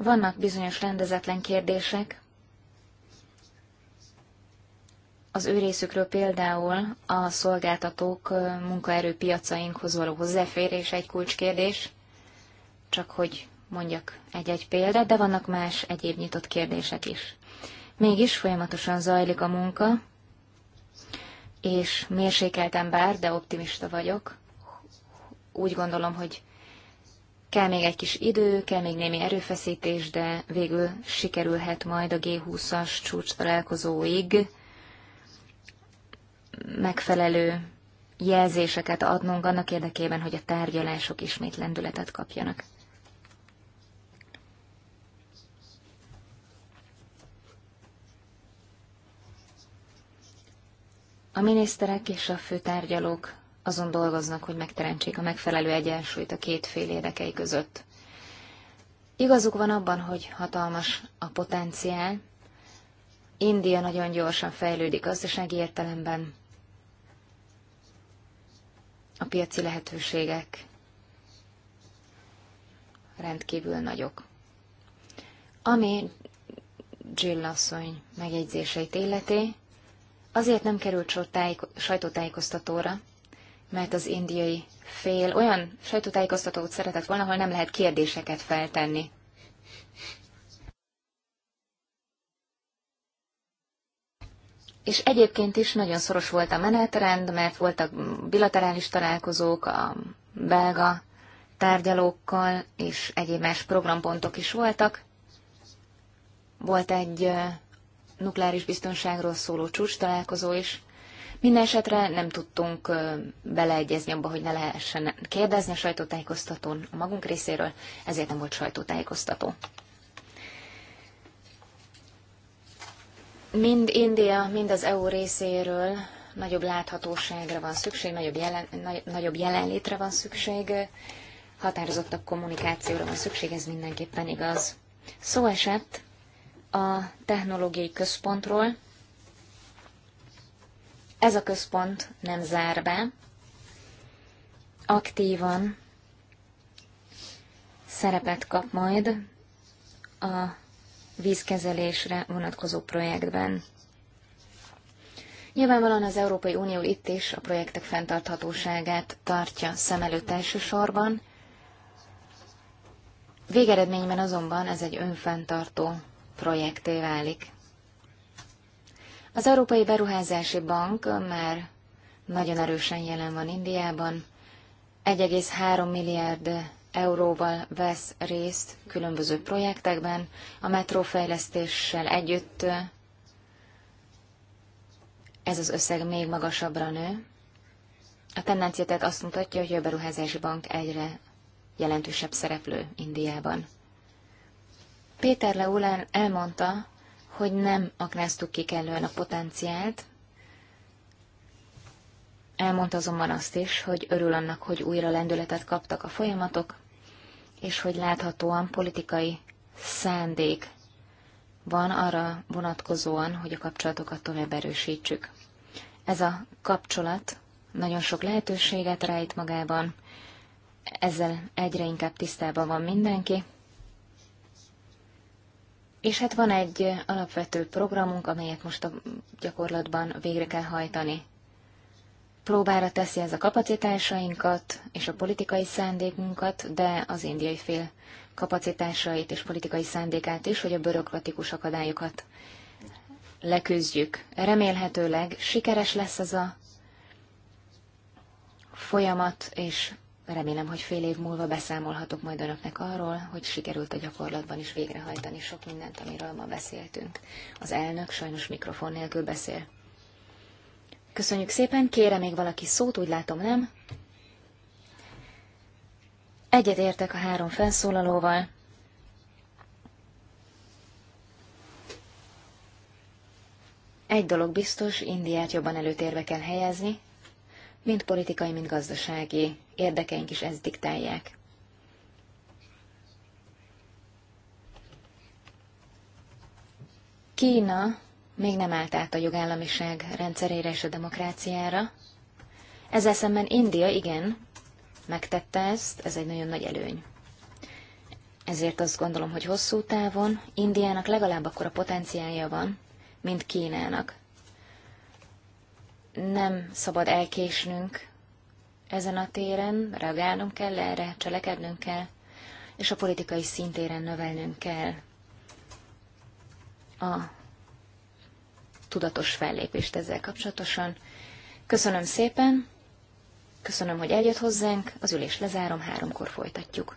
Vannak bizonyos rendezetlen kérdések. Az ő részükről például a szolgáltatók munkaerőpiacainkhoz való hozzáférés egy kulcskérdés, csak hogy mondjak egy-egy példát, de vannak más egyéb nyitott kérdések is. Mégis folyamatosan zajlik a munka, és mérsékeltem bár, de optimista vagyok. Úgy gondolom, hogy Kell még egy kis idő, kell még némi erőfeszítés, de végül sikerülhet majd a G20-as csúcs találkozóig megfelelő jelzéseket adnunk annak érdekében, hogy a tárgyalások ismét lendületet kapjanak. A miniszterek és a főtárgyalók azon dolgoznak, hogy megteremtsék a megfelelő egyensúlyt a két fél érdekei között. Igazuk van abban, hogy hatalmas a potenciál. India nagyon gyorsan fejlődik gazdasági értelemben. A piaci lehetőségek rendkívül nagyok. Ami Jill asszony megjegyzéseit illeti, azért nem került sor sajtótájékoztatóra, mert az indiai fél olyan sajtótájékoztatót szeretett volna, ahol nem lehet kérdéseket feltenni. És egyébként is nagyon szoros volt a menetrend, mert voltak bilaterális találkozók a belga tárgyalókkal, és egyéb más programpontok is voltak. Volt egy nukleáris biztonságról szóló csúcs találkozó is, minden esetre nem tudtunk beleegyezni abba, hogy ne lehessen kérdezni a sajtótájékoztatón a magunk részéről, ezért nem volt sajtótájékoztató. Mind India, mind az EU részéről nagyobb láthatóságra van szükség, nagyobb, jelen, nagyobb jelenlétre van szükség, határozottabb kommunikációra van szükség, ez mindenképpen igaz. Szó esett a technológiai központról, ez a központ nem zár be, aktívan szerepet kap majd a vízkezelésre vonatkozó projektben. Nyilvánvalóan az Európai Unió itt is a projektek fenntarthatóságát tartja szem előtt elsősorban. Végeredményben azonban ez egy önfenntartó projekté válik. Az Európai Beruházási Bank már nagyon erősen jelen van Indiában. 1,3 milliárd euróval vesz részt különböző projektekben, a metrófejlesztéssel együtt ez az összeg még magasabbra nő. A tendencia tehát azt mutatja, hogy a Beruházási Bank egyre jelentősebb szereplő Indiában. Péter Leulán elmondta, hogy nem aknáztuk ki kellően a potenciált. Elmondta azonban azt is, hogy örül annak, hogy újra lendületet kaptak a folyamatok, és hogy láthatóan politikai szándék van arra vonatkozóan, hogy a kapcsolatokat tovább erősítsük. Ez a kapcsolat nagyon sok lehetőséget rejt magában, ezzel egyre inkább tisztában van mindenki, és hát van egy alapvető programunk, amelyet most a gyakorlatban végre kell hajtani. Próbára teszi ez a kapacitásainkat és a politikai szándékunkat, de az indiai fél kapacitásait és politikai szándékát is, hogy a bürokratikus akadályokat leküzdjük. Remélhetőleg sikeres lesz ez a folyamat, és Remélem, hogy fél év múlva beszámolhatok majd önöknek arról, hogy sikerült a gyakorlatban is végrehajtani sok mindent, amiről ma beszéltünk. Az elnök sajnos mikrofon nélkül beszél. Köszönjük szépen, kére még valaki szót, úgy látom nem. Egyet értek a három felszólalóval. Egy dolog biztos, Indiát jobban előtérbe kell helyezni, mind politikai, mind gazdasági érdekeink is ezt diktálják. Kína még nem állt át a jogállamiság rendszerére és a demokráciára. Ezzel szemben India igen, megtette ezt, ez egy nagyon nagy előny. Ezért azt gondolom, hogy hosszú távon Indiának legalább akkora potenciálja van, mint Kínának nem szabad elkésnünk ezen a téren, reagálnunk kell erre, cselekednünk kell, és a politikai szintéren növelnünk kell a tudatos fellépést ezzel kapcsolatosan. Köszönöm szépen, köszönöm, hogy eljött hozzánk, az ülés lezárom, háromkor folytatjuk.